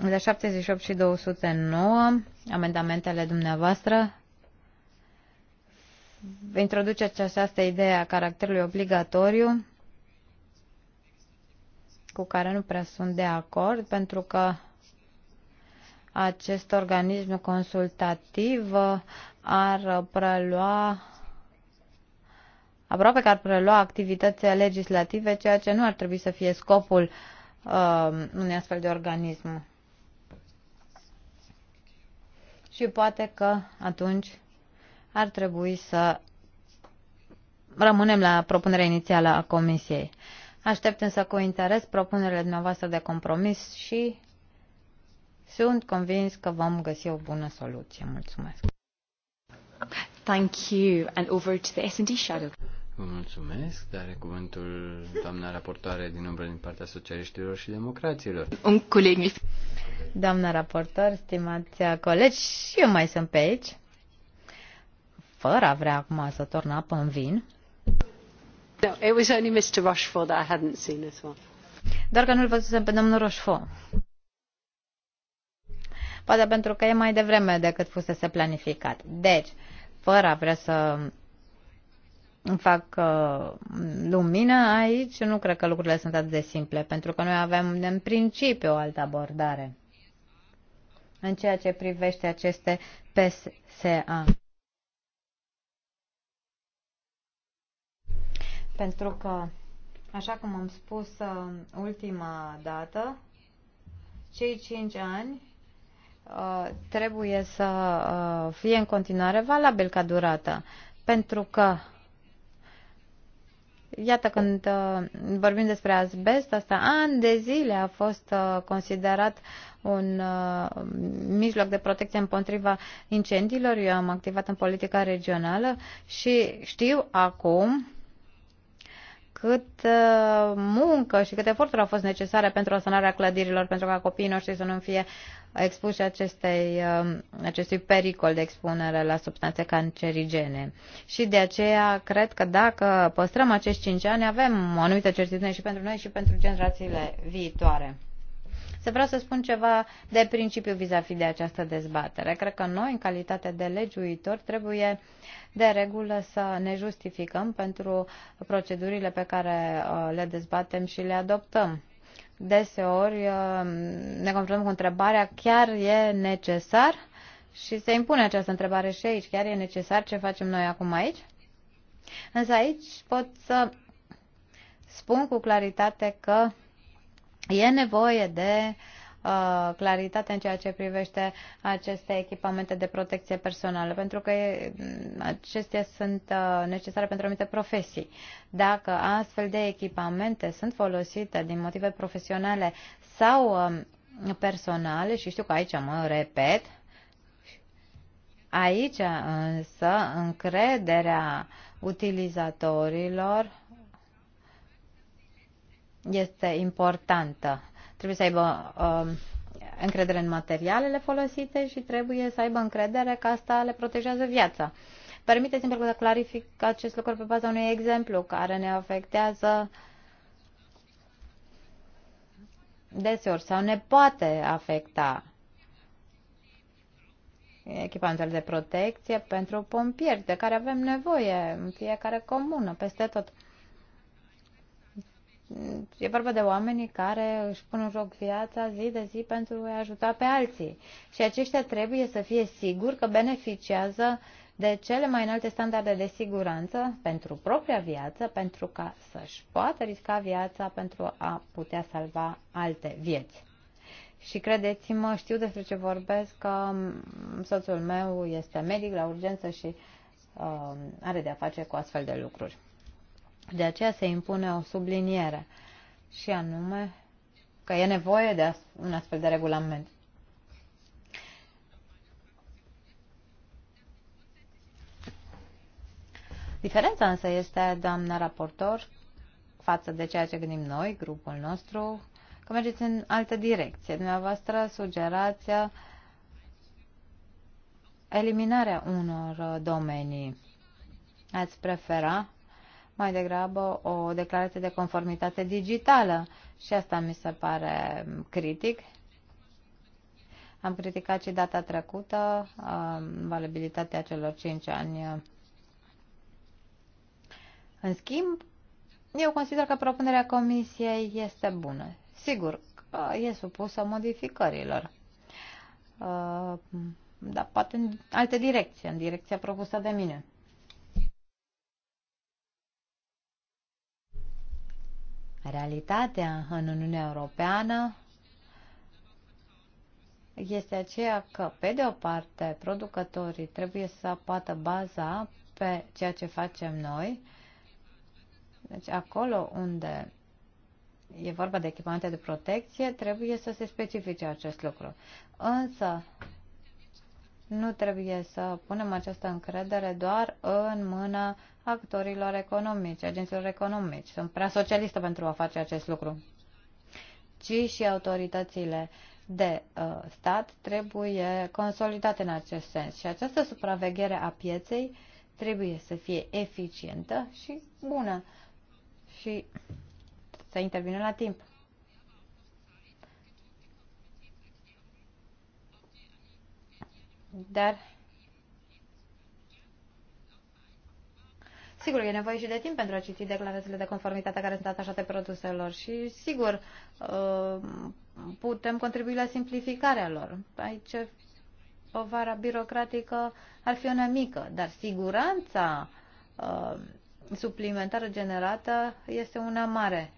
la 78 și 209, amendamentele dumneavoastră, introduceți această idee a caracterului obligatoriu cu care nu prea sunt de acord, pentru că acest organism consultativ ar prelua aproape că ar prelua activitățile legislative, ceea ce nu ar trebui să fie scopul uh, unui astfel de organism și poate că atunci ar trebui să rămânem la propunerea inițială a Comisiei. Aștept însă cu interes propunerile dumneavoastră de compromis și sunt convins că vom găsi o bună soluție. Mulțumesc! Thank you and over to the S&D shadow. Vă mulțumesc, dar cuvântul doamna raportoare din umbră din partea socialiștilor și democraților. Un coleg doamna raportor, stimați colegi, și eu mai sunt pe aici, fără a vrea acum să torn apă în vin. No, it was only Mr. Rochefort that I hadn't seen Doar că nu-l văzusem pe domnul Rochefort. Poate pentru că e mai devreme decât fusese planificat. Deci, fără a vrea să îmi fac uh, lumină aici, nu cred că lucrurile sunt atât de simple, pentru că noi avem în principiu o altă abordare în ceea ce privește aceste PSA. Pentru că, așa cum am spus uh, ultima dată, cei 5 ani uh, trebuie să uh, fie în continuare valabil ca durată, pentru că Iată, când uh, vorbim despre asbest, asta ani de zile a fost uh, considerat un uh, mijloc de protecție împotriva incendiilor. Eu am activat în politica regională și știu acum cât uh, muncă și cât eforturi au fost necesare pentru o clădirilor, pentru ca copiii noștri să nu fie expuși acestei, uh, acestui pericol de expunere la substanțe cancerigene. Și de aceea cred că dacă păstrăm acești 5 ani, avem o anumită certitudine și pentru noi și pentru generațiile viitoare. Să vreau să spun ceva de principiu vis-a-vis -vis de această dezbatere. Cred că noi, în calitate de legiuitor, trebuie de regulă să ne justificăm pentru procedurile pe care uh, le dezbatem și le adoptăm deseori uh, ne confruntăm cu întrebarea chiar e necesar și se impune această întrebare și aici, chiar e necesar ce facem noi acum aici? Însă aici pot să spun cu claritate că E nevoie de uh, claritate în ceea ce privește aceste echipamente de protecție personală, pentru că mm, acestea sunt uh, necesare pentru anumite profesii. Dacă astfel de echipamente sunt folosite din motive profesionale sau uh, personale, și știu că aici mă repet, aici însă încrederea utilizatorilor este importantă. Trebuie să aibă uh, încredere în materialele folosite și trebuie să aibă încredere că asta le protejează viața. Permiteți-mi să clarific acest lucru pe baza unui exemplu care ne afectează deseori sau ne poate afecta echipamentele de protecție pentru pompieri de care avem nevoie în fiecare comună, peste tot. E vorba de oamenii care își pun în joc viața zi de zi pentru a ajuta pe alții. Și aceștia trebuie să fie siguri că beneficiază de cele mai înalte standarde de siguranță pentru propria viață, pentru ca să-și poată risca viața pentru a putea salva alte vieți. Și credeți-mă, știu despre ce vorbesc, că soțul meu este medic la urgență și uh, are de-a face cu astfel de lucruri. De aceea se impune o subliniere și anume că e nevoie de un astfel de regulament. Diferența însă este, doamna raportor, față de ceea ce gândim noi, grupul nostru, că mergeți în altă direcție. Dumneavoastră sugerați eliminarea unor domenii. Ați prefera mai degrabă o declarație de conformitate digitală și asta mi se pare critic. Am criticat și data trecută um, valabilitatea celor 5 ani. În schimb, eu consider că propunerea comisiei este bună. Sigur că e supusă modificărilor. Uh, dar poate în alte direcții, în direcția propusă de mine. Realitatea în Uniunea Europeană este aceea că, pe de o parte, producătorii trebuie să poată baza pe ceea ce facem noi. Deci, acolo unde e vorba de echipamente de protecție, trebuie să se specifice acest lucru. Însă, nu trebuie să punem această încredere doar în mâna actorilor economici, agenților economici. Sunt prea socialistă pentru a face acest lucru. Ci și autoritățile de uh, stat trebuie consolidate în acest sens și această supraveghere a pieței trebuie să fie eficientă și bună și să intervină la timp. Dar Sigur, e nevoie și de timp pentru a citi declarațiile de conformitate care sunt atașate produselor și, sigur, uh, putem contribui la simplificarea lor. Aici povara birocratică ar fi una mică, dar siguranța uh, suplimentară generată este una mare.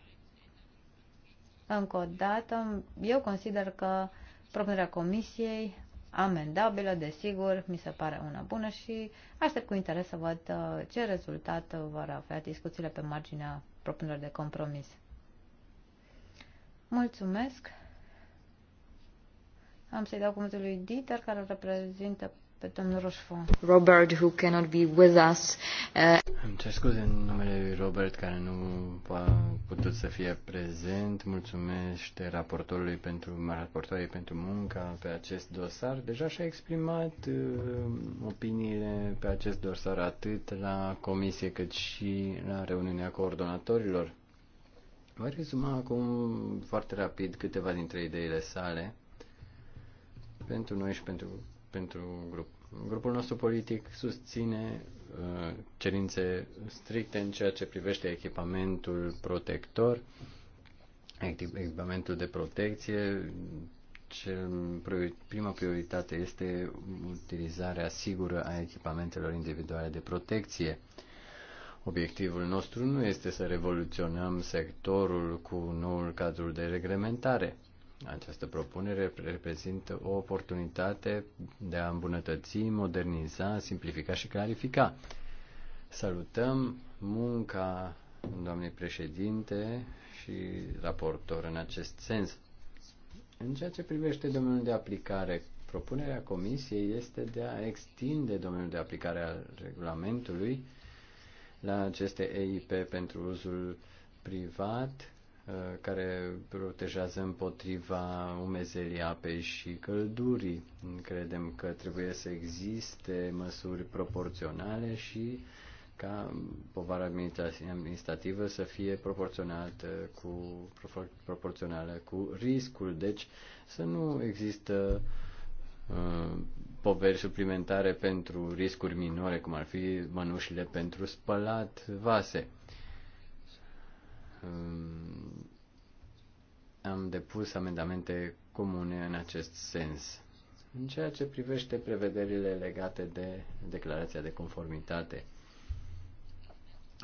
Încă o dată, eu consider că propunerea Comisiei amendabilă, desigur, mi se pare una bună și aștept cu interes să văd uh, ce rezultat uh, vor avea discuțiile pe marginea propunerilor de compromis. Mulțumesc! Am să-i dau cuvântul lui Dieter, care reprezintă pe domnul Rochefort. Robert, who cannot be with us. Uh... Îmi cer scuze în numele lui Robert, care nu a putut să fie prezent. Mulțumesc raportorului pentru, raportorii pentru munca pe acest dosar. Deja și-a exprimat uh, opiniile pe acest dosar atât la comisie cât și la reuniunea coordonatorilor. Vă rezuma acum foarte rapid câteva dintre ideile sale pentru noi și pentru pentru grup. Grupul nostru politic susține uh, cerințe stricte în ceea ce privește echipamentul protector, echipamentul de protecție. Cel, prima prioritate este utilizarea sigură a echipamentelor individuale de protecție. Obiectivul nostru nu este să revoluționăm sectorul cu noul cadru de reglementare această propunere reprezintă o oportunitate de a îmbunătăți, moderniza, simplifica și clarifica. Salutăm munca doamnei președinte și raportor în acest sens. În ceea ce privește domeniul de aplicare, propunerea Comisiei este de a extinde domeniul de aplicare al regulamentului la aceste EIP pentru uzul privat Uh, care protejează împotriva umezelii apei și căldurii. Credem că trebuie să existe măsuri proporționale și ca povara administrativă să fie proporționată cu, proporțională cu riscul. Deci să nu există uh, poveri suplimentare pentru riscuri minore, cum ar fi mănușile pentru spălat vase am depus amendamente comune în acest sens. În ceea ce privește prevederile legate de declarația de conformitate,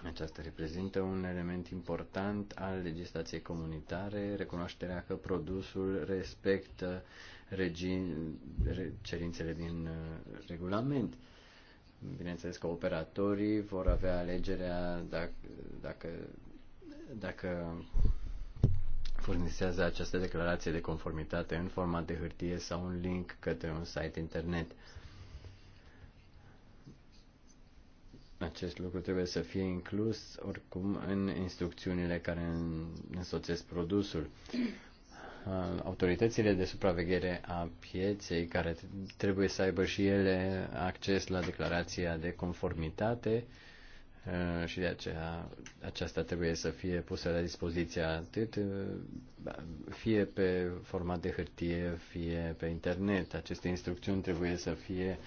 aceasta reprezintă un element important al legislației comunitare, recunoașterea că produsul respectă cerințele din uh, regulament. Bineînțeles că operatorii vor avea alegerea dacă, dacă dacă furnizează această declarație de conformitate în format de hârtie sau un link către un site internet. Acest lucru trebuie să fie inclus oricum în instrucțiunile care însoțesc produsul. Autoritățile de supraveghere a pieței care trebuie să aibă și ele acces la declarația de conformitate Uh, și de aceea aceasta trebuie să fie pusă la dispoziția atât uh, fie pe format de hârtie, fie pe internet. Aceste instrucțiuni trebuie să fie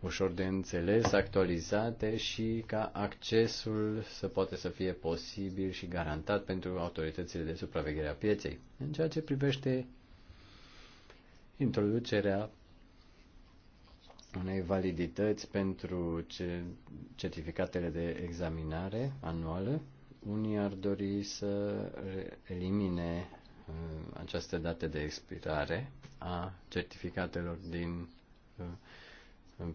ușor de înțeles, actualizate și ca accesul să poate să fie posibil și garantat pentru autoritățile de supraveghere a pieței. În ceea ce privește introducerea unei validități pentru certificatele de examinare anuală. Unii ar dori să elimine uh, această dată de expirare a certificatelor din uh,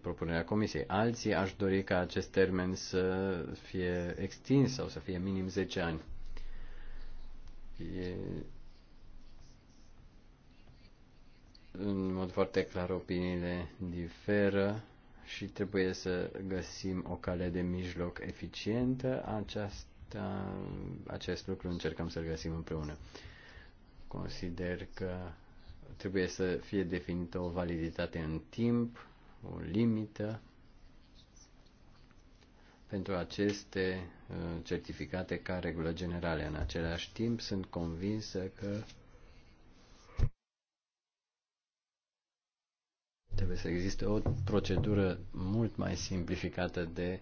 propunerea comisiei. Alții aș dori ca acest termen să fie extins sau să fie minim 10 ani. E în mod foarte clar opiniile diferă și trebuie să găsim o cale de mijloc eficientă. Aceasta, acest lucru încercăm să-l găsim împreună. Consider că trebuie să fie definită o validitate în timp, o limită pentru aceste uh, certificate ca regulă generale. În același timp, sunt convinsă că Trebuie să existe o procedură mult mai simplificată de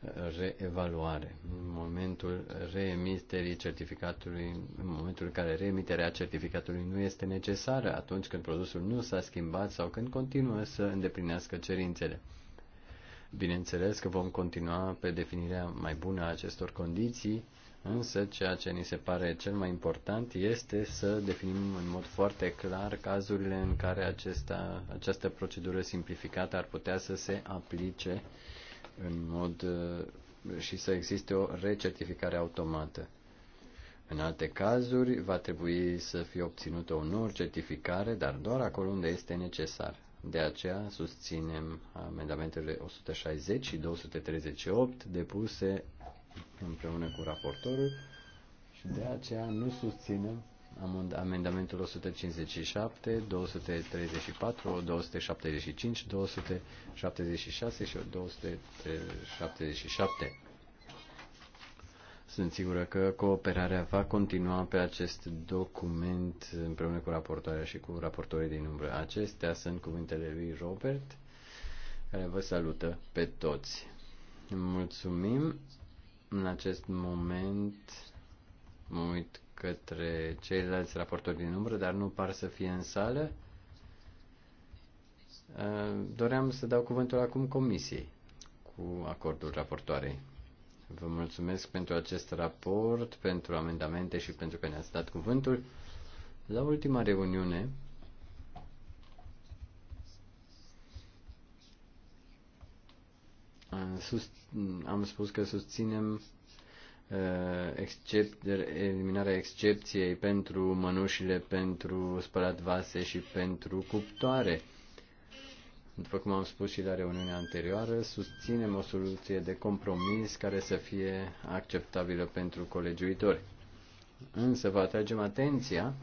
uh, reevaluare. În momentul reemiterii certificatului, în momentul în care reemiterea certificatului nu este necesară, atunci când produsul nu s-a schimbat sau când continuă să îndeplinească cerințele. Bineînțeles că vom continua pe definirea mai bună a acestor condiții Însă, ceea ce ni se pare cel mai important este să definim în mod foarte clar cazurile în care acesta, această procedură simplificată ar putea să se aplice în mod uh, și să existe o recertificare automată. În alte cazuri, va trebui să fie obținută o nouă certificare, dar doar acolo unde este necesar. De aceea susținem amendamentele 160 și 238 depuse împreună cu raportorul și de aceea nu susținem amendamentul 157, 234, 275, 276 și 277. Sunt sigură că cooperarea va continua pe acest document împreună cu raportoarea și cu raportorii din umbră. Acestea sunt cuvintele lui Robert, care vă salută pe toți. Mulțumim. În acest moment mă uit către ceilalți raportori din umbră, dar nu par să fie în sală. Uh, doream să dau cuvântul acum comisiei cu acordul raportoarei. Vă mulțumesc pentru acest raport, pentru amendamente și pentru că ne-ați dat cuvântul. La ultima reuniune am spus că susținem uh, eliminarea excepției pentru mănușile, pentru spălat vase și pentru cuptoare. După cum am spus și la reuniunea anterioară, susținem o soluție de compromis care să fie acceptabilă pentru colegiuitori. Însă vă atragem atenția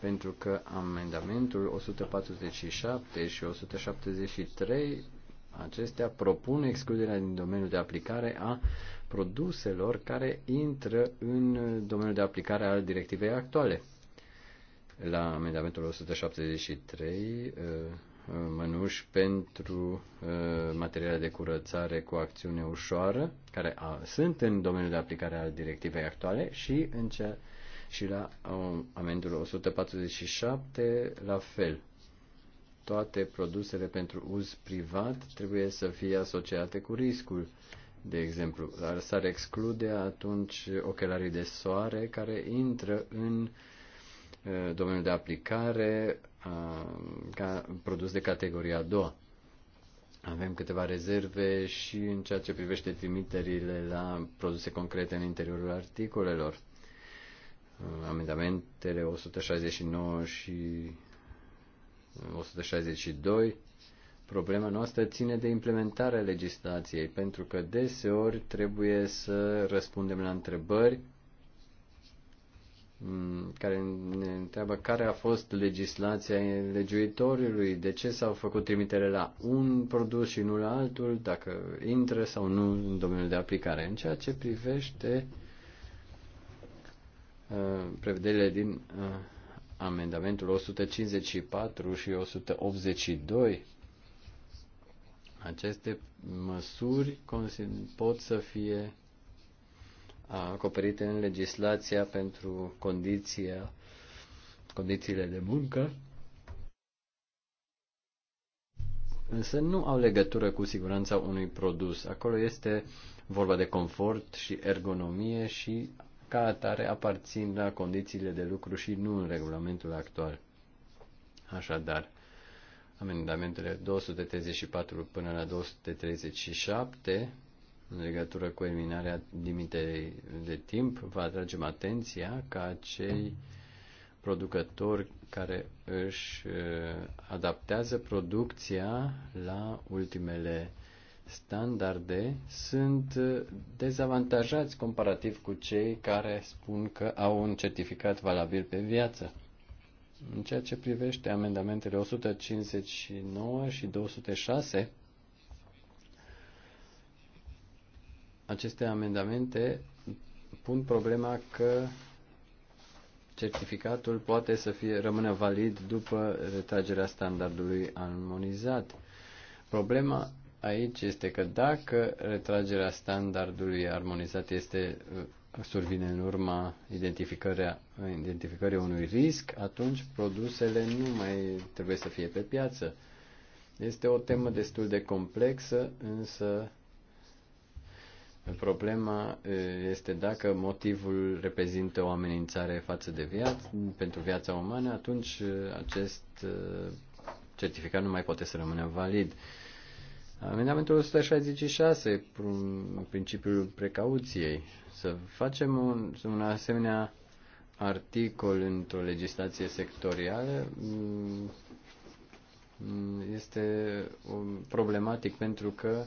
pentru că amendamentul 147 și 173 Acestea propun excluderea din domeniul de aplicare a produselor care intră în domeniul de aplicare al directivei actuale. La amendamentul 173, uh, uh, mănuși pentru uh, materiale de curățare cu acțiune ușoară, care sunt în domeniul de aplicare al directivei actuale și, în cea, și la amendul 147, la fel toate produsele pentru uz privat trebuie să fie asociate cu riscul. De exemplu, s-ar exclude atunci ochelarii de soare care intră în uh, domeniul de aplicare a, uh, ca produs de categoria a doua. Avem câteva rezerve și în ceea ce privește trimiterile la produse concrete în interiorul articolelor. Uh, amendamentele 169 și 162, problema noastră ține de implementarea legislației, pentru că deseori trebuie să răspundem la întrebări mm, care ne întreabă care a fost legislația legiuitorului, de ce s-au făcut trimitere la un produs și nu la altul, dacă intră sau nu în domeniul de aplicare. În ceea ce privește uh, prevederile din uh, amendamentul 154 și 182, aceste măsuri pot să fie acoperite în legislația pentru condiția, condițiile de muncă, însă nu au legătură cu siguranța unui produs. Acolo este vorba de confort și ergonomie și ca atare aparțin la condițiile de lucru și nu în regulamentul actual. Așadar, amendamentele 234 până la 237 în legătură cu eliminarea limitei de timp, vă atragem atenția ca acei producători care își uh, adaptează producția la ultimele standarde sunt uh, dezavantajați comparativ cu cei care spun că au un certificat valabil pe viață. În ceea ce privește amendamentele 159 și 206, aceste amendamente pun problema că certificatul poate să fie, rămână valid după retragerea standardului armonizat. Problema aici este că dacă retragerea standardului armonizat este uh, survine în urma identificării, identificării unui risc, atunci produsele nu mai trebuie să fie pe piață. Este o temă destul de complexă, însă problema uh, este dacă motivul reprezintă o amenințare față de viață, pentru viața umană, atunci uh, acest certificat nu mai poate să rămână valid. Amendamentul 166, principiul precauției, să facem un, un asemenea articol într-o legislație sectorială mm, este problematic pentru că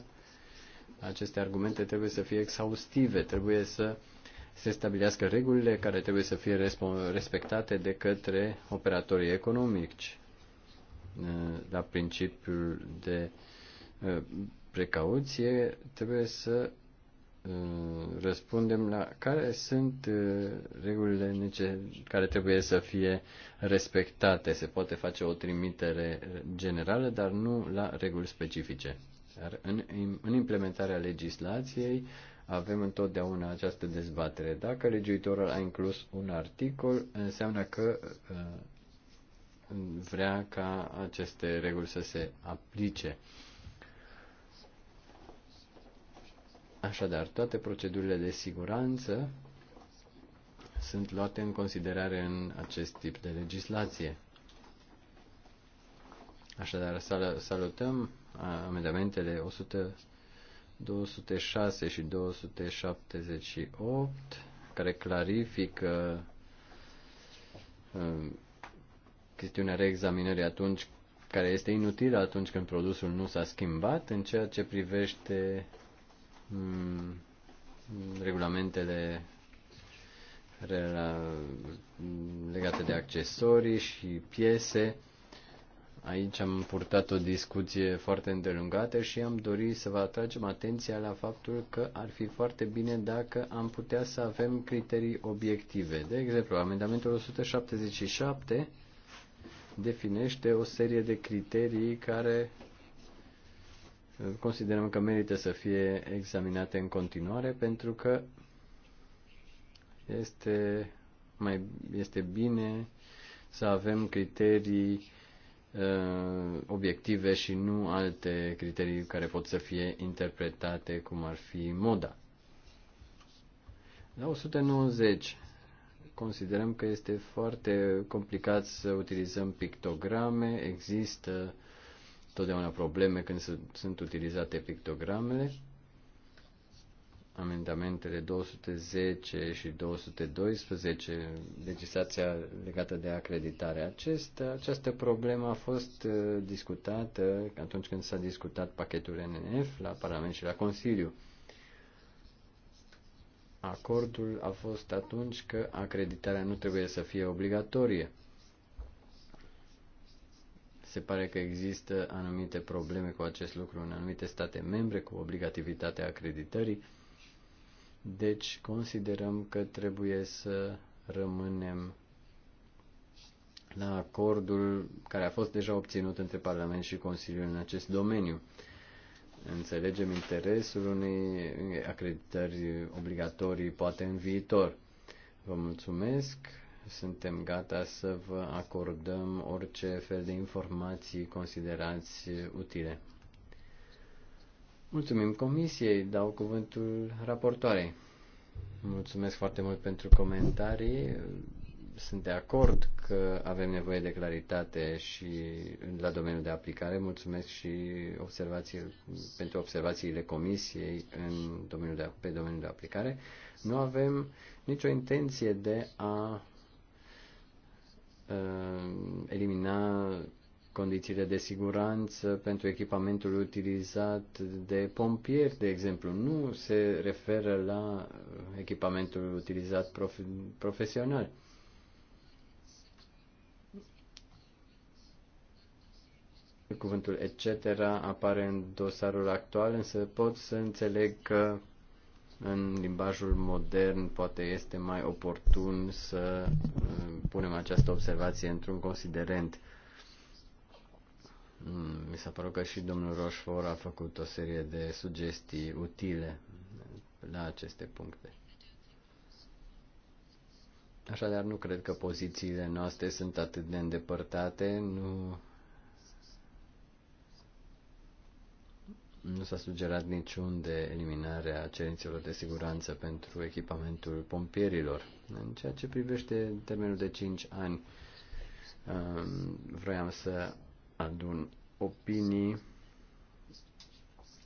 aceste argumente trebuie să fie exhaustive, trebuie să se stabilească regulile care trebuie să fie respectate de către operatorii economici mm, la principiul de uh, Uh, precauție, trebuie să uh, răspundem la care sunt uh, regulile care trebuie să fie respectate. Se poate face o trimitere generală, dar nu la reguli specifice. Dar în, în implementarea legislației avem întotdeauna această dezbatere. Dacă legiuitorul a inclus un articol, înseamnă că vrea ca aceste reguli să se aplice Așadar, toate procedurile de siguranță sunt luate în considerare în acest tip de legislație. Așadar, salutăm amendamentele 100, 206 și 278 care clarifică chestiunea reexaminării atunci care este inutilă atunci când produsul nu s-a schimbat în ceea ce privește Mm, regulamentele legate de accesorii și piese. Aici am purtat o discuție foarte îndelungată și am dorit să vă atragem atenția la faptul că ar fi foarte bine dacă am putea să avem criterii obiective. De exemplu, amendamentul 177 definește o serie de criterii care considerăm că merită să fie examinate în continuare pentru că este, mai, este bine să avem criterii uh, obiective și nu alte criterii care pot să fie interpretate cum ar fi moda. La 190 considerăm că este foarte complicat să utilizăm pictograme, există totdeauna probleme când sunt, sunt utilizate pictogramele. Amendamentele 210 și 212, legislația legată de acreditare. Acest, această problemă a fost uh, discutată atunci când s-a discutat pachetul NNF la Parlament și la Consiliu. Acordul a fost atunci că acreditarea nu trebuie să fie obligatorie se pare că există anumite probleme cu acest lucru în anumite state membre, cu obligativitatea acreditării. Deci considerăm că trebuie să rămânem la acordul care a fost deja obținut între Parlament și consiliul în acest domeniu. Înțelegem interesul unei acreditări obligatorii, poate în viitor. Vă mulțumesc suntem gata să vă acordăm orice fel de informații considerați utile. Mulțumim comisiei, dau cuvântul raportoarei. Mulțumesc foarte mult pentru comentarii. Sunt de acord că avem nevoie de claritate și la domeniul de aplicare. Mulțumesc și observații, pentru observațiile comisiei în domeniul de, pe domeniul de aplicare. Nu avem nicio intenție de a Uh, elimina condițiile de siguranță pentru echipamentul utilizat de pompieri, de exemplu. Nu se referă la echipamentul utilizat prof- profesional. Cuvântul etc. apare în dosarul actual, însă pot să înțeleg că în limbajul modern poate este mai oportun să uh, punem această observație într-un considerent. Mm, mi s-a părut că și domnul Roșfor a făcut o serie de sugestii utile la aceste puncte. Așadar, nu cred că pozițiile noastre sunt atât de îndepărtate, nu nu s-a sugerat niciun de eliminarea cerințelor de siguranță pentru echipamentul pompierilor. În ceea ce privește termenul de 5 ani, um, vroiam să adun opinii.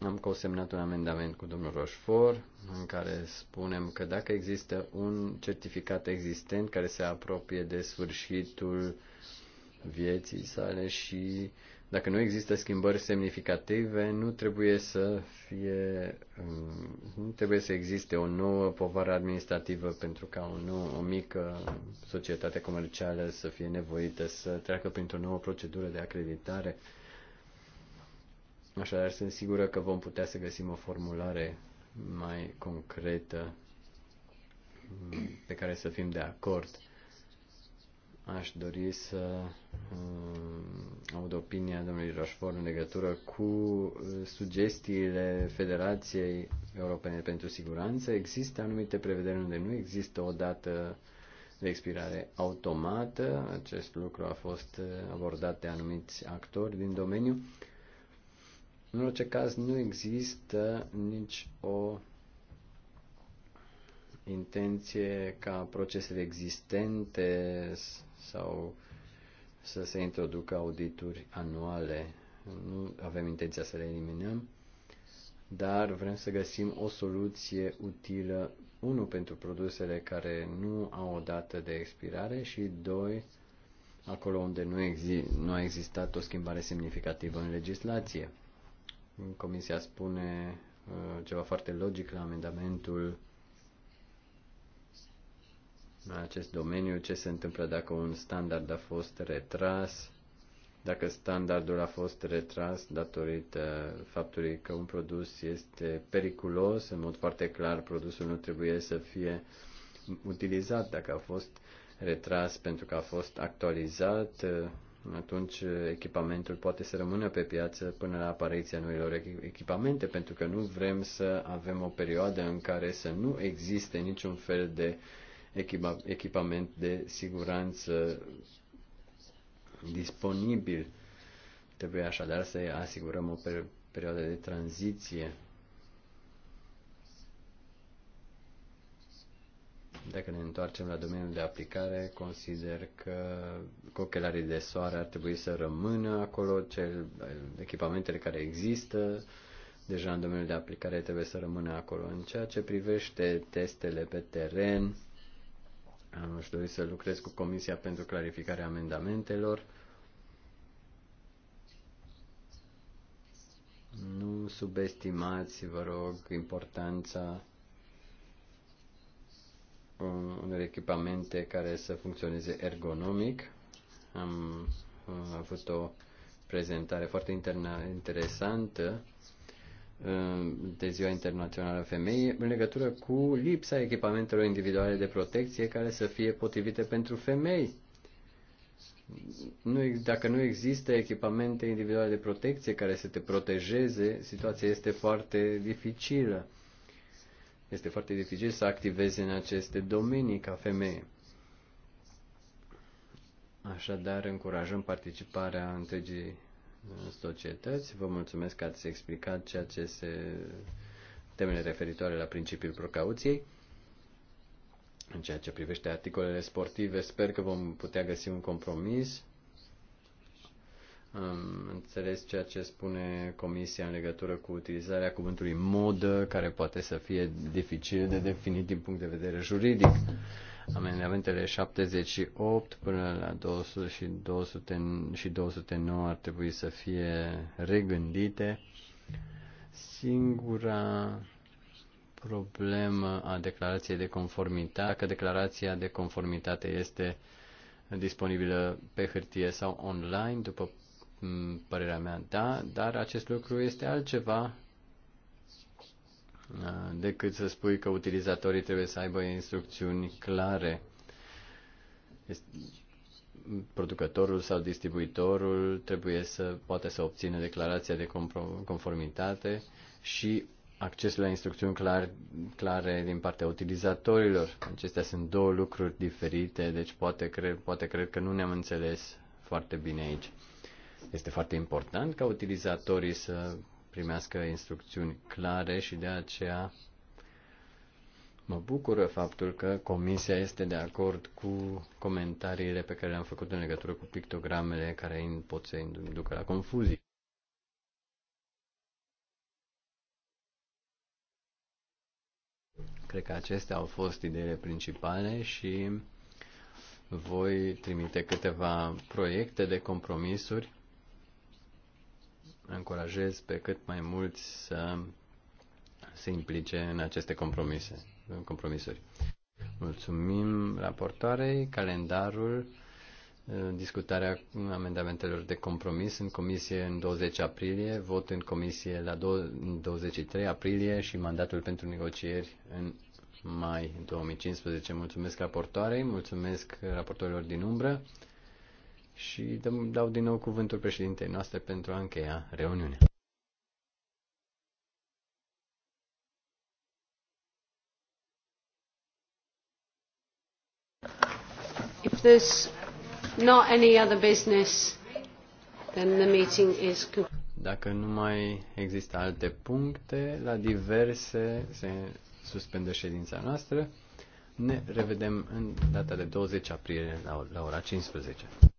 Am consemnat un amendament cu domnul Roșfor în care spunem că dacă există un certificat existent care se apropie de sfârșitul vieții sale și uh, dacă nu există schimbări semnificative, nu trebuie să fie, um, nu trebuie să existe o nouă povară administrativă pentru ca o, nouă, o mică societate comercială să fie nevoită să treacă printr-o nouă procedură de acreditare. Așadar, sunt sigură că vom putea să găsim o formulare mai concretă um, pe care să fim de acord. Aș dori să uh, aud opinia domnului Roșfort în legătură cu uh, sugestiile Federației Europene pentru Siguranță. Există anumite prevederi unde nu există o dată de expirare automată. Acest lucru a fost uh, abordat de anumiți actori din domeniu. În orice caz, nu există nici o intenție ca procesele existente sau să se introducă audituri anuale. Nu avem intenția să le eliminăm, dar vrem să găsim o soluție utilă, unu pentru produsele care nu au o dată de expirare și doi acolo unde nu, exi- nu a existat o schimbare semnificativă în legislație. Comisia spune uh, ceva foarte logic la amendamentul în acest domeniu, ce se întâmplă dacă un standard a fost retras, dacă standardul a fost retras datorită faptului că un produs este periculos, în mod foarte clar, produsul nu trebuie să fie utilizat dacă a fost retras pentru că a fost actualizat, atunci echipamentul poate să rămână pe piață până la apariția noilor echipamente, pentru că nu vrem să avem o perioadă în care să nu existe niciun fel de uh, echipament de siguranță disponibil. Trebuie așadar să asigurăm o perioadă de tranziție. Dacă ne întoarcem la domeniul de aplicare, consider că cochelarii de soare ar trebui să rămână acolo, cel, echipamentele care există deja în domeniul de aplicare trebuie să rămână acolo. În ceea ce privește testele pe teren, Aș dori să lucrez cu Comisia pentru clarificarea amendamentelor. Nu subestimați, vă rog, importanța unor echipamente care să funcționeze ergonomic. Am avut o prezentare foarte interesantă Uh, de Ziua Internațională a Femeii în legătură cu lipsa echipamentelor individuale de protecție care să fie potrivite pentru femei. Nu, dacă nu există echipamente individuale de protecție care să te protejeze, situația este foarte dificilă. Este foarte dificil să activezi în aceste domenii ca femeie. Așadar, încurajăm participarea întregii societăți. Vă mulțumesc că ați explicat ceea ce se temele referitoare la principiul procauției. În ceea ce privește articolele sportive, sper că vom putea găsi un compromis. Am înțeles ceea ce spune Comisia în legătură cu utilizarea cuvântului modă, care poate să fie dificil de definit din punct de vedere juridic. Amendamentele 78 până la 200 și, 200 și 209 ar trebui să fie regândite. Singura problemă a declarației de conformitate, că declarația de conformitate este disponibilă pe hârtie sau online, după părerea mea, da, dar acest lucru este altceva Uh, decât să spui că utilizatorii trebuie să aibă instrucțiuni clare. Producătorul sau distribuitorul trebuie să poate să obțină declarația de conformitate și accesul la instrucțiuni clar, clare din partea utilizatorilor. Acestea sunt două lucruri diferite, deci poate cred, poate cred că nu ne-am înțeles foarte bine aici. Este foarte important ca utilizatorii să primească instrucțiuni clare și de aceea mă bucură faptul că Comisia este de acord cu comentariile pe care le-am făcut în legătură cu pictogramele care pot să inducă la confuzii. Cred că acestea au fost ideile principale și voi trimite câteva proiecte de compromisuri încurajez pe cât mai mulți să se implice în aceste compromise, în compromisuri. Mulțumim raportoarei, calendarul, eh, discutarea amendamentelor de compromis în comisie în 20 aprilie, vot în comisie la 23 aprilie și mandatul pentru negocieri în mai 2015. Mulțumesc raportoarei, mulțumesc raportorilor din umbră și dăm, dau din nou cuvântul președintei noastre pentru a încheia reuniunea. If there's not any other business, then the meeting is Dacă nu mai există alte puncte, la diverse se suspendă ședința noastră. Ne revedem în data de 20 aprilie la ora 15.